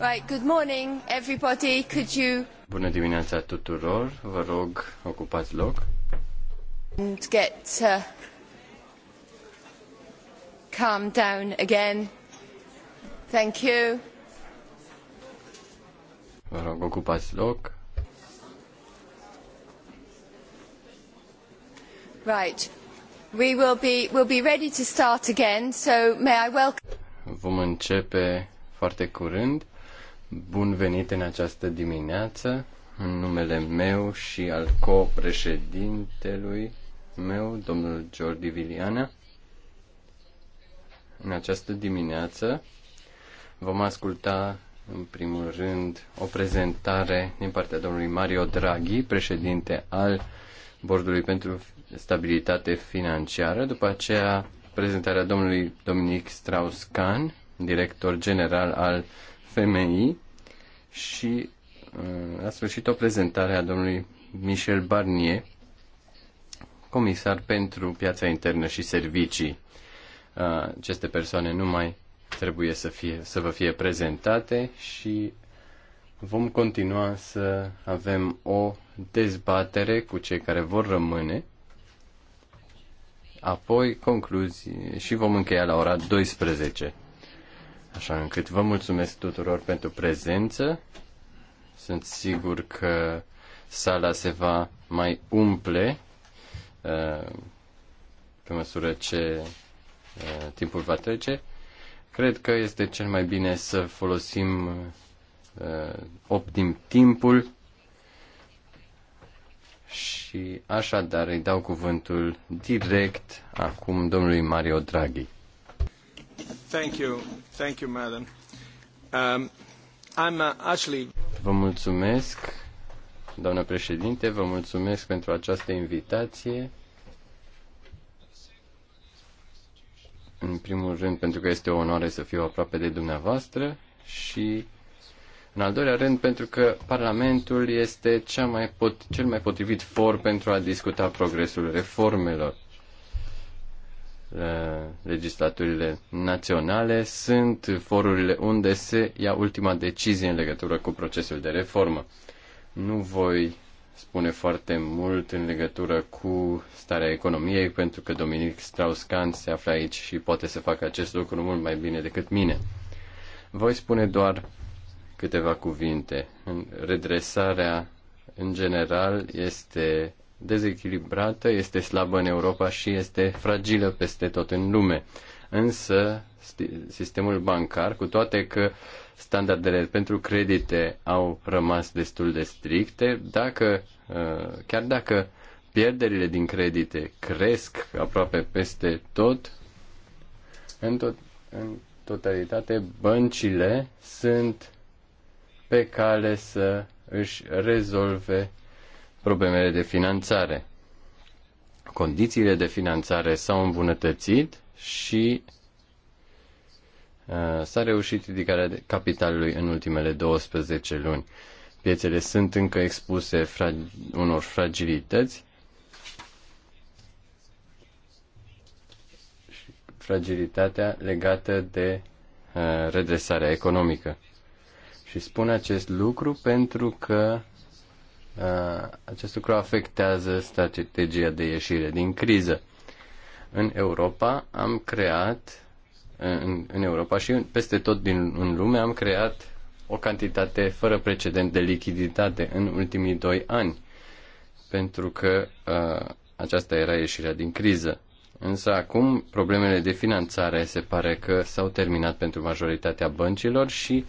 Right, good morning everybody. Could you Bună dimineața tuturor. Vă rog, ocupați loc. And get uh, calm down again. Thank you. Vă rog, ocupați loc. Right. We will be will be ready to start again, so may I welcome Vom începe foarte curând. Bun venit în această dimineață, în numele meu și al copreședintelui meu, domnul Jordi Viliana. În această dimineață vom asculta în primul rând o prezentare din partea domnului Mario Draghi, președinte al Bordului pentru Stabilitate Financiară, după aceea prezentarea domnului Dominic Strauss-Kahn, director general al FMI și uh, la sfârșit o prezentare a domnului Michel Barnier, comisar pentru piața internă și servicii. Uh, aceste persoane nu mai trebuie să, fie, să vă fie prezentate și vom continua să avem o dezbatere cu cei care vor rămâne. Apoi concluzii și vom încheia la ora 12. Așa încât vă mulțumesc tuturor pentru prezență. Sunt sigur că sala se va mai umple uh, pe măsură ce uh, timpul va trece. Cred că este cel mai bine să folosim uh, optim timpul și așadar îi dau cuvântul direct acum domnului Mario Draghi. Um, uh, vă mulțumesc, doamnă președinte, vă mulțumesc pentru această invitație. În primul rând, pentru că este o onoare să fiu aproape de dumneavoastră și în al doilea rând, pentru că Parlamentul este cea mai pot, cel mai potrivit for pentru a discuta progresul reformelor. Uh, legislaturile naționale sunt forurile unde se ia ultima decizie în legătură cu procesul de reformă. Nu voi spune foarte mult în legătură cu starea economiei, pentru că Dominic Strauss-Kahn se află aici și poate să facă acest lucru mult mai bine decât mine. Voi spune doar câteva cuvinte. Redresarea, în general, este dezechilibrată, este slabă în Europa și este fragilă peste tot în lume. Însă, sistemul bancar, cu toate că standardele pentru credite au rămas destul de stricte, dacă, uh, chiar dacă pierderile din credite cresc aproape peste tot, în, tot, în totalitate băncile sunt pe cale să își rezolve problemele de finanțare. Condițiile de finanțare s-au îmbunătățit și uh, s-a reușit ridicarea capitalului în ultimele 12 luni. Piețele sunt încă expuse fra- unor fragilități, fragilitatea legată de uh, redresarea economică. Și spun acest lucru pentru că Uh, acest lucru afectează strategia de ieșire din criză. În Europa am creat, uh, în, în Europa și peste tot din în lume am creat o cantitate fără precedent de lichiditate în ultimii doi ani, pentru că a, uh, aceasta era ieșirea din criză. Însă acum problemele de finanțare se pare că s-au terminat pentru majoritatea băncilor și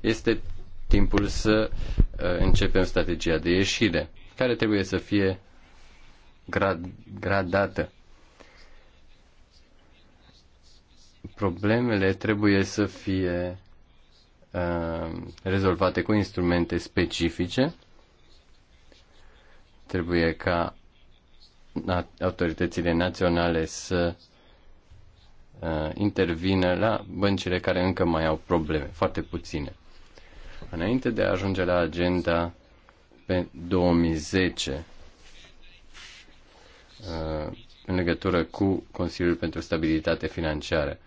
este timpul să uh, începem strategia de ieșire, care trebuie să fie grad, gradată. Problemele trebuie să fie uh, rezolvate cu instrumente specifice. Trebuie ca autoritățile naționale să uh, intervină la băncile care încă mai au probleme, foarte puține înainte de a ajunge la agenda pe 2010 uh, în legătură cu Consiliul pentru Stabilitate Financiară.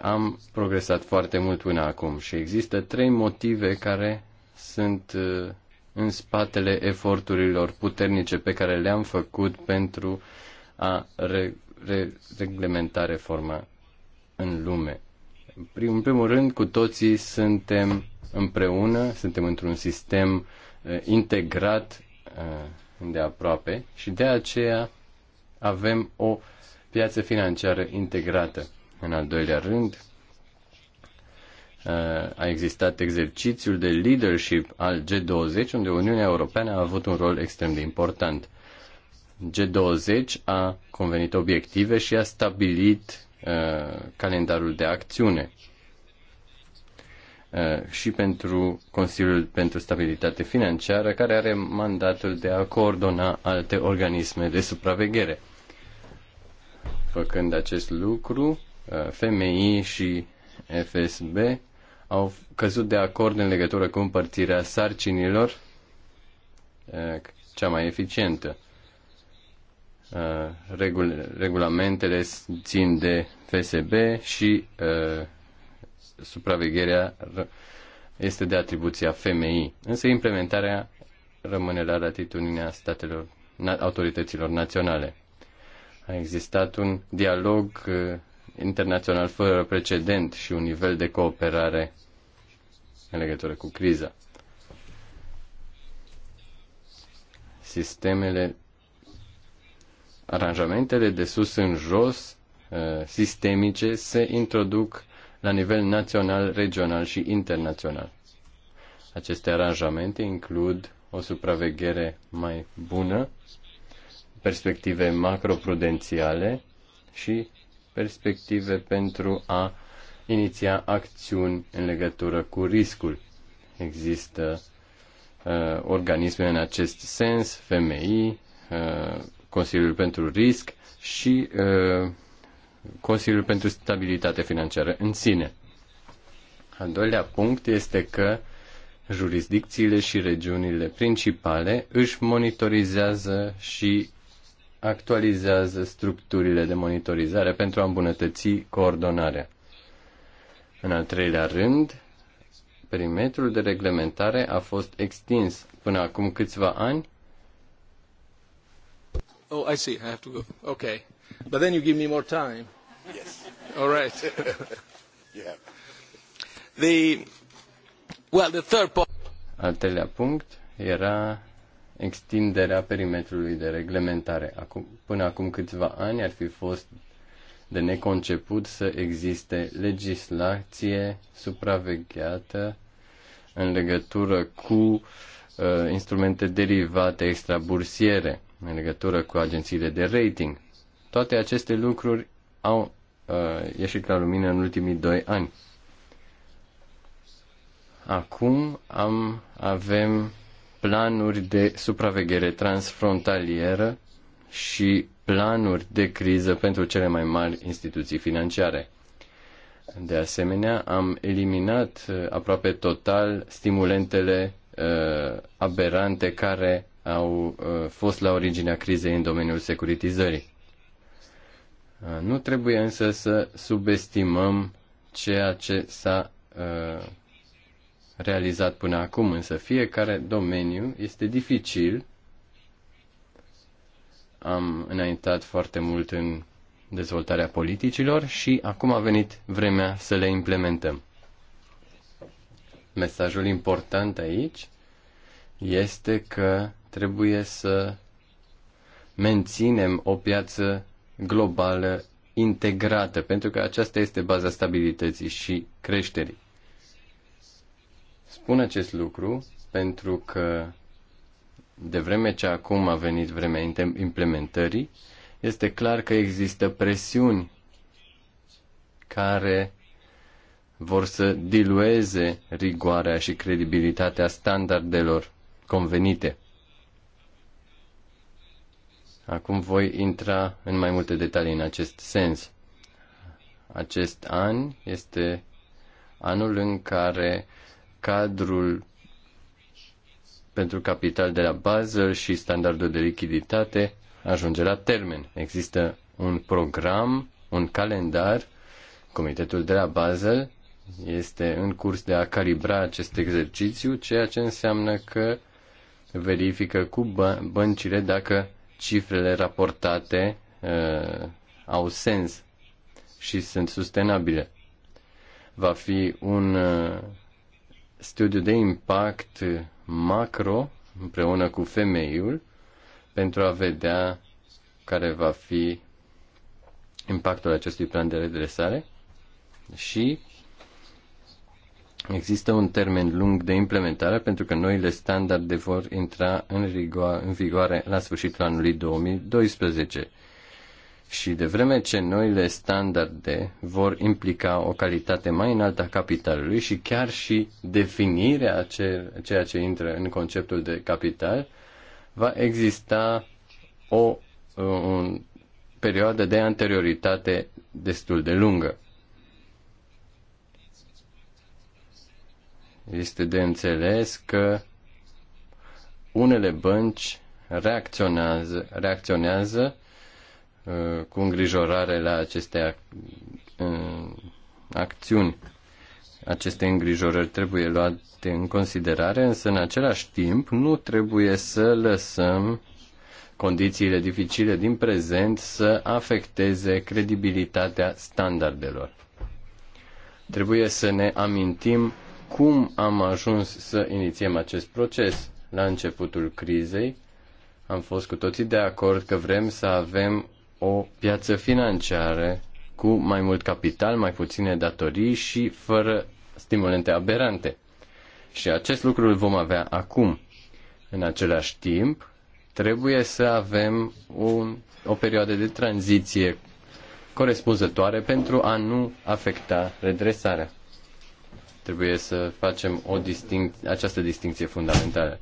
Am progresat foarte mult până acum și există trei motive care sunt uh, în spatele eforturilor puternice pe care le-am făcut pentru a re- re- reglementa reforma în lume prim, în primul rând, cu toții suntem împreună, suntem într-un sistem uh, integrat uh, eh, de aproape și de aceea avem o piață financiară integrată. În al doilea rând, eh, a existat exercițiul de leadership al G20, unde Uniunea Europeană a avut un rol extrem de important. G20 a convenit obiective și a stabilit Uh, calendarul de acțiune uh, și pentru Consiliul pentru Stabilitate Financiară, care are mandatul de a coordona alte organisme de supraveghere. Făcând acest lucru, uh, FMI și FSB au căzut de acord în legătură cu împărțirea sarcinilor cea mai eficientă. Uh, regul, regulamentele țin de FSB și uh, supravegherea este de atribuția FMI, însă implementarea rămâne la latitudinea statelor, autorităților naționale. A existat un dialog uh, internațional fără precedent și un nivel de cooperare în legătură cu criza. Sistemele aranjamentele de sus în jos, uh, sistemice, se introduc la nivel național, regional și internațional. Aceste aranjamente includ o supraveghere mai bună, perspective macroprudențiale și perspective pentru a iniția acțiuni în legătură cu riscul. Există uh, organisme în acest sens, FMI, uh, Consiliul pentru Risc și uh, Consiliul pentru Stabilitate Financiară în sine. Al doilea punct este că jurisdicțiile și regiunile principale își monitorizează și actualizează structurile de monitorizare pentru a îmbunătăți coordonarea. În al treilea rând, perimetrul de reglementare a fost extins până acum câțiva ani Oh, I see. I have to go. Okay. But then you give me more time. Yes. All right. yeah. The, well, the third point. Al treilea punct era extinderea perimetrului de reglementare. Acum, până acum câțiva ani ar fi fost de neconceput să existe legislație supravegheată în legătură cu uh, instrumente derivate extrabursiere în legătură cu agențiile de rating. Toate aceste lucruri au uh, ieșit la lumină în ultimii doi ani. Acum am, avem planuri de supraveghere transfrontalieră și planuri de criză pentru cele mai mari instituții financiare. De asemenea, am eliminat uh, aproape total stimulentele uh, aberante care au uh, fost la originea crizei în domeniul securitizării. Uh, nu trebuie însă să subestimăm ceea ce s-a uh, realizat până acum, însă fiecare domeniu este dificil. Am înaintat foarte mult în dezvoltarea politicilor și acum a venit vremea să le implementăm. Mesajul important aici este că Trebuie să menținem o piață globală integrată, pentru că aceasta este baza stabilității și creșterii. Spun acest lucru pentru că de vreme ce acum a venit vremea implementării, este clar că există presiuni care vor să dilueze rigoarea și credibilitatea standardelor convenite. Acum voi intra în mai multe detalii în acest sens. Acest an este anul în care cadrul pentru capital de la Basel și standardul de lichiditate ajunge la termen. Există un program, un calendar. Comitetul de la Basel este în curs de a calibra acest exercițiu, ceea ce înseamnă că verifică cu băncile dacă cifrele raportate uh, au sens și sunt sustenabile. Va fi un uh, studiu de impact macro împreună cu femeiul pentru a vedea care va fi impactul acestui plan de redresare și Există un termen lung de implementare pentru că noile standarde vor intra în, rigoare, în vigoare la sfârșitul anului 2012. Și de vreme ce noile standarde vor implica o calitate mai înaltă a capitalului și chiar și definirea ceea ce intră în conceptul de capital, va exista o, o perioadă de anterioritate destul de lungă. Este de înțeles că unele bănci reacționează, reacționează uh, cu îngrijorare la aceste uh, acțiuni. Aceste îngrijorări trebuie luate în considerare, însă în același timp nu trebuie să lăsăm condițiile dificile din prezent să afecteze credibilitatea standardelor. Trebuie să ne amintim cum am ajuns să inițiem acest proces. La începutul crizei am fost cu toții de acord că vrem să avem o piață financiară cu mai mult capital, mai puține datorii și fără stimulente aberante. Și acest lucru îl vom avea acum. În același timp, trebuie să avem un, o perioadă de tranziție corespunzătoare pentru a nu afecta redresarea. Trebuie să facem o distinct, această distinție fundamentală.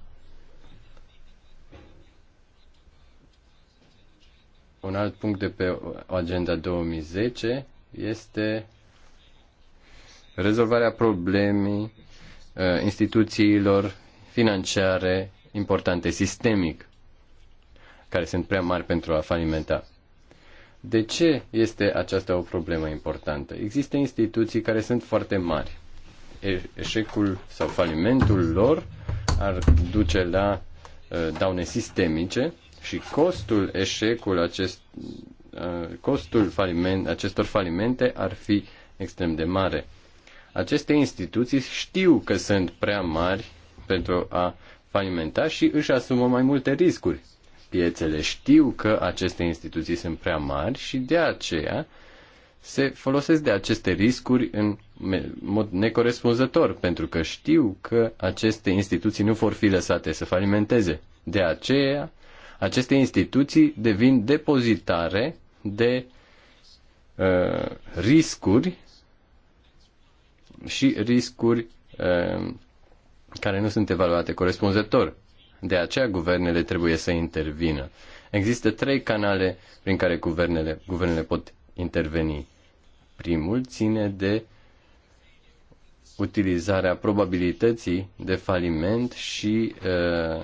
Un alt punct de pe agenda 2010 este rezolvarea problemei uh, instituțiilor financiare importante, sistemic, care sunt prea mari pentru a falimenta. De ce este aceasta o problemă importantă? Există instituții care sunt foarte mari eșecul sau falimentul lor ar duce la uh, daune sistemice și costul eșecul acest, uh, costul faliment, acestor falimente ar fi extrem de mare. Aceste instituții știu că sunt prea mari pentru a falimenta și își asumă mai multe riscuri. Piețele știu că aceste instituții sunt prea mari și de aceea se folosesc de aceste riscuri în mod necorespunzător, pentru că știu că aceste instituții nu vor fi lăsate să falimenteze. De aceea, aceste instituții devin depozitare de uh, riscuri și riscuri uh, care nu sunt evaluate corespunzător. De aceea guvernele trebuie să intervină. Există trei canale prin care guvernele, guvernele pot interveni. Primul ține de utilizarea probabilității de faliment și uh,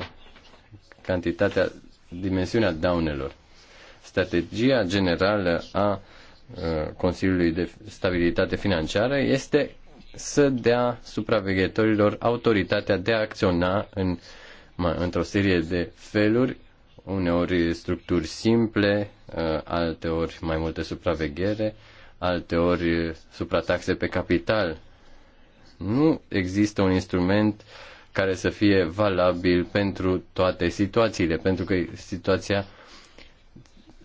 cantitatea, dimensiunea daunelor. Strategia generală a uh, Consiliului de Stabilitate Financiară este să dea supraveghetorilor autoritatea de a acționa în, într-o serie de feluri, uneori structuri simple, uh, alteori mai multe supraveghere, alteori suprataxe pe capital. Nu există un instrument care să fie valabil pentru toate situațiile, pentru că situația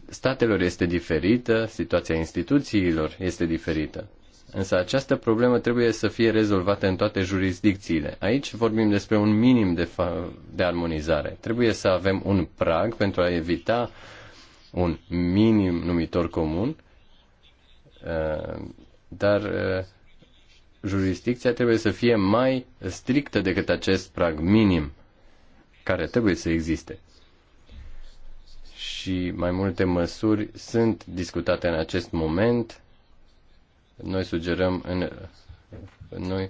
statelor este diferită, situația instituțiilor este diferită. Însă această problemă trebuie să fie rezolvată în toate jurisdicțiile. Aici vorbim despre un minim de, de armonizare. Trebuie să avem un prag pentru a evita un minim numitor comun Uh, dar uh, jurisdicția trebuie să fie mai strictă decât acest prag minim care trebuie să existe. Și mai multe măsuri sunt discutate în acest moment. Noi sugerăm în noi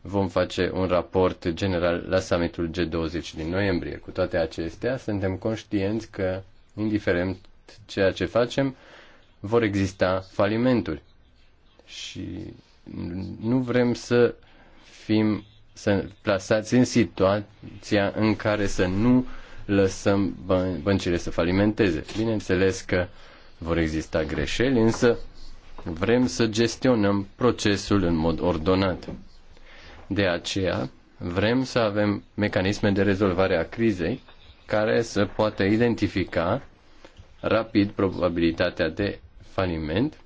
vom face un raport general la summitul G20 din noiembrie. Cu toate acestea, suntem conștienți că, indiferent ceea ce facem, vor exista falimenturi. Și nu vrem să fim să plasați în situația în care să nu lăsăm băncile să falimenteze. Bineînțeles că vor exista greșeli, însă vrem să gestionăm procesul în mod ordonat. De aceea, vrem să avem mecanisme de rezolvare a crizei care să poată identifica rapid probabilitatea de faliment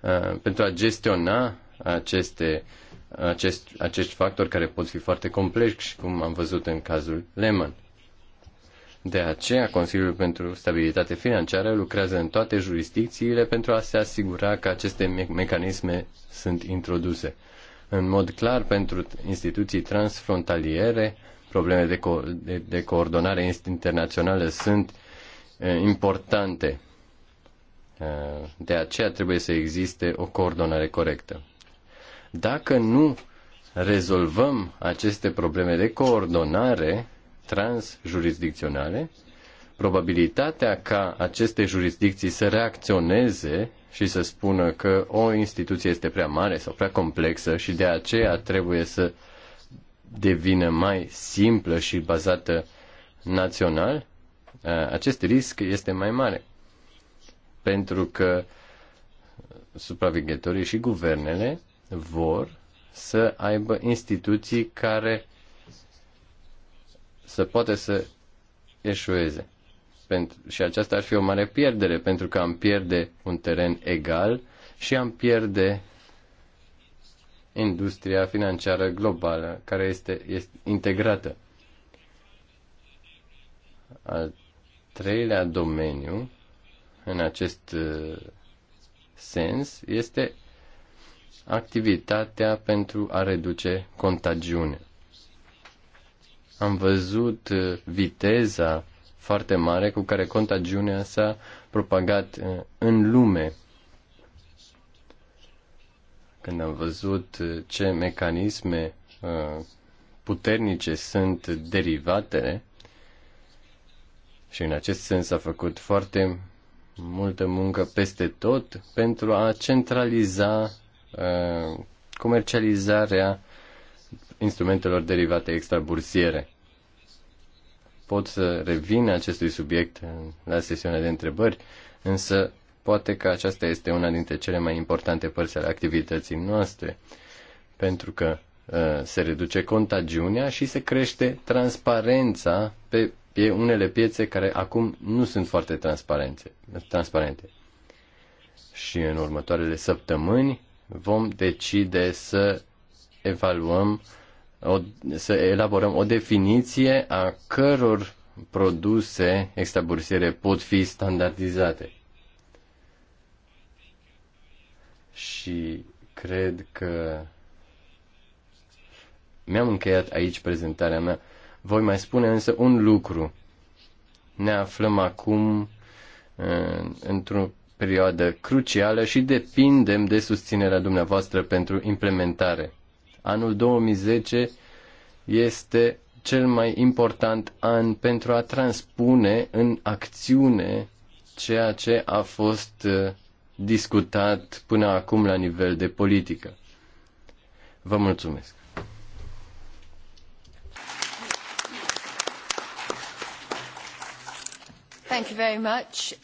uh, pentru a gestiona aceste, acest, acești factori care pot fi foarte complexi, cum am văzut în cazul Lehman. De aceea, Consiliul pentru Stabilitate Financiară lucrează în toate jurisdicțiile pentru a se asigura că aceste me- mecanisme sunt introduse. În mod clar, pentru instituții transfrontaliere, probleme de, co- de, de coordonare internațională sunt e, eh, importante Eh, de aceea trebuie să existe o coordonare corectă. Dacă nu rezolvăm aceste probleme de coordonare transjurisdicționale, probabilitatea ca aceste jurisdicții să reacționeze și să spună că o instituție este prea mare sau prea complexă și de aceea trebuie să devină mai simplă și bazată național, eh, acest risc este mai mare pentru că supraveghetorii și guvernele vor să aibă instituții care să poate să eșueze. Pentru, și aceasta ar fi o mare pierdere, pentru că am pierde un teren egal și am pierde industria financiară globală care este, este integrată. Al treilea domeniu în acest uh, sens este activitatea pentru a reduce contagiune. Am văzut uh, viteza foarte mare cu care contagiunea s-a propagat uh, în lume. Când am văzut ce mecanisme puternice sunt derivatele și în acest sens a făcut foarte multă muncă peste tot pentru a centraliza uh, comercializarea instrumentelor derivate extrabursiere. Pot să revin acestui subiect la sesiunea de întrebări, însă poate că aceasta este una dintre cele mai importante părți ale activității noastre, pentru că uh, se reduce contagiunea și se crește transparența pe unele piețe care acum nu sunt foarte transparente. Și în următoarele săptămâni vom decide să evaluăm, o, să elaborăm o definiție a căror produse extrabursiere pot fi standardizate. Și cred că mi-am încheiat aici prezentarea mea. Voi mai spune însă un lucru. Ne aflăm acum uh, într-o perioadă crucială și depindem de susținerea dumneavoastră pentru implementare. Anul 2010 este cel mai important an pentru a transpune în acțiune ceea ce a fost uh, discutat până acum la nivel de politică. Vă mulțumesc!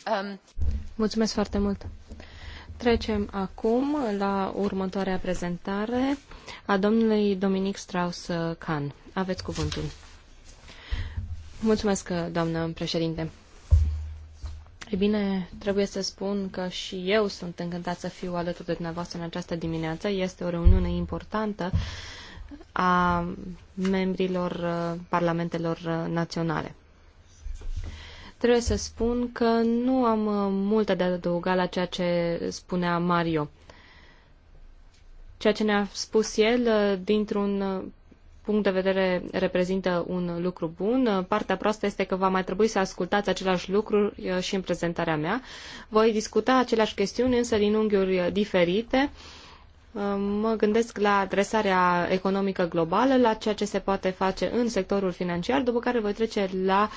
Um, Mulțumesc foarte mult. Trecem acum la următoarea prezentare a domnului Dominic Strauss-Kahn. Aveți cuvântul. Mulțumesc, doamnă președinte. E bine, trebuie să spun că și eu sunt încântat să fiu alături de dumneavoastră în această dimineață. Este o reuniune importantă a membrilor uh, parlamentelor uh, naționale. Trebuie să spun că nu am uh, multe de adăugat la ceea ce spunea Mario. Ceea ce ne-a spus el, uh, dintr-un uh, punct de vedere reprezintă un lucru bun. Partea proastă este că va mai trebui să ascultați același lucru și în prezentarea mea. Voi discuta aceleași chestiuni, însă din unghiuri diferite. Mă gândesc la adresarea economică globală, la ceea ce se poate face în sectorul financiar, după care voi trece la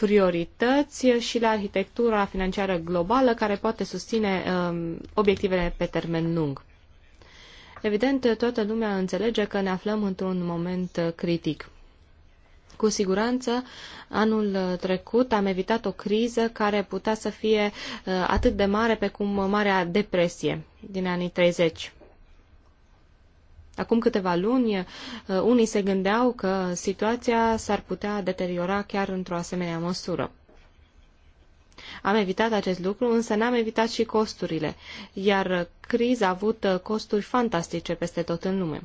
priorități și la arhitectura financiară globală care poate susține um, obiectivele pe termen lung. Evident, toată lumea înțelege că ne aflăm într-un moment critic. Cu siguranță, anul trecut am evitat o criză care putea să fie uh, atât de mare pe cum Marea Depresie din anii 30. Acum câteva luni, uh, unii se gândeau că situația s-ar putea deteriora chiar într-o asemenea măsură. Am evitat acest lucru, însă n-am evitat și costurile, iar criza a avut uh, costuri fantastice peste tot în lume.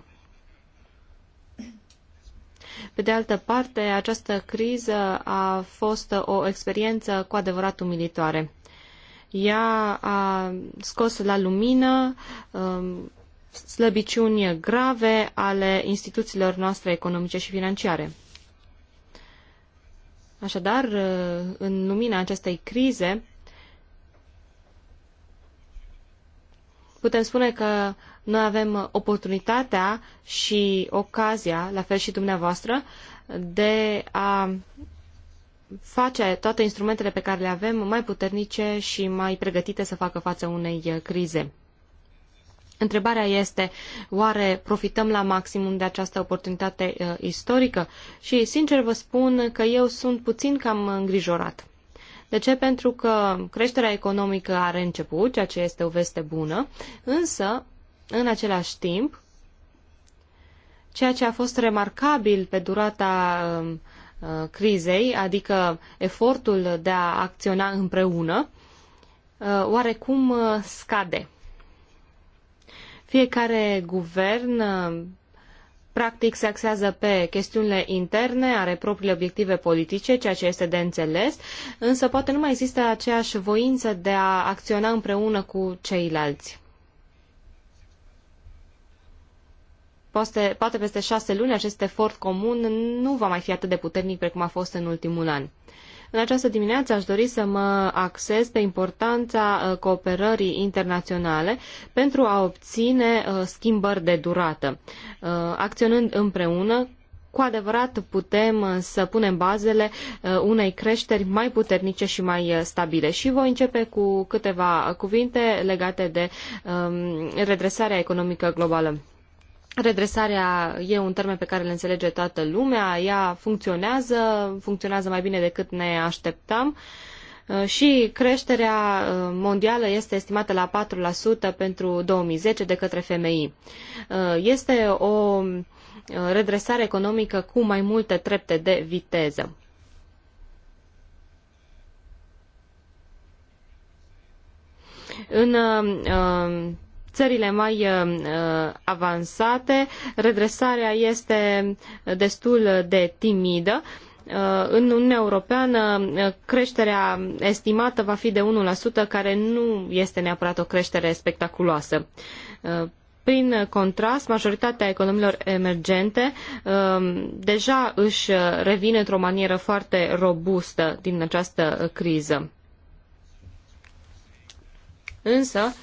Pe de altă parte, această criză a fost uh, o experiență cu adevărat umilitoare. Ea a scos la lumină um, slăbiciuni grave ale instituțiilor noastre economice și financiare. Așadar, în lumina acestei crize, putem spune că noi avem oportunitatea și ocazia, la fel și dumneavoastră, de a face toate instrumentele pe care le avem mai puternice și mai pregătite să facă față unei crize. Întrebarea este, oare profităm la maximum de această oportunitate uh, istorică? Și, sincer, vă spun că eu sunt puțin cam îngrijorat. De ce? Pentru că creșterea economică are început, ceea ce este o veste bună, însă, în același timp, ceea ce a fost remarcabil pe durata uh, uh crizei, adică efortul de a acționa împreună, uh, oarecum uh, scade. Fiecare guvern uh, practic se axează pe chestiunile interne, are propriile obiective politice, ceea ce este de înțeles, însă poate nu mai există aceeași voință de a acționa împreună cu ceilalți. Poate, poate peste șase luni acest efort comun nu va mai fi atât de puternic precum a fost în ultimul an. În această dimineață aș dori să mă acces pe importanța uh, cooperării internaționale pentru a obține uh, schimbări de durată. Uh, acționând împreună, cu adevărat putem să punem bazele unei creșteri mai puternice și mai stabile. Și voi începe cu câteva cuvinte legate de um, redresarea economică globală. Redresarea e un termen pe care îl înțelege toată lumea, ea funcționează, funcționează mai bine decât ne așteptam uh, și creșterea uh, mondială este estimată la 4% pentru 2010 de către FMI. Uh, este o redresare economică cu mai multe trepte de viteză. În țările mai uh, uh, avansate, redresarea este destul de timidă uh, în Uniunea Europeană creșterea estimată va fi de 1%, care nu este neapărat o creștere spectaculoasă. Prin contrast, majoritatea economiilor emergente deja își revine într-o manieră foarte robustă din această criză. Însă,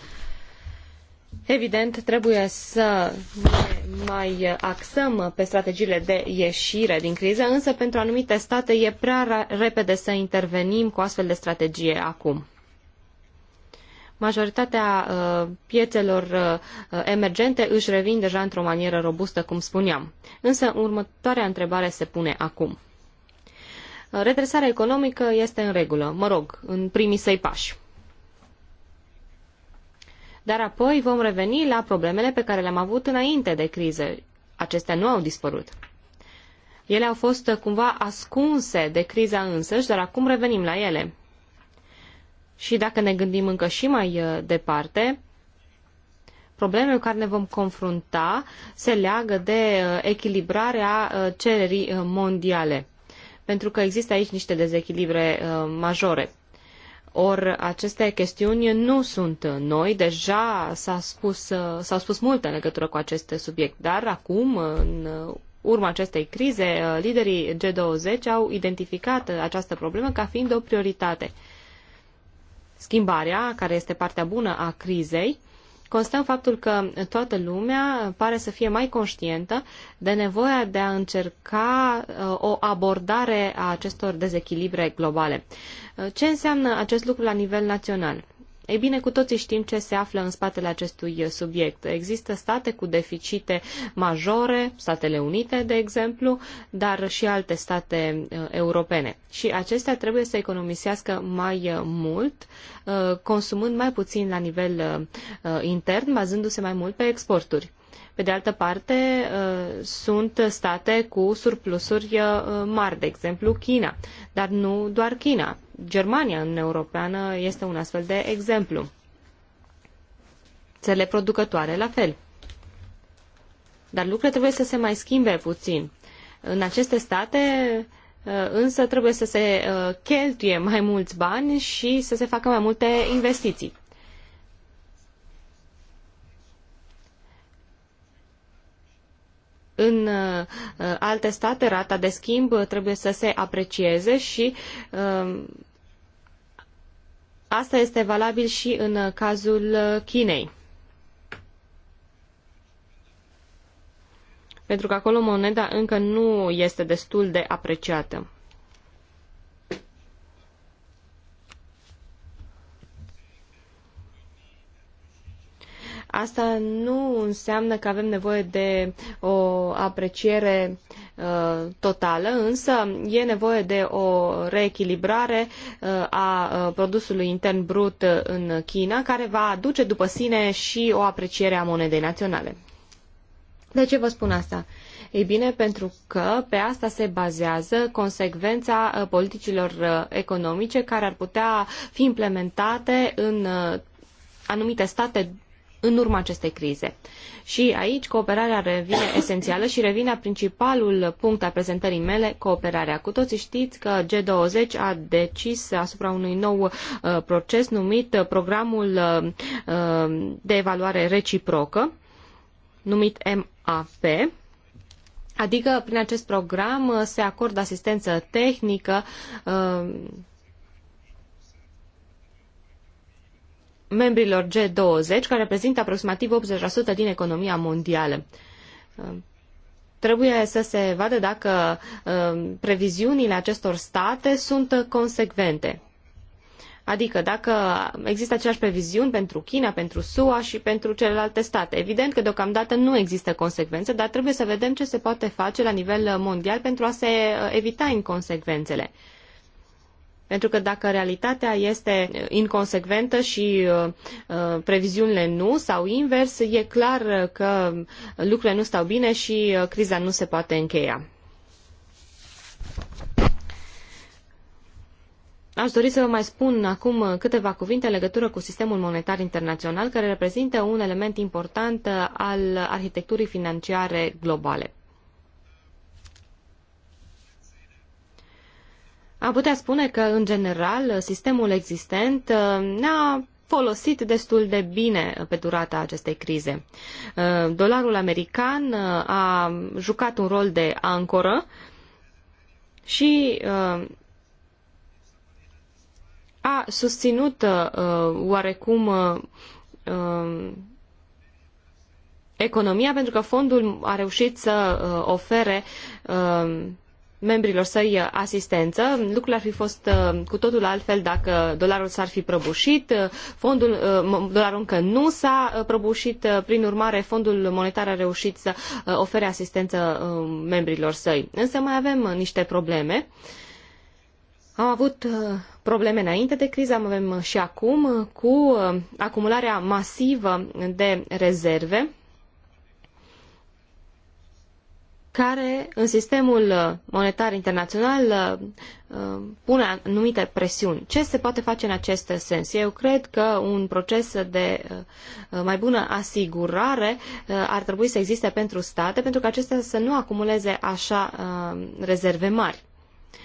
Evident, trebuie să ne mai axăm pe strategiile de ieșire din criză, însă pentru anumite state e prea repede să intervenim cu astfel de strategie acum. Majoritatea uh, piețelor uh, emergente își revin deja într-o manieră robustă, cum spuneam. Însă următoarea întrebare se pune acum. Redresarea economică este în regulă, mă rog, în primii săi pași dar apoi vom reveni la problemele pe care le-am avut înainte de criză. Acestea nu au dispărut. Ele au fost cumva ascunse de criza însăși, dar acum revenim la ele. Și dacă ne gândim încă și mai uh, departe, problemele cu care ne vom confrunta se leagă de uh, echilibrarea uh, cererii mondiale. Pentru că există aici niște dezechilibre majore. Or, aceste chestiuni nu sunt noi, deja s-a spus, s-au spus multe în legătură cu acest subiect, dar acum, în urma acestei crize, liderii G20 au identificat această problemă ca fiind o prioritate. Schimbarea, care este partea bună a crizei, constă în faptul că toată lumea pare să fie mai conștientă de nevoia de a încerca uh, o abordare a acestor dezechilibre globale. Uh, ce înseamnă acest lucru la nivel național? Ei bine, cu toții știm ce se află în spatele acestui subiect. Există state cu deficite majore, Statele Unite, de exemplu, dar și alte state uh, europene. Și acestea trebuie să economisească mai uh, mult, uh, consumând mai puțin la nivel intern, bazându-se mai mult pe exporturi. Pe de altă parte, sunt state cu surplusuri mari, de exemplu China, dar nu doar China. Germania în Europeană este un astfel de exemplu. Țele producătoare la fel. Dar lucrurile trebuie să se mai schimbe puțin. În aceste state uh, însă trebuie să se uh, cheltuie mai mulți bani și să se facă mai multe investiții. în uh, alte state rata de schimb trebuie să se aprecieze și Asta este valabil și în cazul Chinei. Pentru că acolo moneda încă nu este destul de apreciată. Asta nu înseamnă că avem nevoie de o apreciere uh, totală, însă e nevoie de o reechilibrare uh, a uh, produsului intern brut în China, care va aduce după sine și o apreciere a monedei naționale. De ce vă spun asta? Ei bine, pentru că pe asta se bazează consecvența uh, politicilor uh, economice care ar putea fi implementate în anumite state în urma acestei crize. Și aici cooperarea revine esențială și revine principalul punct al prezentării mele, cooperarea. Cu toții știți că G20 a decis asupra unui nou uh, proces numit uh, programul uh, de evaluare reciprocă, numit MAP, adică prin acest program uh, se acordă asistență tehnică uh, membrilor G20, care reprezintă aproximativ 80% din economia mondială. Uh, trebuie să se vadă dacă uh, previziunile acestor state sunt consecvente. Adică dacă există aceleași previziuni pentru China, pentru SUA și pentru celelalte state. Evident că deocamdată nu există consecvențe, dar trebuie să vedem ce se poate face la nivel mondial pentru a se uh, evita inconsecvențele. Pentru că dacă realitatea este inconsecventă și uh, uh, previziunile nu sau invers, e clar că lucrurile nu stau bine și uh, criza nu se poate încheia. Aș dori să vă mai spun acum câteva cuvinte în legătură cu sistemul monetar internațional, care reprezintă un element important al arhitecturii financiare globale. Am putea spune că, în general, sistemul existent uh, ne-a folosit destul de bine pe durata acestei crize. Uh, dolarul american uh, a jucat un rol de ancoră și a susținut oarecum economia pentru că fondul a reușit să ofere membrilor săi uh, asistență. Lucrurile ar fi fost uh, cu totul altfel dacă dolarul s-ar fi prăbușit. Uh, fondul, dolarul încă nu s-a prăbușit, prin urmare Fondul Monetar a reușit să ofere asistență um, membrilor săi. Însă mai avem niște probleme. Am avut probleme înainte de criză, avem și acum, cu acumularea masivă de rezerve care în sistemul uh, monetar internațional uh, uh, pune anumite presiuni. Ce se poate face în acest sens? Eu cred că un proces de mai bună asigurare ar trebui să existe pentru state, pentru că acestea să nu acumuleze așa rezerve mari.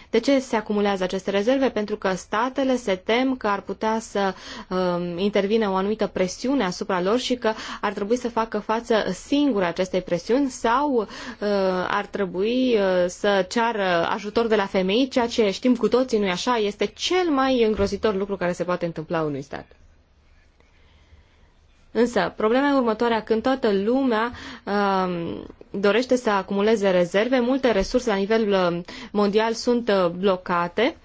De ce se acumulează aceste rezerve? Pentru că statele se tem că ar putea să um, intervine o anumită presiune asupra lor și că ar trebui să facă față singure acestei presiuni sau uh, ar trebui uh, să ceară ajutor de la femei, ceea ce știm cu toții, nu-i așa, este cel mai îngrozitor lucru care se poate întâmpla unui stat. Însă, problema e următoarea, când toată lumea uh, dorește să acumuleze rezerve, multe resurse la nivel uh, mondial sunt uh, blocate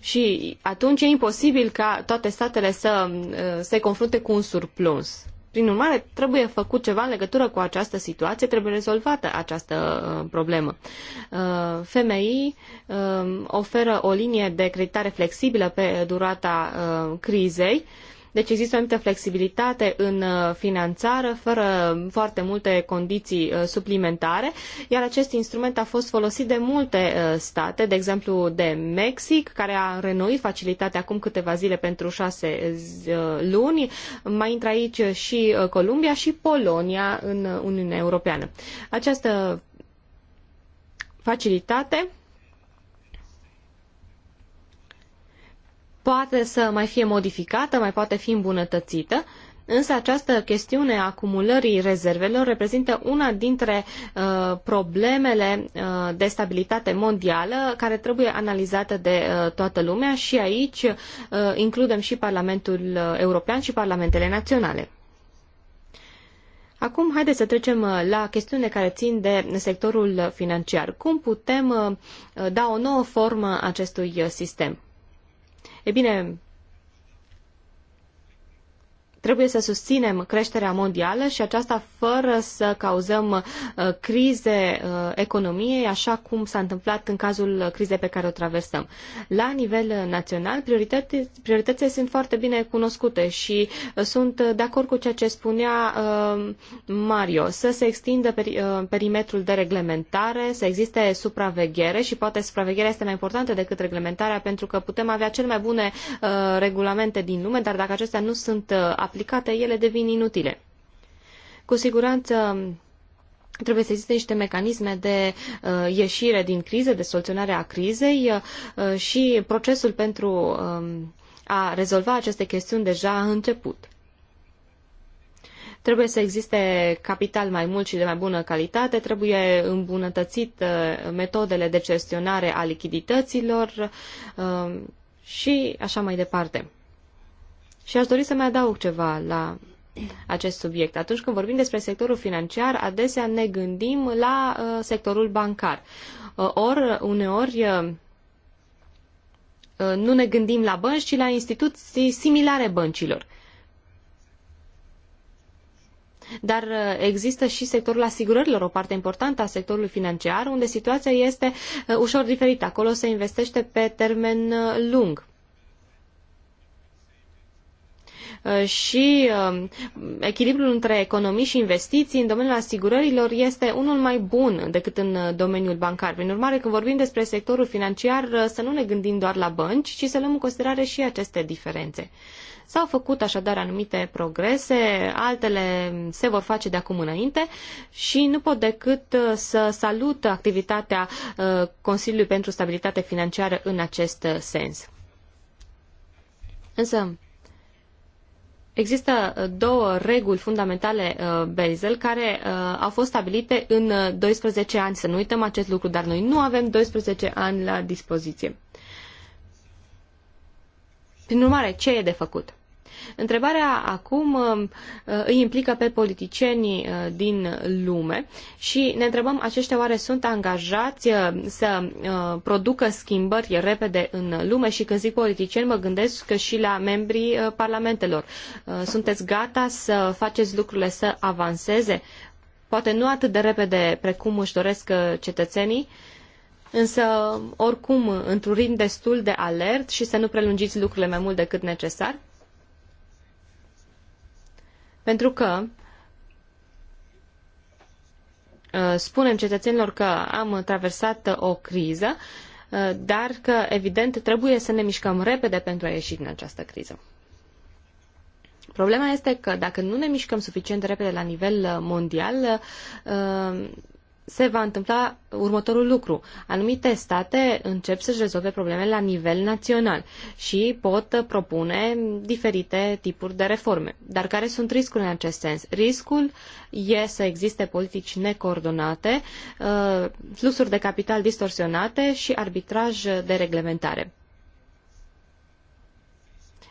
și atunci e imposibil ca toate statele să uh, se confrunte cu un surplus. Prin urmare, trebuie făcut ceva în legătură cu această situație, trebuie rezolvată această problemă. FMI oferă o linie de creditare flexibilă pe durata crizei deci există o anumită flexibilitate în uh, finanțare, fără foarte multe condiții uh, suplimentare, iar acest instrument a fost folosit de multe uh, state, de exemplu de Mexic, care a renoit facilitatea acum câteva zile pentru șase luni. Mai intră aici și Columbia și Polonia în Uniunea Europeană. Această facilitate poate să mai fie modificată, mai poate fi îmbunătățită, însă această chestiune a acumulării rezervelor reprezintă una dintre uh, problemele uh, de stabilitate mondială care trebuie analizată de uh, toată lumea și aici uh, includem și Parlamentul uh, European și Parlamentele Naționale. Acum, haideți să trecem uh, la chestiune care țin de sectorul financiar. Cum putem da o nouă formă acestui sistem? E bine, trebuie să susținem creșterea mondială și aceasta fără să cauzăm uh, crize uh, economiei, așa cum s-a întâmplat în cazul crizei pe care o traversăm. La nivel național, prioritățile, prioritățile sunt foarte bine cunoscute și uh, sunt de acord cu ceea ce spunea Mario, să se extindă perimetrul de reglementare, să existe supraveghere și poate supravegherea este mai importantă decât reglementarea pentru că putem avea cele mai bune regulamente din lume, dar dacă acestea nu sunt aplicate, ele devin inutile. Cu siguranță trebuie să existe niște mecanisme de uh, ieșire din criză, de soluționare a crizei uh, și procesul pentru uh, a rezolva aceste chestiuni deja a început. Trebuie să existe capital mai mult și de mai bună calitate, trebuie îmbunătățit uh, metodele de gestionare a lichidităților um, și așa mai departe. Și aș dori să mai adaug ceva la acest subiect. Atunci când vorbim despre sectorul financiar, adesea ne gândim la uh, sectorul bancar. Uh, Ori, uneori, uh, nu ne gândim la bănci, ci la instituții similare băncilor. Dar există și sectorul asigurărilor, o parte importantă a sectorului financiar, unde situația este ușor diferită. Acolo se investește pe termen lung. Uh, și um, echilibrul între economii și investiții în domeniul asigurărilor este unul mai bun decât în uh, domeniul bancar. Prin urmare, când vorbim despre sectorul financiar, uh, să nu ne gândim doar la bănci, ci să luăm în considerare și aceste diferențe. S-au făcut așadar anumite progrese, altele se vor face de acum înainte și nu pot decât să salut activitatea Consiliului pentru Stabilitate Financiară în acest sens. Însă, Există uh, două reguli fundamentale uh, Basel care uh, au fost stabilite în 12 ani. Să nu uităm acest lucru, dar noi nu avem 12 ani la dispoziție. Prin urmare, ce e de făcut? Întrebarea acum uh, uh, îi implică pe politicienii uh, din lume și ne întrebăm aceștia oare sunt angajați să producă schimbări repede în lume și când zic politicieni mă gândesc că și la membrii parlamentelor. Sunteți gata să faceți lucrurile să avanseze? Poate nu atât de repede precum își doresc cetățenii, însă oricum într-un ritm destul de alert și să nu prelungiți lucrurile mai mult decât necesar. Pentru că uh, spunem cetățenilor că am traversat uh, o criză, uh, dar că, evident, trebuie să ne mișcăm repede pentru a ieși din această criză. Problema este că dacă nu ne mișcăm suficient de repede la nivel mondial, se va întâmpla următorul lucru. Anumite state încep să-și rezolve probleme la nivel național și pot propune diferite tipuri de reforme. Dar care sunt riscurile în acest sens? Riscul e să existe politici necoordonate, uh, fluxuri de capital distorsionate și arbitraj de reglementare.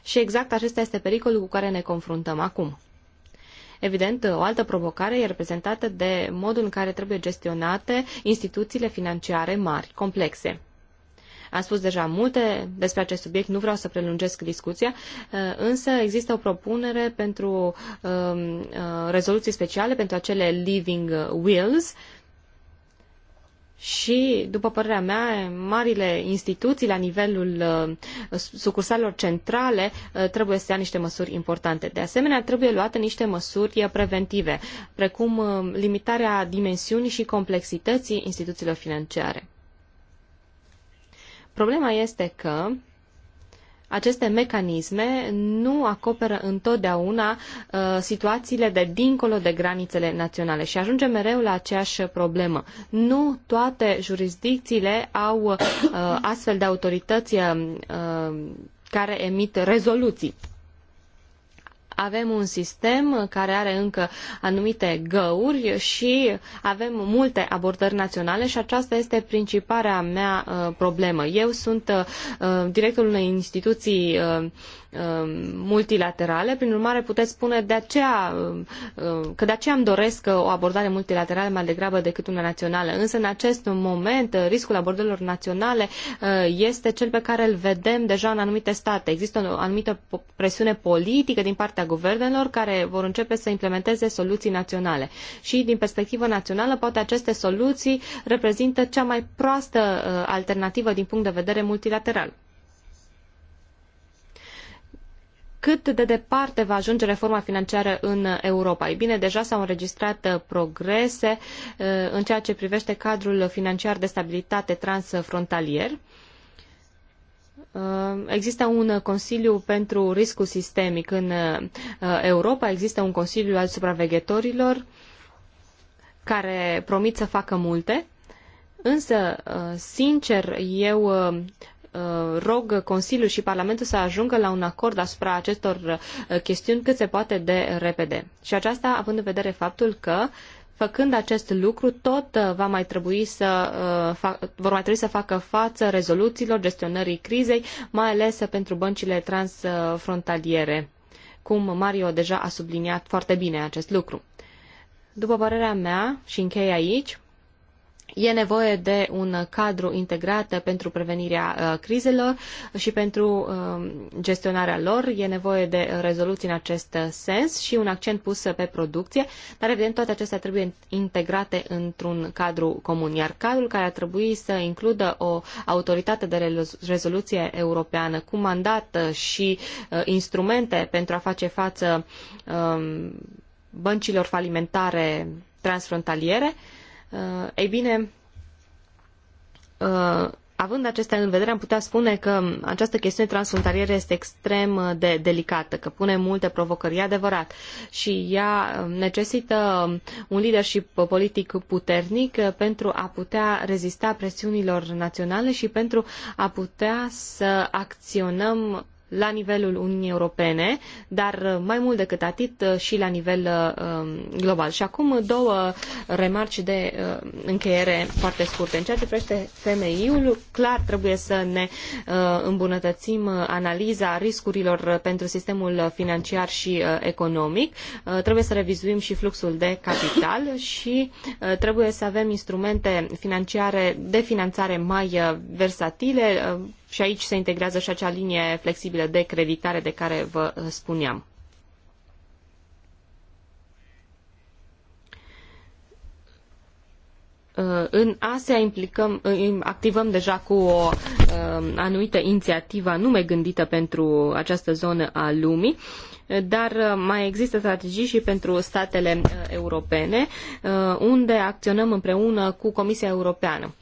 Și exact acesta este pericolul cu care ne confruntăm acum. Evident, o altă provocare e reprezentată de modul în care trebuie gestionate instituțiile financiare mari, complexe. Am spus deja multe despre acest subiect, nu vreau să prelungesc discuția, uh, însă există o propunere pentru um, uh, rezoluții speciale pentru acele living wills, și, după părerea mea, marile instituții la nivelul uh, sucursalelor centrale uh, trebuie să ia niște măsuri importante. De asemenea, trebuie luate niște măsuri preventive, precum uh, limitarea dimensiunii și complexității instituțiilor financiare. Problema este că aceste mecanisme nu acoperă întotdeauna uh, situațiile de dincolo de granițele naționale și ajungem mereu la aceeași problemă. Nu toate jurisdicțiile au uh, astfel de autorități uh, care emit rezoluții avem un sistem care are încă anumite găuri și avem multe abordări naționale și aceasta este principarea mea uh, problemă. Eu sunt uh, directorul unei instituții uh, Um, multilaterale. Prin urmare, puteți spune de aceea, um, um, că de aceea îmi doresc o abordare multilaterală mai degrabă decât una națională. Însă, în acest moment, riscul abordărilor naționale uh, este cel pe care îl vedem deja în anumite state. Există o anumită presiune politică din partea guvernelor care vor începe să implementeze soluții naționale. Și, din perspectivă națională, poate aceste soluții reprezintă cea mai proastă uh, alternativă din punct de vedere multilateral. cât de departe va ajunge reforma financiară în Europa. Ei bine, deja s-au înregistrat uh, progrese uh, în ceea ce privește cadrul financiar de stabilitate transfrontalier. Uh, există un Consiliu pentru riscul sistemic în Europa, există un Consiliu al supraveghetorilor care promit să facă multe, însă, sincer, eu Uh, rog Consiliul și Parlamentul să ajungă la un acord asupra acestor uh, chestiuni cât se poate de repede. Și aceasta având în vedere faptul că făcând acest lucru, tot uh, va mai trebui să, vor mai trebui să facă față rezoluțiilor, gestionării crizei, mai ales pentru băncile transfrontaliere, cum Mario deja a subliniat foarte bine acest lucru. După părerea mea, și închei aici, E nevoie de un cadru integrat pentru prevenirea uh, crizelor și pentru um, gestionarea lor. E nevoie de rezoluții în acest sens și un accent pus pe producție, dar evident toate acestea trebuie integrate într-un cadru comun. Iar cadrul care ar trebui să includă o autoritate de rezoluție europeană cu mandat și uh, instrumente pentru a face față um, băncilor falimentare transfrontaliere, uh, Uh, ei bine, uh, având acestea în vedere, am putea spune că această chestiune transfrontalieră este extrem uh, de delicată, că pune multe provocări, e adevărat, și ea necesită um, un leadership politic puternic pentru a putea rezista presiunilor naționale și pentru a putea să acționăm la nivelul Uniunii Europene, dar uh, mai mult decât atât uh, și la nivel uh, um, global. Și acum două remarci de încheiere foarte scurte. În ceea ce privește femeiul, clar trebuie să ne îmbunătățim analiza riscurilor pentru sistemul financiar și economic. Trebuie să revizuim și fluxul de capital și trebuie să avem instrumente financiare de finanțare mai versatile și aici se integrează și acea linie flexibilă de creditare de care vă uh, spuneam. Uh, în Asia implicăm, uh, activăm deja cu o anumită inițiativă anume gândită pentru această zonă a lumii, dar mai există strategii și pentru statele europene, unde acționăm împreună cu Comisia Europeană.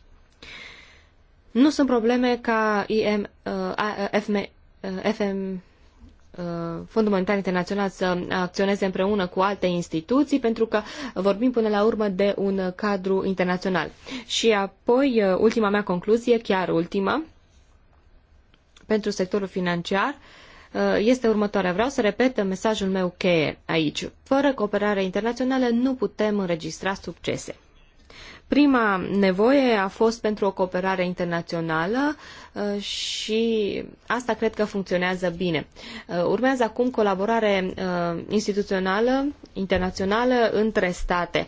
Nu sunt probleme ca IM, uh, FM, uh, FM, uh, Fondul Monetar Internațional să acționeze împreună cu alte instituții, pentru că vorbim până la urmă de un cadru internațional. Și apoi, ultima mea concluzie, chiar ultima, pentru sectorul financiar, este următoarea. Vreau să repet mesajul meu cheie aici. Fără cooperare internațională nu putem înregistra succese. Prima nevoie a fost pentru o cooperare internațională uh, și asta cred că funcționează bine. Uh, urmează acum colaborare uh, instituțională, internațională, între state.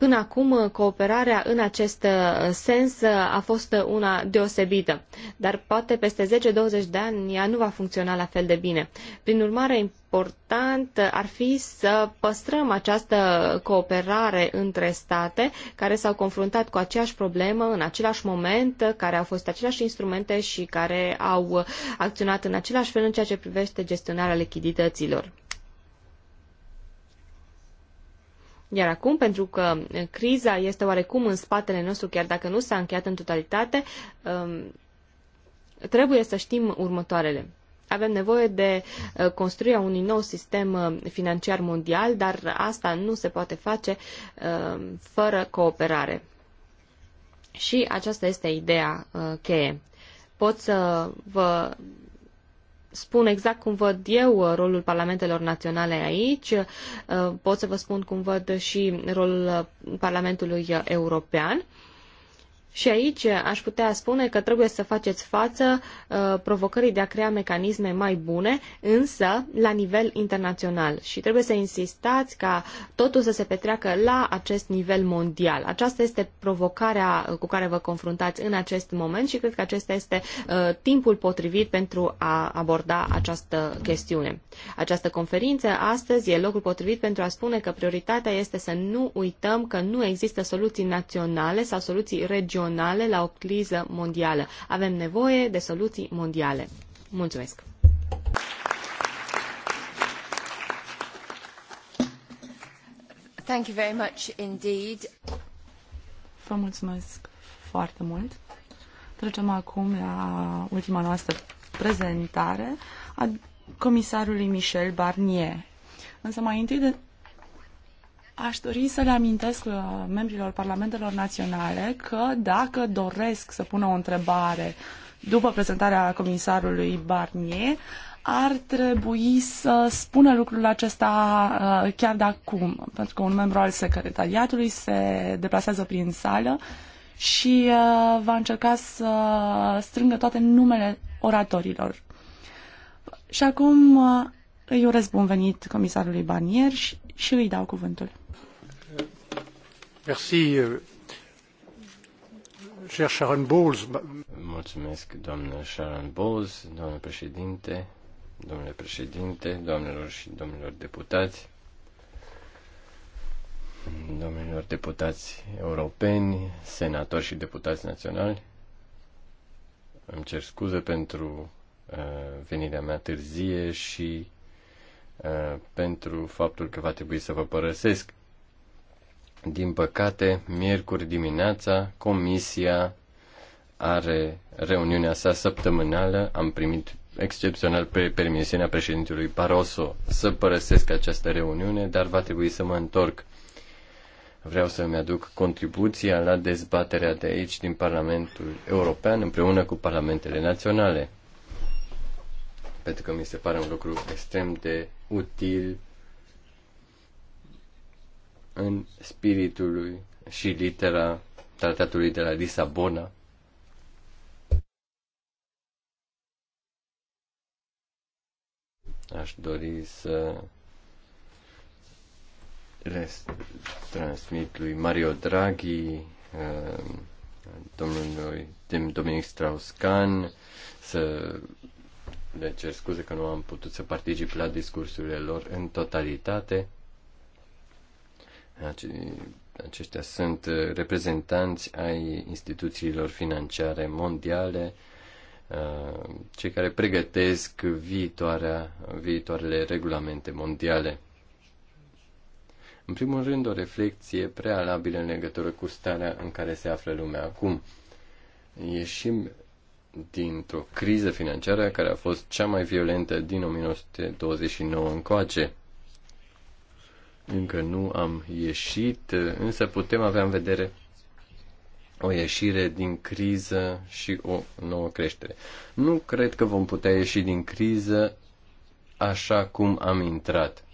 Până acum, uh, cooperarea în acest uh, sens uh, a fost una deosebită, dar poate peste 10-20 de ani ea nu va funcționa la fel de bine. Prin urmare, important ar fi să păstrăm această cooperare între state care s-au confruntat cu aceeași problemă în același moment, care au fost aceleași instrumente și care au acționat în același fel în ceea ce privește gestionarea lichidităților. Iar acum, pentru că eh, criza este oarecum în spatele nostru, chiar dacă nu s-a încheiat în totalitate, ehm, trebuie să știm următoarele. Avem nevoie de eh, construirea unui nou sistem eh, financiar mondial, dar asta nu se poate face ehm, fără cooperare. Și aceasta este ideea cheie. Pot să vă spun exact cum văd eu uh, rolul parlamentelor naționale aici, uh, pot să vă spun cum văd și rolul uh, Parlamentului European și aici aș putea spune că trebuie să faceți față uh, provocării de a crea mecanisme mai bune, însă la nivel internațional. Și trebuie să insistați ca totul să se petreacă la acest nivel mondial. Aceasta este provocarea uh, cu care vă confruntați în acest moment și cred că acesta este uh, timpul potrivit pentru a aborda această chestiune. Această conferință astăzi e locul potrivit pentru a spune că prioritatea este să nu uităm că nu există soluții naționale sau soluții regionale regionale la o criză mondială. Avem nevoie de soluții mondiale. Mulțumesc! Thank you very much indeed. Vă mulțumesc foarte mult. Trecem acum la ultima noastră prezentare a comisarului Michel Barnier. Însă mai întâi de, Aș dori să le amintesc uh, membrilor parlamentelor naționale că dacă doresc să pună o întrebare după prezentarea comisarului Barnier, ar trebui să spună lucrul acesta uh, chiar de acum, pentru că un membru al secretariatului se deplasează prin sală și uh, va încerca să strângă toate numele oratorilor. Și acum îi urez bun venit comisarului Barnier și și îi dau cuvântul. Merci, euh, cher Sharon Bowles. Mulțumesc, doamnă Sharon Bowles, doamnă președinte, domnule președinte, doamnelor și domnilor deputați, domnilor deputați europeni, senatori și deputați naționali. Îmi cer scuze pentru uh, venirea mea târzie și Uh, pentru faptul că va trebui să vă părăsesc. Din păcate, miercuri dimineața, comisia are reuniunea sa săptămânală. Am primit excepțional pe permisiunea președintelui Barroso să părăsesc această reuniune, dar va trebui să mă întorc. Vreau să-mi aduc contribuția la dezbaterea de aici din Parlamentul European împreună cu parlamentele naționale. Pentru că mi se pare un lucru extrem de util în spiritul și litera tratatului de la Lisabona. Aș dori să transmit lui Mario Draghi, uh, domnului Dominic Strauss-Kahn, să le cer scuze că nu am putut să particip la discursurile lor în totalitate. Ace- aceștia sunt uh, reprezentanți ai instituțiilor financiare mondiale, uh, cei care pregătesc viitoarea, viitoarele regulamente mondiale. În primul rând, o reflecție prealabilă în legătură cu starea în care se află lumea acum. Ieșim dintr-o criză financiară care a fost cea mai violentă din 1929 încoace. Încă nu am ieșit, însă putem avea în vedere o ieșire din criză și o nouă creștere. Nu cred că vom putea ieși din criză așa cum am intrat.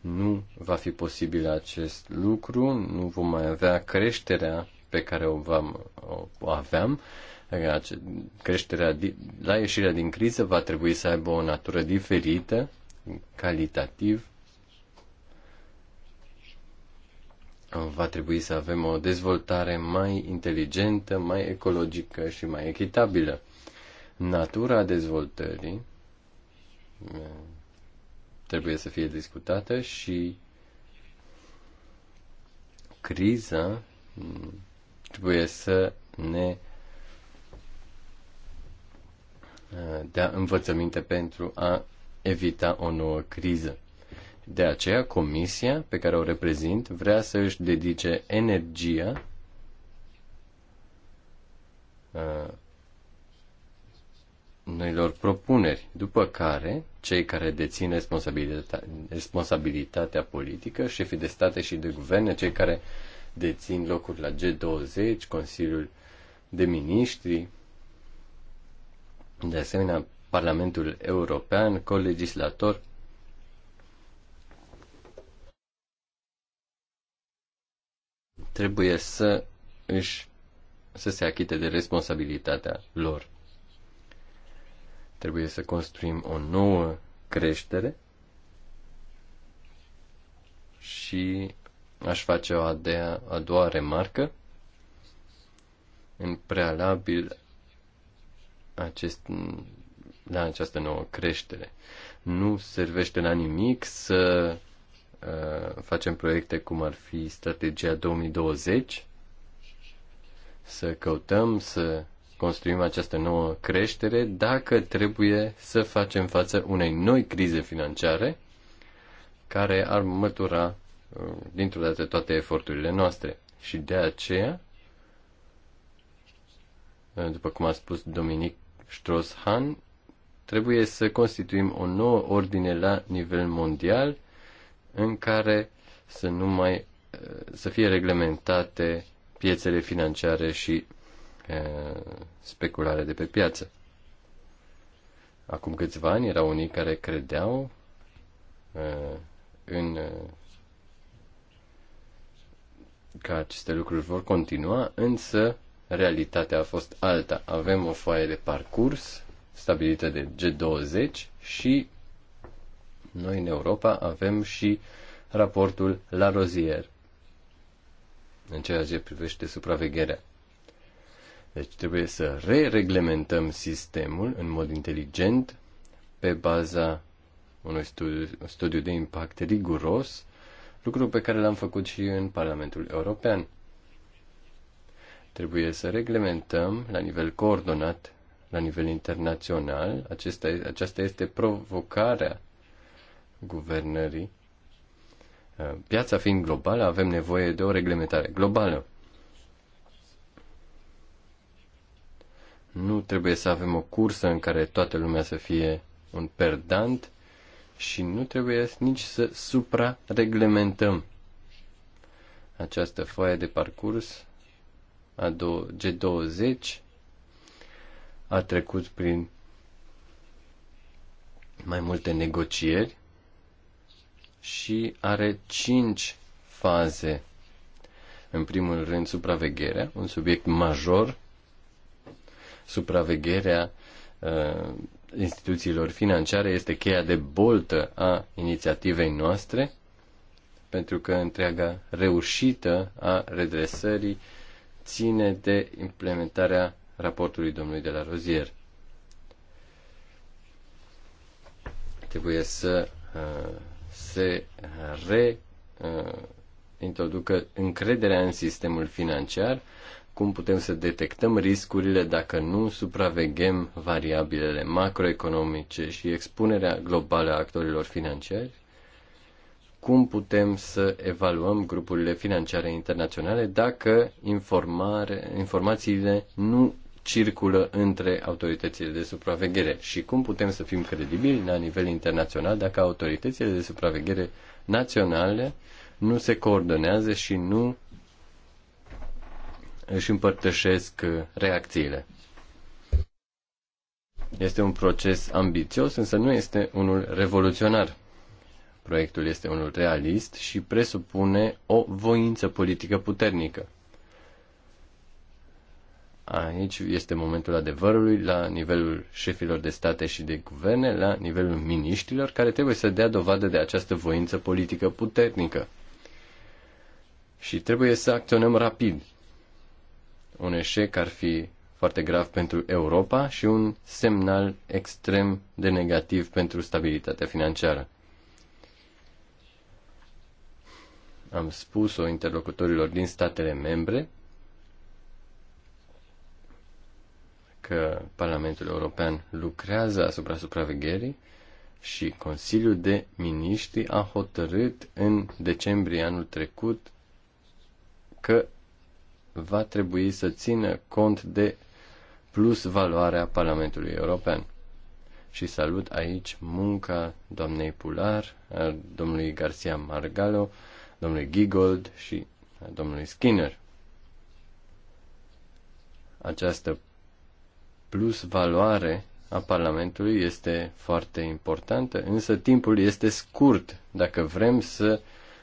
Nu va fi posibil acest lucru, nu vom mai avea creșterea pe care o, vom, o aveam creșterea la ieșirea din criză va trebui să aibă o natură diferită, calitativ. Va trebui să avem o dezvoltare mai inteligentă, mai ecologică și mai echitabilă. Natura dezvoltării eh, trebuie să fie discutată și criza mm, trebuie să ne dea învățăminte pentru a evita o nouă criză. De aceea, comisia pe care o reprezint vrea să își dedice energia uh, noilor propuneri, după care cei care dețin responsabilitatea, responsabilitatea politică, șefii de state și de guverne, cei care dețin locuri la G20, Consiliul de Ministri, de asemenea, Parlamentul European, colegislator, trebuie să își să se achite de responsabilitatea lor. Trebuie să construim o nouă creștere și aș face o a, a doua remarcă. În prealabil acest, la da, această nouă creștere. Nu servește la nimic să uh, facem proiecte cum ar fi strategia 2020, să căutăm să construim această nouă creștere dacă trebuie să facem față unei noi crize financiare care ar mătura uh, dintr-o dată toate eforturile noastre. Și de aceea, uh, după cum a spus Dominic strauss hahn trebuie să constituim o nouă ordine la nivel mondial în care să nu mai eh, să fie reglementate piețele financiare și eh, speculare de pe piață. Acum câțiva ani erau unii care credeau eh, în că aceste lucruri vor continua, însă realitatea a fost alta. Avem o foaie de parcurs stabilită de G20 și noi în Europa avem și raportul la rozier în ceea ce privește supravegherea. Deci trebuie să re-reglementăm sistemul în mod inteligent pe baza unui studiu, un studiu de impact riguros, lucru pe care l-am făcut și în Parlamentul European. Trebuie să reglementăm la nivel coordonat, la nivel internațional. Acesta, aceasta este provocarea guvernării. Uh, piața fiind globală, avem nevoie de o reglementare globală. Nu trebuie să avem o cursă în care toată lumea să fie un perdant și nu trebuie nici să supra-reglementăm. Această foaie de parcurs a G20 a trecut prin mai multe negocieri și are cinci faze. În primul rând, supravegherea, un subiect major, supravegherea uh, instituțiilor financiare este cheia de boltă a inițiativei noastre, pentru că întreaga reușită a redresării uh, ține de implementarea raportului domnului de la Rozier. Trebuie să uh, se re uh, introducă încrederea în sistemul financiar, cum putem să detectăm riscurile dacă nu supraveghem variabilele macroeconomice și expunerea globală a actorilor financiari cum putem să evaluăm grupurile financiare internaționale dacă informare, informațiile nu circulă între autoritățile de supraveghere și cum putem să fim credibili la nivel internațional dacă autoritățile de supraveghere naționale nu se coordonează și nu își împărtășesc reacțiile. Este un proces ambițios, însă nu este unul revoluționar Proiectul este unul realist și presupune o voință politică puternică. Aici este momentul adevărului la nivelul șefilor de state și de guverne, la nivelul miniștilor, care trebuie să dea dovadă de această voință politică puternică. Și trebuie să acționăm rapid. Un eșec ar fi foarte grav pentru Europa și un semnal extrem de negativ pentru stabilitatea financiară. am spus-o interlocutorilor din statele membre că Parlamentul European lucrează asupra supravegherii și Consiliul de Miniștri a hotărât în decembrie anul trecut că va trebui să țină cont de plus valoarea Parlamentului European. Și salut aici munca doamnei Pular, a domnului Garcia Margalo, domnului Gigold și domnului Skinner. Această plus valoare a Parlamentului este foarte importantă, însă timpul este scurt dacă vrem să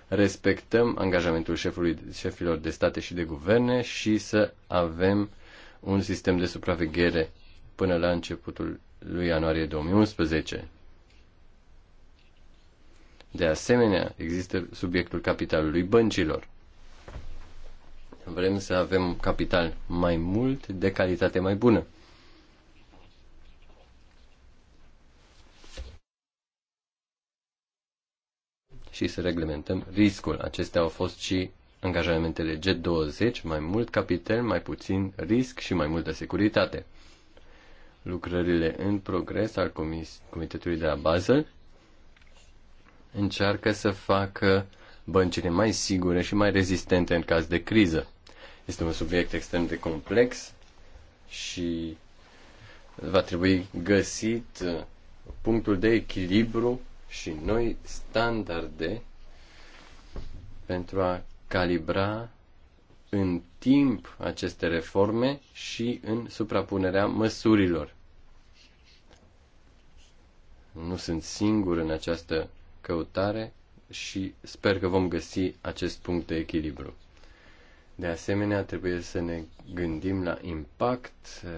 respectăm angajamentul șefului, șefilor de state și de guverne și să avem un sistem de supraveghere până la începutul lui ianuarie 2011. De asemenea, există subiectul capitalului băncilor. Vrem să avem capital mai mult, de calitate mai bună. și să reglementăm riscul. Acestea au fost și angajamentele G20, mai mult capital, mai puțin risc și mai multă securitate. Lucrările în progres al Comitetului de la Basel încearcă să facă băncile mai sigure și mai rezistente în caz de criză. Este un subiect extrem de complex și va trebui găsit uh, punctul de echilibru și noi standarde pentru a calibra în timp aceste reforme și în suprapunerea măsurilor. Nu sunt singur în această căutare și sper că vom găsi acest punct de echilibru. De asemenea, trebuie să ne gândim la impact.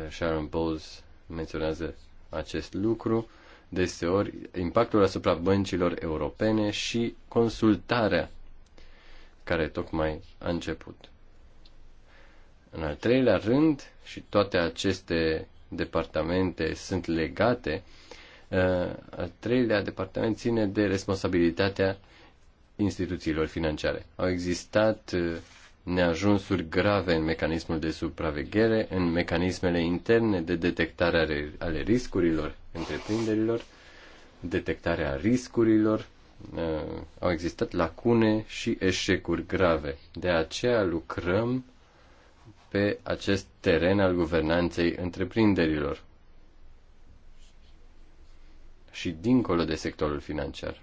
Sharon Bowles menționează acest lucru. Deseori, impactul asupra băncilor europene și consultarea care tocmai a început. În al treilea rând, și toate aceste departamente sunt legate, Uh, al treilea departament ține de responsabilitatea instituțiilor financiare. Au existat uh, neajunsuri grave în mecanismul de supraveghere, în mecanismele interne de detectare ale riscurilor întreprinderilor, detectarea riscurilor, uh, au existat lacune și eșecuri grave. De aceea lucrăm pe acest teren al guvernanței întreprinderilor și dincolo de sectorul financiar.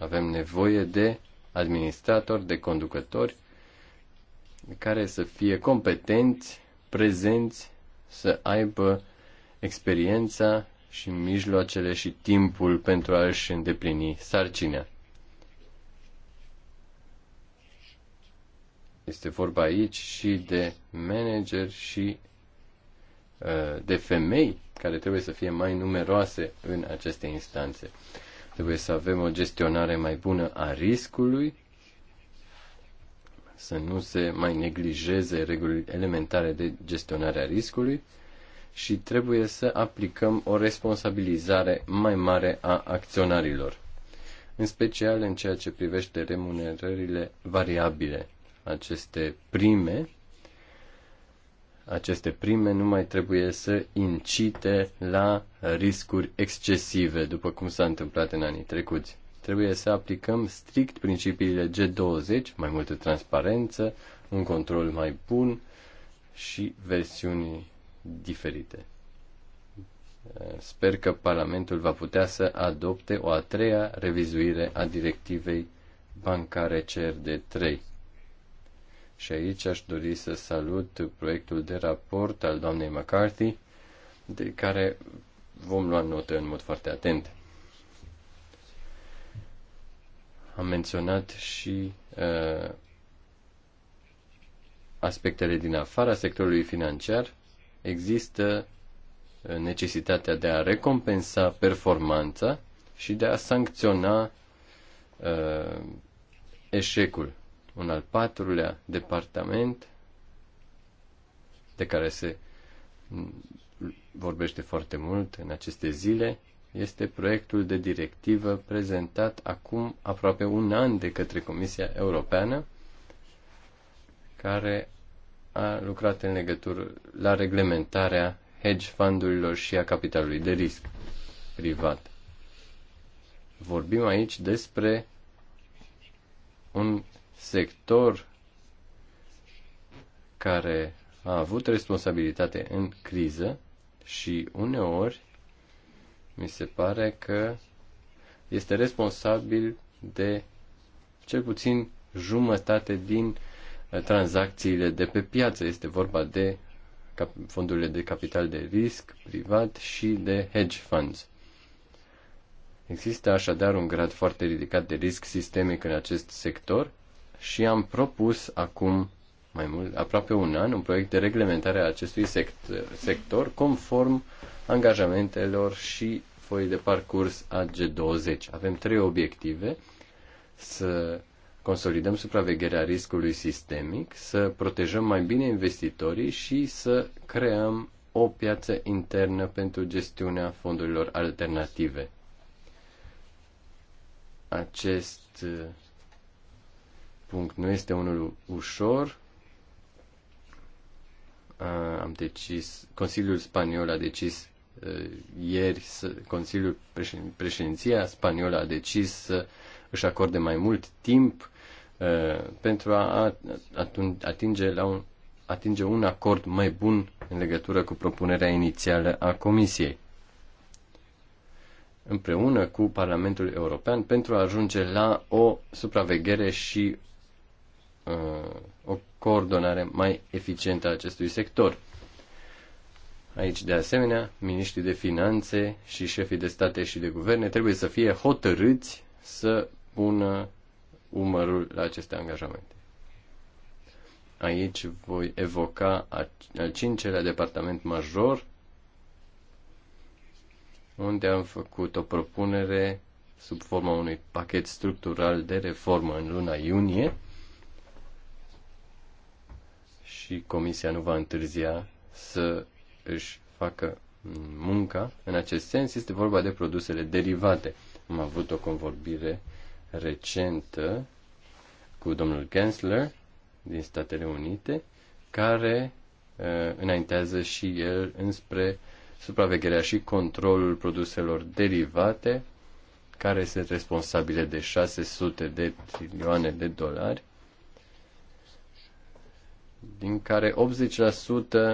Avem nevoie de administratori, de conducători care să fie competenți, prezenți, să aibă experiența și mijloacele și timpul pentru a-și îndeplini sarcina. Este vorba aici și de manager și Uh, de femei care trebuie să fie mai numeroase în aceste instanțe. Trebuie să avem o gestionare mai bună a riscului, să nu se mai neglijeze reguli elementare de gestionare a riscului și trebuie să aplicăm o responsabilizare mai mare a acționarilor, în special în ceea ce privește remunerările variabile. Aceste prime aceste prime nu mai trebuie să incite la riscuri excesive, după cum s-a întâmplat în anii trecuți. Trebuie să aplicăm strict principiile G20, mai multă transparență, un control mai bun și versiuni diferite. Sper că Parlamentul va putea să adopte o a treia revizuire a directivei bancare CRD 3 și aici aș dori să salut proiectul de raport al doamnei McCarthy, de care vom lua notă în mod foarte atent. Am menționat și uh, aspectele din afara sectorului financiar. Există uh, necesitatea de a recompensa performanța și de a sancționa uh, eșecul un al patrulea departament de care se vorbește foarte mult în aceste zile este proiectul de directivă prezentat acum aproape un an de către Comisia Europeană care a lucrat în legătură la reglementarea hedge fundurilor și a capitalului de risc privat. Vorbim aici despre un sector care a avut responsabilitate în criză și uneori mi se pare că este responsabil de cel puțin jumătate din uh, tranzacțiile de pe piață. Este vorba de fondurile de capital de risc privat și de hedge funds. Există așadar un grad foarte ridicat de risc sistemic în acest sector și am propus acum mai mult, aproape un an, un proiect de reglementare a acestui sector, sector conform angajamentelor și foii de parcurs a G20. Avem trei obiective. Să consolidăm supravegherea riscului sistemic, să protejăm mai bine investitorii și să creăm o piață internă pentru gestiunea fondurilor alternative. Acest punct nu este unul ușor. Am decis, Consiliul Spaniol a decis ieri, Consiliul Președinția Spaniolă a decis să își acorde mai mult timp pentru a atinge, la un, atinge un acord mai bun în legătură cu propunerea inițială a Comisiei împreună cu Parlamentul European pentru a ajunge la o supraveghere și Uh, o coordonare mai eficientă a acestui sector. Aici, de asemenea, miniștrii de finanțe și șefii de state și de guverne trebuie să fie hotărâți să pună umărul la aceste angajamente. Aici voi evoca al cincelea departament major, unde am făcut o propunere sub forma unui pachet structural de reformă în luna iunie, și Comisia nu va întârzia să își facă munca. În acest sens este vorba de produsele derivate. Am avut o convorbire recentă cu domnul Gensler din Statele Unite, care uh, înaintează și el înspre supravegherea și controlul produselor derivate, care sunt responsabile de 600 de trilioane de dolari din care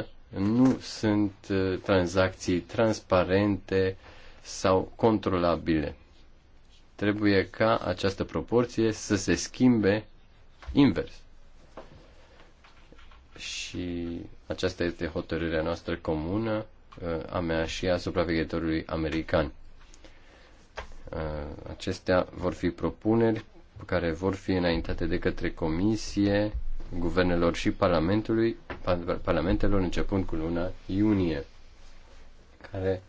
80% nu sunt uh, tranzacții transparente sau controlabile. Trebuie ca această proporție să se schimbe invers. Și aceasta este hotărârea noastră comună, uh, a mea și a supraveghetorului american. Uh, acestea vor fi propuneri care vor fi înaintate de către comisie guvernelor și parlamentului, parlamentelor începând cu luna iunie, care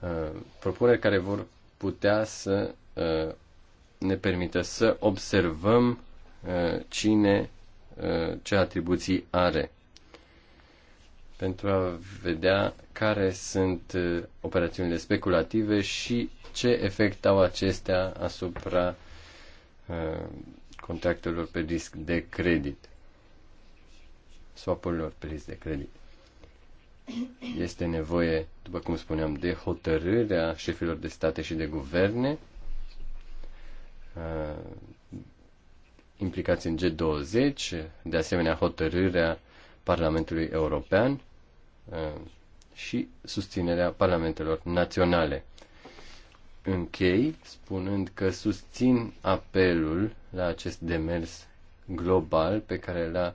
uh, propuneri care vor putea să uh, ne permită să observăm uh, cine uh, ce atribuții are pentru a vedea care sunt uh, operațiunile speculative și ce efect au acestea asupra uh, contractelor pe risc de credit swapurilor prise de credit. Este nevoie, după cum spuneam, de hotărârea șefilor de state și de guverne uh, implicați în G20, de asemenea hotărârea Parlamentului European uh, și susținerea parlamentelor naționale. Închei spunând că susțin apelul la acest demers global pe care l-a uh,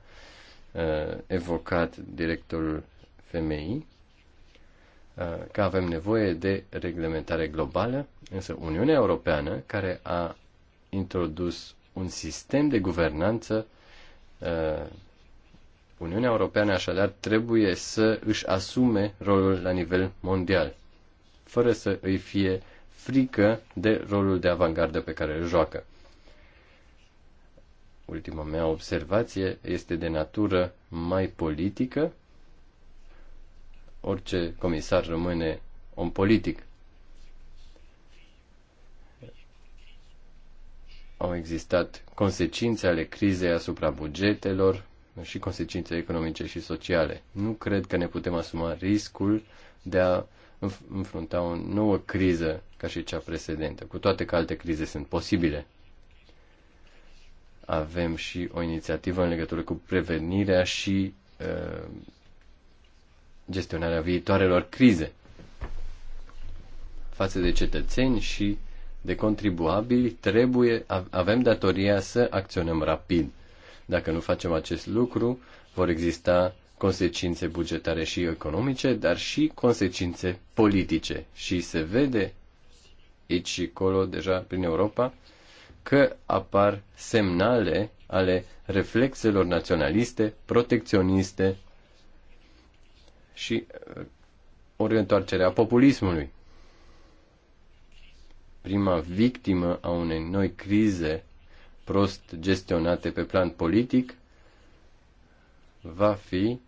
uh, evocat directorul femeii, uh, că avem nevoie de reglementare globală, însă Uniunea Europeană, care a introdus un sistem de guvernanță, uh, Uniunea Europeană așadar trebuie să își asume rolul la nivel mondial, fără să îi fie frică de rolul de avangardă pe care îl joacă. Ultima mea observație este de natură mai politică. Orice comisar rămâne om politic. Au existat consecințe ale crizei asupra bugetelor și consecințe economice și sociale. Nu cred că ne putem asuma riscul de a înfrunta o nouă criză ca și cea precedentă, cu toate că alte crize sunt posibile. Avem și o inițiativă în legătură cu prevenirea și uh, gestionarea viitoarelor crize față de cetățeni și de contribuabili, trebuie, avem datoria să acționăm rapid. Dacă nu facem acest lucru, vor exista consecințe bugetare și economice, dar și consecințe politice. Și se vede aici și acolo, deja prin Europa, că apar semnale ale reflexelor naționaliste, protecționiste și uh, ori întoarcerea populismului. Prima victimă a unei noi crize prost gestionate pe plan politic va fi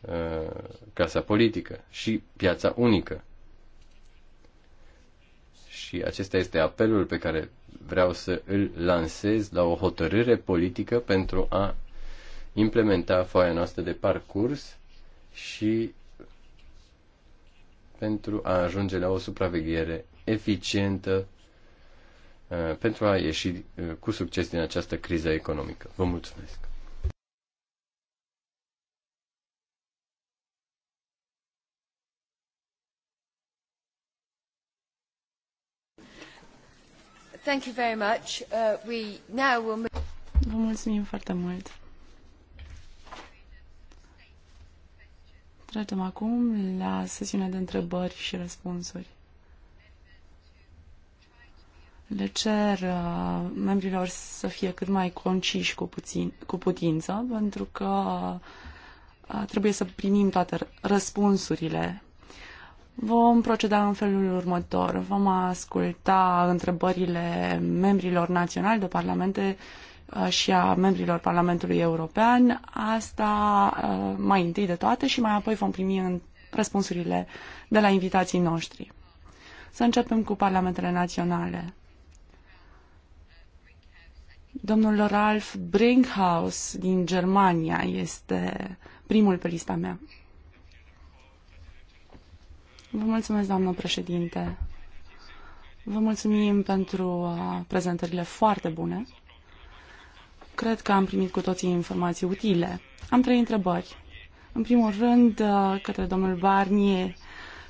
uh, casa politică și piața unică. Și acesta este apelul pe care vreau să îl lansez la o hotărâre politică pentru a implementa foaia noastră de parcurs și pentru a ajunge la o supraveghere eficientă uh, pentru a ieși uh, cu succes din această criză economică. Vă mulțumesc! Uh, Vă mulțumim foarte mult. Trecem acum la sesiunea de întrebări și răspunsuri. Le cer uh, membrilor să fie cât mai conciși cu, puțin, cu putință, pentru că uh, trebuie să primim toate răspunsurile Vom proceda în felul următor. Vom asculta întrebările membrilor naționali de parlamente uh, și a membrilor Parlamentului European. Asta uh, mai întâi de toate și mai apoi vom primi în răspunsurile de la invitații noștri. Să începem cu parlamentele naționale. Domnul Ralf Brinkhaus din Germania este primul pe lista mea. Vă mulțumesc, doamnă președinte. Vă mulțumim pentru uh, prezentările foarte bune. Cred că am primit cu toții informații utile. Am trei întrebări. În primul rând, uh, către domnul Barnier,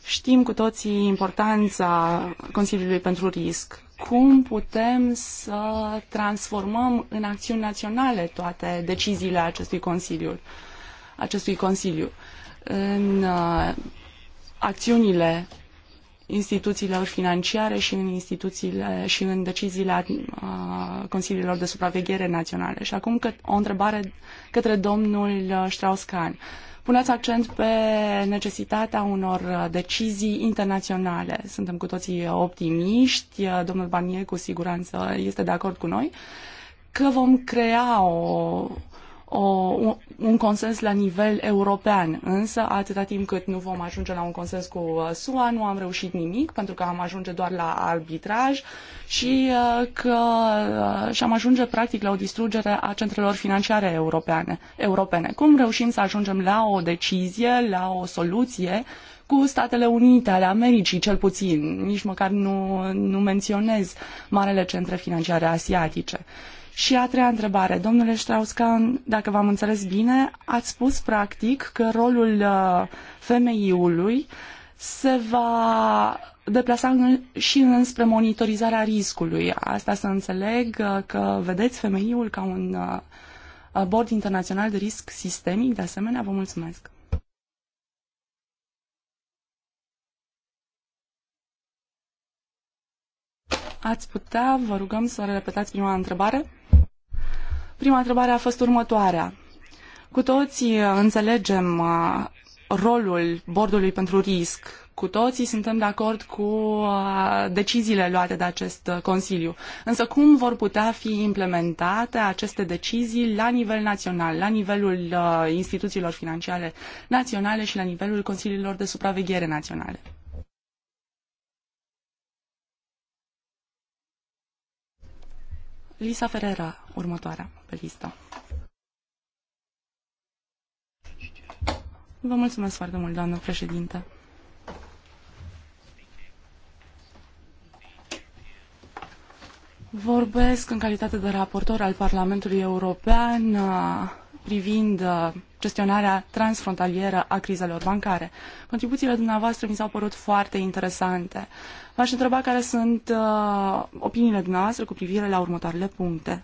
știm cu toții importanța Consiliului pentru Risc. Cum putem să transformăm în acțiuni naționale toate deciziile acestui Consiliu? Acestui Consiliu? În uh, acțiunile instituțiilor financiare și în, instituțiile, și în deciziile uh, Consiliilor de Supraveghere Naționale. Și acum o întrebare către domnul uh, Strauss-Kahn. Puneți accent pe necesitatea unor uh, decizii internaționale. Suntem cu toții optimiști, domnul Barnier cu siguranță este de acord cu noi, că vom crea o, o, un consens la nivel european. Însă, atâta timp cât nu vom ajunge la un consens cu uh, SUA, nu am reușit nimic, pentru că am ajunge doar la arbitraj și uh, că uh, și am ajunge practic la o distrugere a centrelor financiare europeane. europene. Cum reușim să ajungem la o decizie, la o soluție cu Statele Unite ale Americii, cel puțin, nici măcar nu, nu menționez marele centre financiare asiatice. Și a treia întrebare, domnule Strauss-Kahn, dacă v-am înțeles bine, ați spus practic că rolul uh, femeiului se va deplasa în, și înspre monitorizarea riscului. Asta să înțeleg uh, că vedeți femeiul ca un uh, bord internațional de risc sistemic. De asemenea, vă mulțumesc. Ați putea, vă rugăm să repetați prima întrebare? Prima întrebare a fost următoarea. Cu toții înțelegem uh, rolul bordului pentru risc. Cu toții suntem de acord cu uh, deciziile luate de acest uh, Consiliu. Însă cum vor putea fi implementate aceste decizii la nivel național, la nivelul instituțiilor financiare naționale și la nivelul Consiliilor de supraveghere naționale? Lisa Ferreira, următoarea pe listă. Vă mulțumesc foarte mult, doamnă președinte. Vorbesc în calitate de raportor al Parlamentului European privind uh, gestionarea transfrontalieră a crizelor bancare. Contribuțiile dumneavoastră mi s-au părut foarte interesante. V-aș întreba care sunt uh, opiniile dumneavoastră cu privire la următoarele puncte.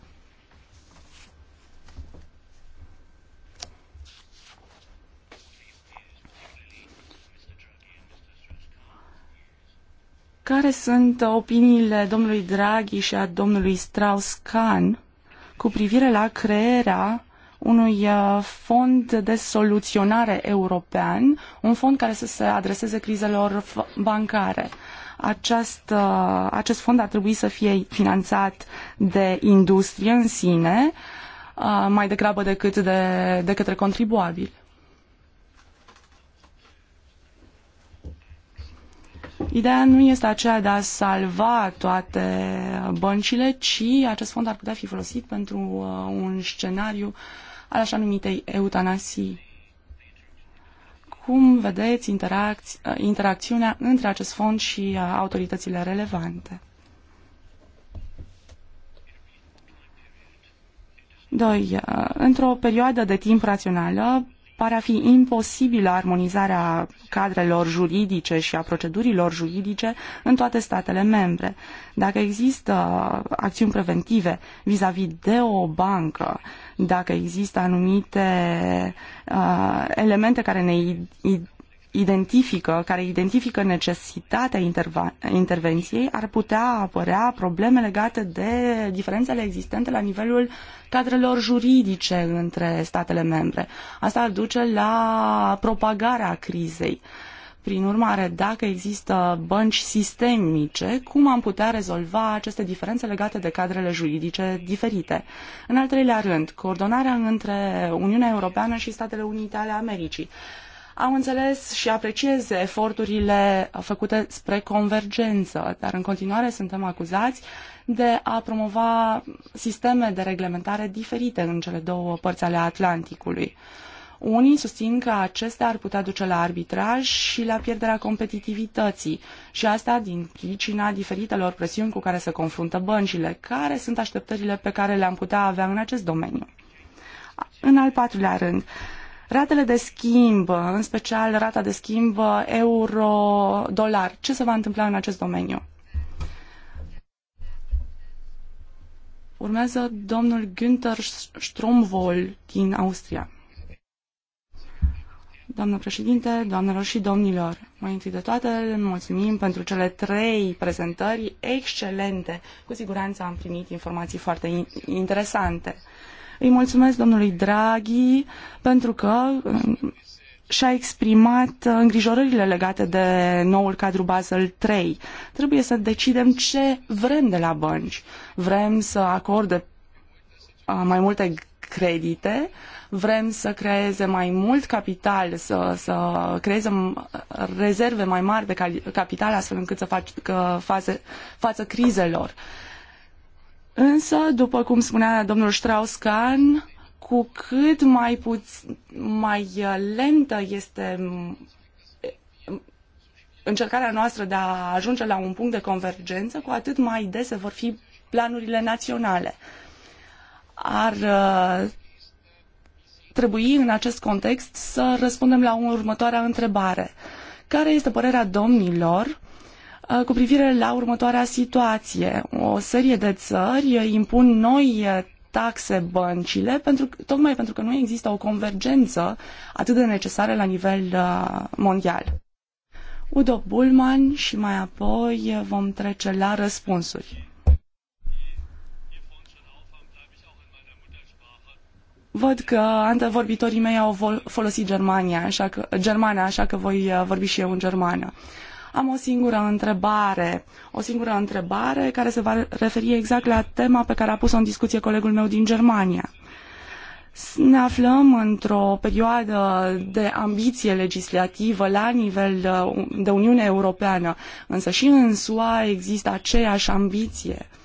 Care sunt opiniile domnului Draghi și a domnului Strauss-Kahn cu privire la crearea unui uh, fond de soluționare european, un fond care să se adreseze crizelor bancare. Acest, uh, acest fond ar trebui să fie finanțat de industrie în sine, uh, mai degrabă decât de, de către contribuabili. Ideea nu este aceea de a salva toate băncile, ci acest fond ar putea fi folosit pentru un scenariu uh, al așa numitei eutanasii. Cum vedeți interacți, uh, interacțiunea între acest fond și uh, autoritățile relevante? 2. Uh, într-o perioadă de timp rațională, pare a fi imposibilă armonizarea cadrelor juridice și a procedurilor juridice în toate statele membre. Dacă există acțiuni preventive vis-a-vis -vis de o bancă, uh, dacă există anumite uh, elemente care ne identifică, care identifică necesitatea intervenției, ar putea apărea probleme legate de diferențele existente la nivelul cadrelor juridice între statele membre. Asta ar duce la propagarea crizei. Uh, prin urmare, dacă există bănci sistemice, cum am putea rezolva aceste diferențe legate de cadrele juridice diferite? În al treilea rând, coordonarea între Uniunea Europeană și Statele Unite ale Americii. Am înțeles și apreciez eforturile făcute spre convergență, dar în continuare suntem acuzați de a promova sisteme de reglementare diferite în cele două părți ale Atlanticului. Unii susțin că acestea ar putea duce la arbitraj și la pierderea competitivității și asta din pricina diferitelor presiuni cu care se confruntă băncile, care sunt așteptările pe care le-am putea avea în acest domeniu. În al patrulea rând, ratele de schimb, în special rata de schimb euro-dolar, ce se va întâmpla în acest domeniu? Urmează domnul Günther Stromwol din Austria. Doamnă președinte, doamnelor și domnilor, mai întâi de toate mulțumim pentru cele trei prezentări excelente. Cu siguranță am primit informații foarte interesante. Îi mulțumesc domnului Draghi pentru că um, și-a exprimat îngrijorările legate de noul cadru Basel III. Trebuie să decidem ce vrem de la bănci. Vrem să acorde uh, mai multe credite, vrem să creeze mai mult capital, să, să creeze rezerve mai mari de capital astfel încât să facă față, față crizelor. Însă, după cum spunea domnul Strauss-Kahn, cu cât mai, puț- mai lentă este încercarea noastră de a ajunge la un punct de convergență, cu atât mai dese vor fi planurile naționale. Ar uh, trebui în acest context să răspundem la următoarea întrebare. Care este părerea domnilor uh, cu privire la următoarea situație? O serie de țări uh, impun noi uh, taxe băncile, pentru, tocmai pentru că nu există o convergență atât de necesară la nivel mondial. Udo Bulman și mai apoi vom trece la răspunsuri. Văd că antevorbitorii mei au folosit Germania, așa că, Germania, așa că voi uh, vorbi și eu în germană. Am o singură întrebare, o singură întrebare care se va referi exact la tema pe care a pus-o în discuție colegul meu din Germania. Ne aflăm într-o perioadă de ambiție legislativă la nivel uh, de Uniune Europeană, însă și în SUA există aceeași ambiție. Uh,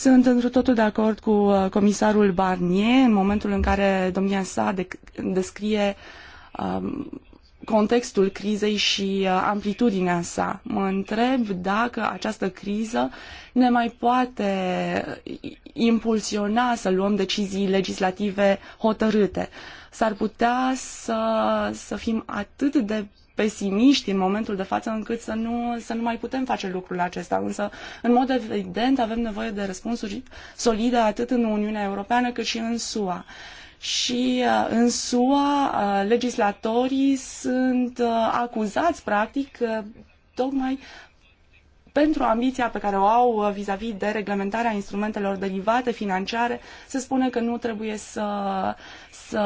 sunt într totul de acord cu uh, comisarul Barnier în momentul în care domnia sa descrie um, contextul crizei și uh, amplitudinea sa. Mă întreb dacă această criză ne mai poate uh, impulsiona să luăm decizii legislative hotărâte. S-ar putea să, să fim atât de pesimiști în momentul de față încât să nu, să nu mai putem face lucrul acesta. Însă, în mod evident, avem nevoie de răspunsuri solide atât în Uniunea Europeană cât și în SUA și uh, în SUA uh, legislatorii sunt uh, acuzați practic tocmai pentru ambiția pe care o au uh, vis-a-vis de reglementarea instrumentelor derivate financiare, se spune că nu trebuie să, să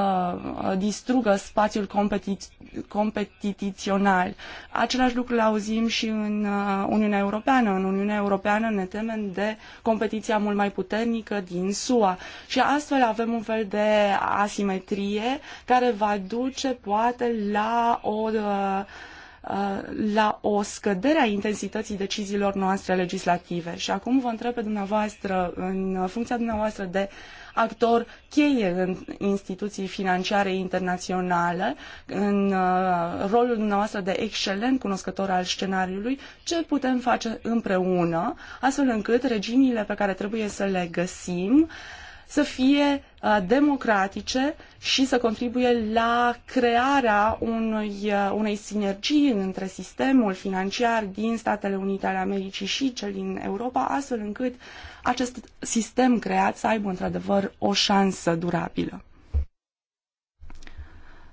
uh, distrugă spațiul competi- competițional. Același lucru îl auzim și în uh, Uniunea Europeană. În Uniunea Europeană ne temem de competiția mult mai puternică din SUA și astfel avem un fel de asimetrie care va duce poate la o uh, Uh, la o scădere a intensității deciziilor noastre legislative. Și acum vă întreb pe dumneavoastră, în funcția dumneavoastră de actor cheie în instituții financiare internaționale, în uh, rolul dumneavoastră de excelent cunoscător al scenariului, ce putem face împreună, astfel încât regimile pe care trebuie să le găsim să fie uh, democratice și să contribuie la crearea unui, uh, unei sinergii între sistemul financiar din Statele Unite ale Americii și cel din Europa, astfel încât acest sistem creat să aibă într-adevăr o șansă durabilă.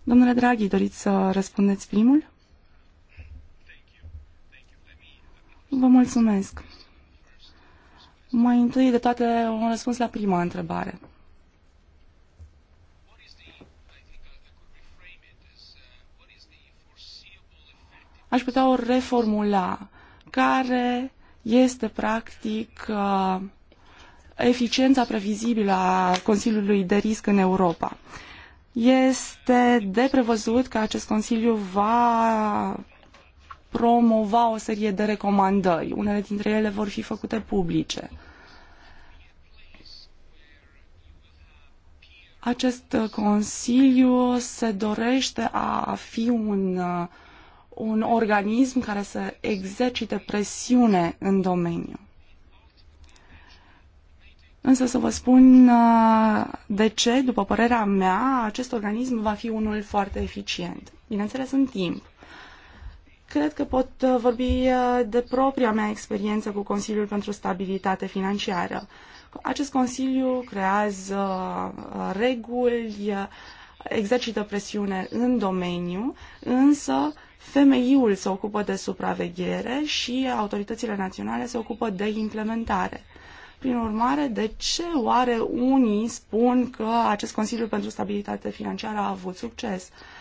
Domnule Draghi, doriți să răspundeți primul? Vă mulțumesc. Mai întâi de toate un răspuns la prima întrebare. Aș putea o reformula care este practic uh, eficiența previzibilă a Consiliului de Risc în Europa. Este de prevăzut că acest Consiliu va promova o serie de recomandări. Unele dintre ele vor fi făcute publice. Acest uh, consiliu se dorește a fi un, uh, un organism care să exercite presiune în domeniu. Însă să vă spun uh, de ce, după părerea mea, acest organism va fi unul foarte eficient. Bineînțeles, în timp. Cred că pot uh, vorbi uh, de propria mea experiență cu Consiliul pentru Stabilitate Financiară. Acest Consiliu creează uh, reguli, exercită presiune în domeniu, însă FMI-ul se ocupă de supraveghere și autoritățile naționale se ocupă de implementare. Prin urmare, de ce oare unii spun că acest Consiliu pentru Stabilitate Financiară a avut succes? Uh,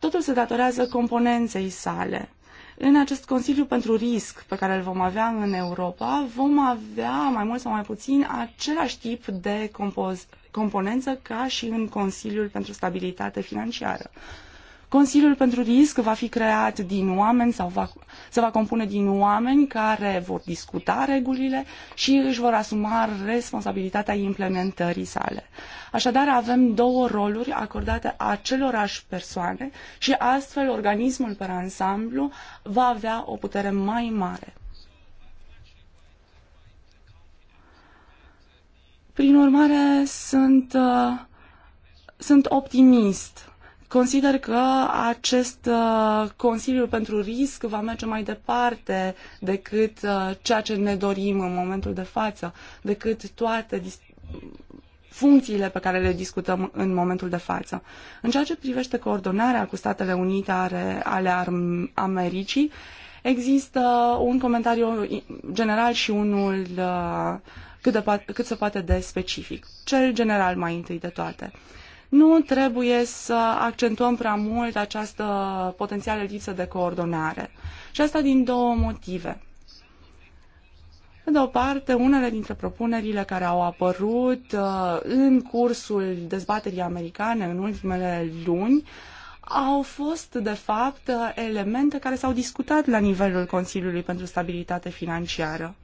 Totul se datorează componenței sale. În acest Consiliu pentru Risc pe care îl vom avea în Europa, vom avea mai mult sau mai puțin același tip de compoz- componență ca și în Consiliul pentru Stabilitate Financiară. Consiliul pentru risc va fi creat din oameni sau va, se va compune din oameni care vor discuta regulile și își vor asuma responsabilitatea implementării sale. Așadar, avem două roluri acordate acelorași persoane și astfel organismul pe ansamblu va avea o putere mai mare. Prin urmare, sunt, uh, sunt optimist Consider că acest uh, Consiliu pentru Risc va merge mai departe decât uh, ceea ce ne dorim în momentul de față, decât toate funcțiile pe care le discutăm în momentul de față. În ceea ce privește coordonarea cu Statele Unite ale, ale Americii, există un comentariu general și unul uh, cât, de, cât se poate de specific. Cel general mai întâi de toate. Uh, nu trebuie să accentuăm prea mult această potențială lipsă de coordonare. Și asta din două motive. Pe de o parte, unele dintre propunerile care au apărut uh, în cursul dezbaterii americane în ultimele luni au fost, de fapt, elemente care s-au discutat la nivelul Consiliului pentru Stabilitate Financiară.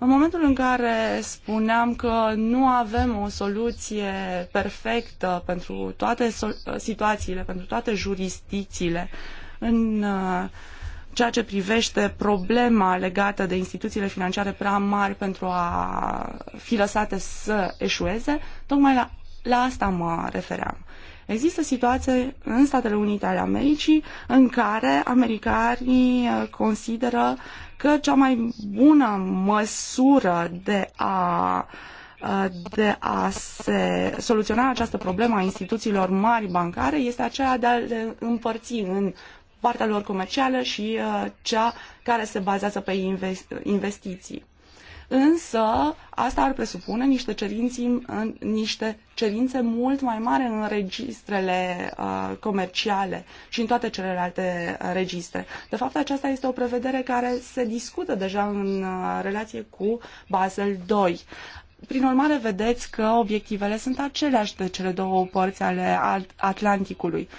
În momentul în care spuneam că nu avem o soluție perfectă pentru toate situațiile, pentru toate jurisdicțiile, în uh, ceea ce privește problema legată de instituțiile financiare prea mari pentru a fi lăsate să eșueze, tocmai la, la asta mă refeream. Există situații în Statele Unite ale Americii în care americanii uh, consideră că cea mai bună măsură de a de a se soluționa această problemă a instituțiilor mari bancare este aceea de a le împărți în partea lor comercială și cea care se bazează pe investiții însă asta ar presupune niște, cerinții, niște cerințe mult mai mari în registrele uh, comerciale și în toate celelalte uh, registre. De fapt, aceasta este o prevedere care se discută deja în uh, relație cu Basel II. Prin urmare, vedeți că obiectivele sunt aceleași de cele două părți ale Atlanticului. Uh,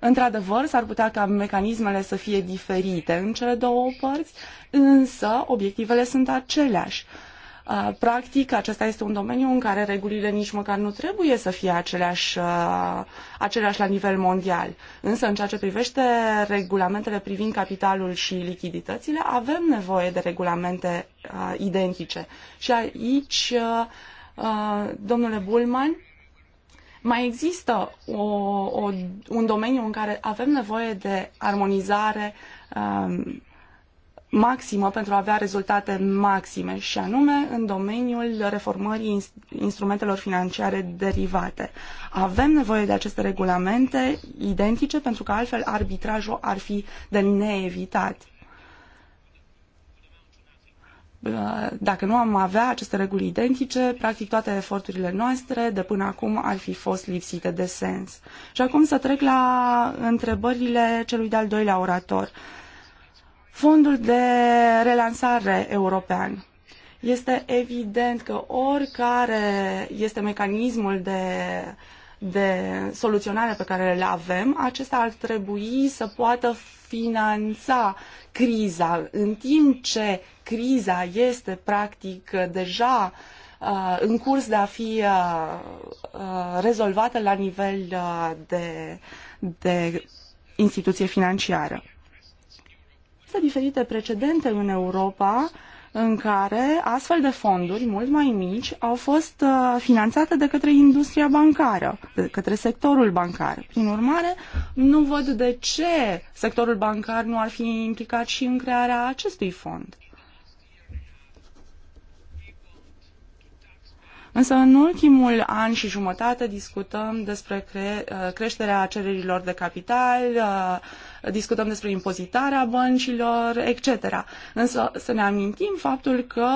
Într-adevăr, s-ar putea ca mecanismele să fie diferite în cele două părți, însă obiectivele sunt aceleași. Practic, acesta este un domeniu în care regulile nici măcar nu trebuie să fie aceleași, aceleași la nivel mondial. Însă, în ceea ce privește regulamentele privind capitalul și lichiditățile, avem nevoie de regulamente identice. Și aici, domnule Bullman. Mai există o, o, un domeniu în care avem nevoie de armonizare um, maximă pentru a avea rezultate maxime și anume în domeniul reformării instrumentelor financiare derivate. Avem nevoie de aceste regulamente identice pentru că altfel arbitrajul ar fi de neevitat. Uh, dacă nu am avea aceste reguli identice, practic toate eforturile noastre de până acum ar fi fost lipsite de sens. Și acum să trec la întrebările celui de-al doilea orator. Fondul de relansare european. Este evident că oricare este mecanismul de uh, de soluționare pe care le avem, acesta ar trebui să poată finanța criza, în timp ce criza este practic deja uh, în curs de a fi uh, uh, rezolvată la nivel de, de instituție financiară. Există diferite precedente în Europa în care astfel de fonduri mult mai mici au fost uh, finanțate de către industria bancară, de către sectorul bancar. Prin urmare, nu văd de ce sectorul bancar nu ar fi implicat și în crearea acestui fond. Însă în ultimul an și jumătate discutăm despre cre- uh, creșterea cererilor de capital, uh, discutăm despre impozitarea băncilor, etc. Însă să ne amintim faptul că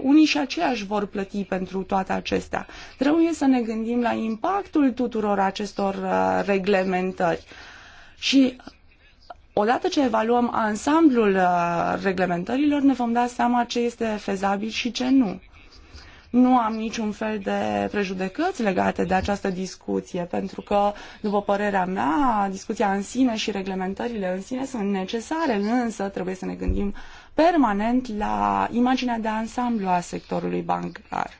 unii și aceiași vor plăti pentru toate acestea. Trebuie să ne gândim la impactul tuturor acestor uh, reglementări. Și odată ce evaluăm ansamblul uh, reglementărilor, ne vom da seama ce este fezabil și ce nu. Nu am niciun fel de prejudecăți legate de această discuție, pentru că, după părerea mea, discuția în sine și reglementările în sine sunt necesare, însă trebuie să ne gândim permanent la imaginea de ansamblu a sectorului bancar.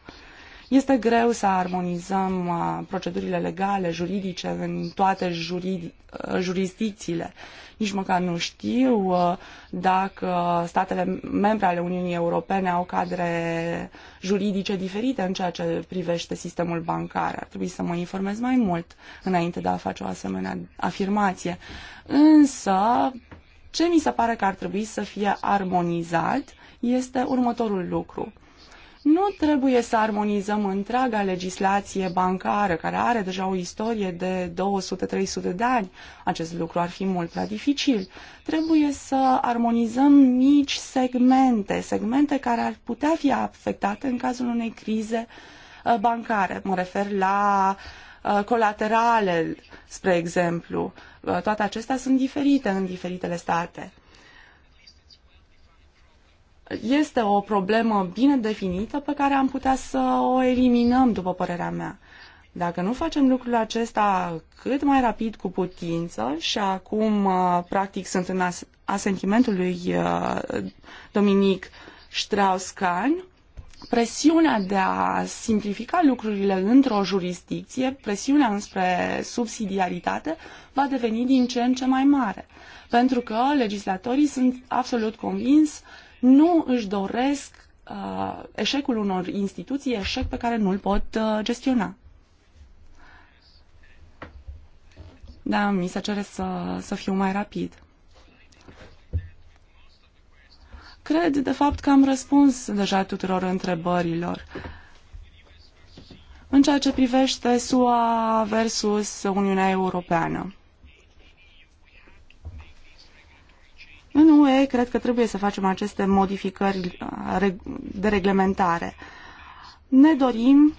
Este greu să armonizăm uh, procedurile legale, juridice în toate juridi, uh, jurisdicțiile. Nici măcar nu știu uh, dacă statele membre ale Uniunii Europene au cadre juridice diferite în ceea ce privește sistemul bancar. Ar trebui să mă informez mai mult înainte de a face o asemenea afirmație. Însă, ce mi se pare că ar trebui să fie armonizat este următorul lucru. Nu trebuie să armonizăm întreaga legislație bancară, care are deja o istorie de 200-300 de ani. Acest lucru ar fi mult prea dificil. Trebuie să armonizăm mici segmente, segmente care ar putea fi afectate în cazul unei crize uh, bancare. Mă refer la uh, colaterale, spre exemplu. Uh, toate acestea sunt diferite în diferitele state este o problemă bine definită pe care am putea să o eliminăm, după părerea mea. Dacă nu facem lucrul acesta cât mai rapid cu putință și acum, uh, practic, sunt în as- asentimentul lui uh, Dominic Strauss-Kahn, presiunea de a simplifica lucrurile într-o jurisdicție, presiunea înspre subsidiaritate, va deveni din ce în ce mai mare. Pentru că legislatorii sunt absolut convins nu își doresc uh, eșecul unor instituții, eșec pe care nu-l pot uh, gestiona. Da, mi se cere să, să fiu mai rapid. Cred, de fapt, că am răspuns deja tuturor întrebărilor. În ceea ce privește SUA versus Uniunea Europeană. În UE, cred că trebuie să facem aceste modificări uh, de reglementare. Ne dorim